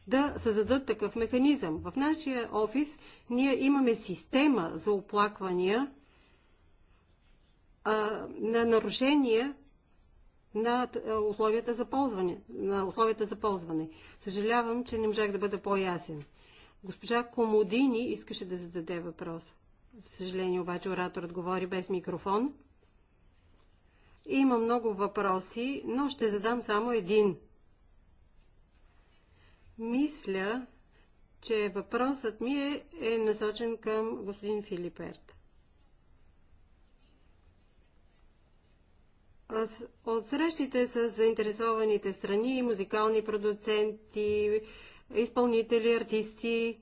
да създадат такъв механизъм. В нашия офис ние имаме система за оплаквания а, на нарушения на условията за ползване. На условията за ползване. Съжалявам, че не можах да бъда по-ясен. Госпожа Комодини искаше да зададе въпрос. За съжаление обаче ораторът говори без микрофон. Има много въпроси, но ще задам само един. Мисля, че въпросът ми е, е насочен към господин Филиперт. От срещите с заинтересованите страни, музикални продуценти, изпълнители, артисти,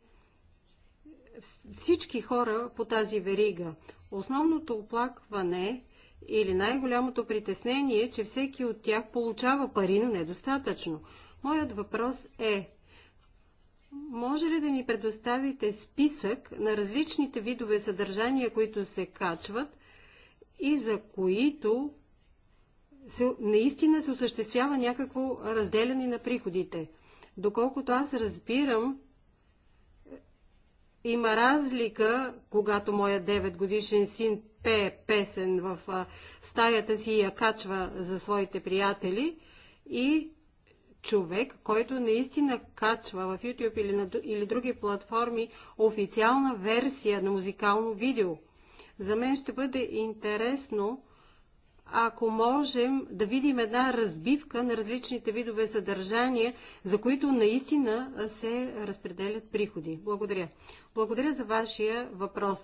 всички хора по тази верига. Основното оплакване или най-голямото притеснение е, че всеки от тях получава пари, но недостатъчно. Моят въпрос е, може ли да ни предоставите списък на различните видове съдържания, които се качват и за които се, наистина се осъществява някакво разделяне на приходите? Доколкото аз разбирам, има разлика, когато моя 9 годишен син пее песен в стаята си и я качва за своите приятели и човек, който наистина качва в YouTube или, на, или други платформи официална версия на музикално видео. За мен ще бъде интересно ако можем да видим една разбивка на различните видове съдържания, за които наистина се разпределят приходи. Благодаря. Благодаря за вашия въпрос.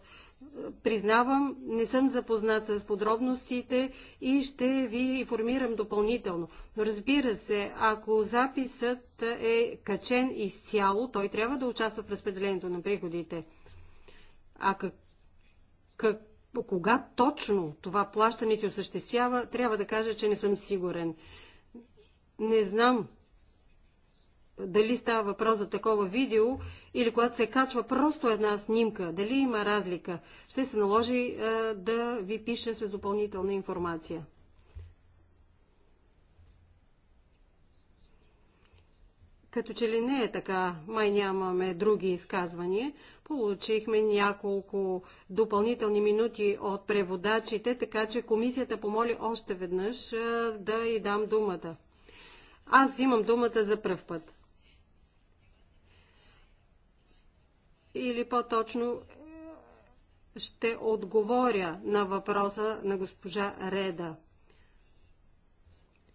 Признавам, не съм запознат с подробностите и ще ви информирам допълнително. Но разбира се, ако записът е качен изцяло, той трябва да участва в разпределението на приходите. А как, как, по кога точно това плащане се осъществява, трябва да кажа, че не съм сигурен. Не знам дали става въпрос за такова видео или когато се качва просто една снимка, дали има разлика. Ще се наложи а, е, да ви пиша с допълнителна информация. Като че ли не е така, май нямаме други изказвания. Получихме няколко допълнителни минути от преводачите, така че комисията помоли още веднъж да й дам думата. Аз имам думата за пръв път. Или по-точно е, ще отговоря на въпроса на госпожа Реда.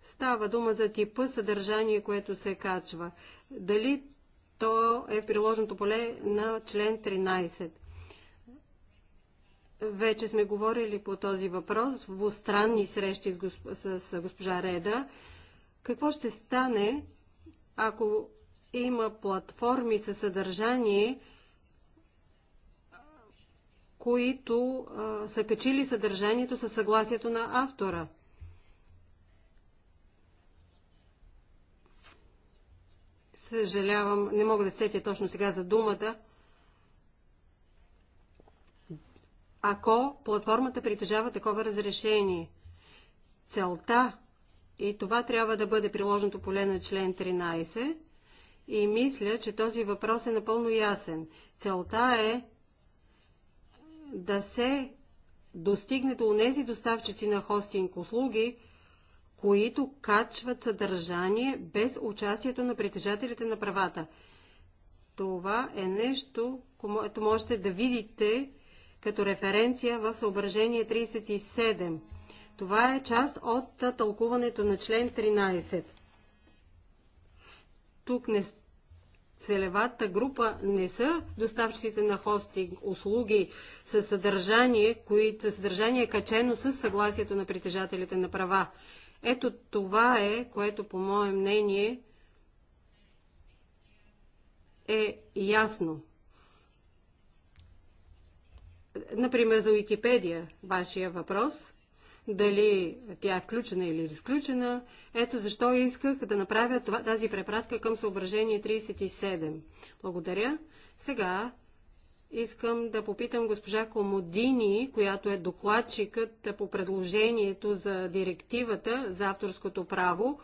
Става дума за типа съдържание, което се качва. Дали то е приложното поле на член 13. Вече сме говорили по този въпрос в странни срещи с, госп... с госпожа Реда. Какво ще стане, ако има платформи със съдържание, които а, са качили съдържанието със съгласието на автора – съжалявам, не мога да сетя точно сега за думата, ако платформата притежава такова разрешение. Целта и това трябва да бъде приложното поле на член 13 и мисля, че този въпрос е напълно ясен. Целта е да се достигне до тези доставчици на хостинг услуги, които качват съдържание без участието на притежателите на правата. Това е нещо, което можете да видите като референция в съображение 37. Това е част от тълкуването на член 13. Тук не, целевата група не са доставчиците на хостинг услуги със съдържание, които съдържание е качено със съгласието на притежателите на права. Ето това е, което по мое мнение е ясно. Например, за Уикипедия, вашия въпрос, дали тя е включена или изключена. Ето защо исках да направя това, тази препратка към съображение 37. Благодаря. Сега Искам да попитам госпожа Комодини, която е докладчикът по предложението за директивата за авторското право,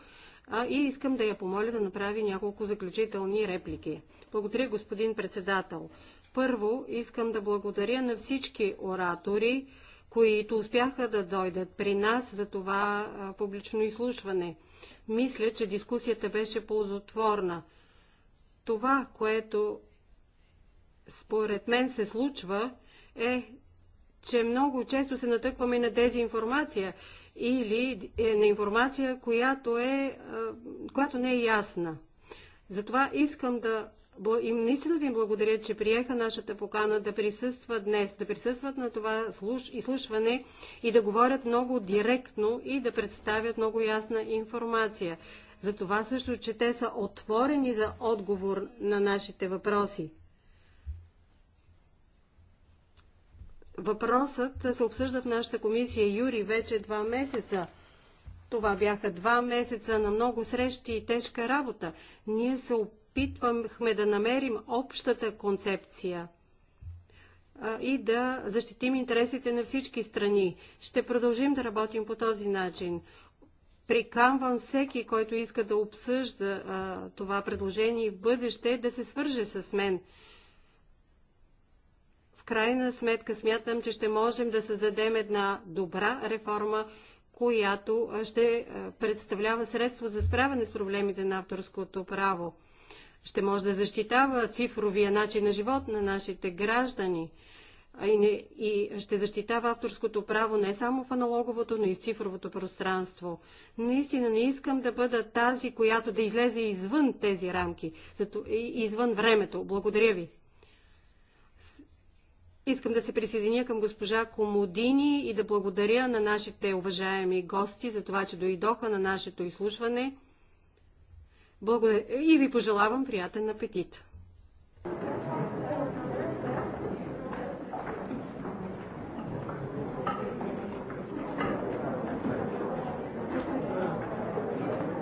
и искам да я помоля да направи няколко заключителни реплики. Благодаря, господин председател. Първо, искам да благодаря на всички оратори, които успяха да дойдат при нас за това публично изслушване. Мисля, че дискусията беше ползотворна. Това, което според мен се случва е, че много често се натъкваме на дезинформация или е, на информация, която, е, е, която не е ясна. Затова искам да и наистина ви благодаря, че приеха нашата покана да присъстват днес, да присъстват на това изслушване и да говорят много директно и да представят много ясна информация. За това също, че те са отворени за отговор на нашите въпроси. Въпросът се обсъжда в нашата комисия Юри вече два месеца. Това бяха два месеца на много срещи и тежка работа. Ние се опитвахме да намерим общата концепция и да защитим интересите на всички страни. Ще продължим да работим по този начин. Прикамвам всеки, който иска да обсъжда а, това предложение в бъдеще, да се свърже с мен крайна сметка смятам, че ще можем да създадем една добра реформа, която ще представлява средство за справяне с проблемите на авторското право. Ще може да защитава цифровия начин на живот на нашите граждани и, и ще защитава авторското право не само в аналоговото, но и в цифровото пространство. Наистина не искам да бъда тази, която да излезе извън тези рамки, извън времето. Благодаря ви. Искам да се присъединя към госпожа Комодини и да благодаря на нашите уважаеми гости за това, че дойдоха на нашето изслушване. Благодаря и ви пожелавам приятен апетит!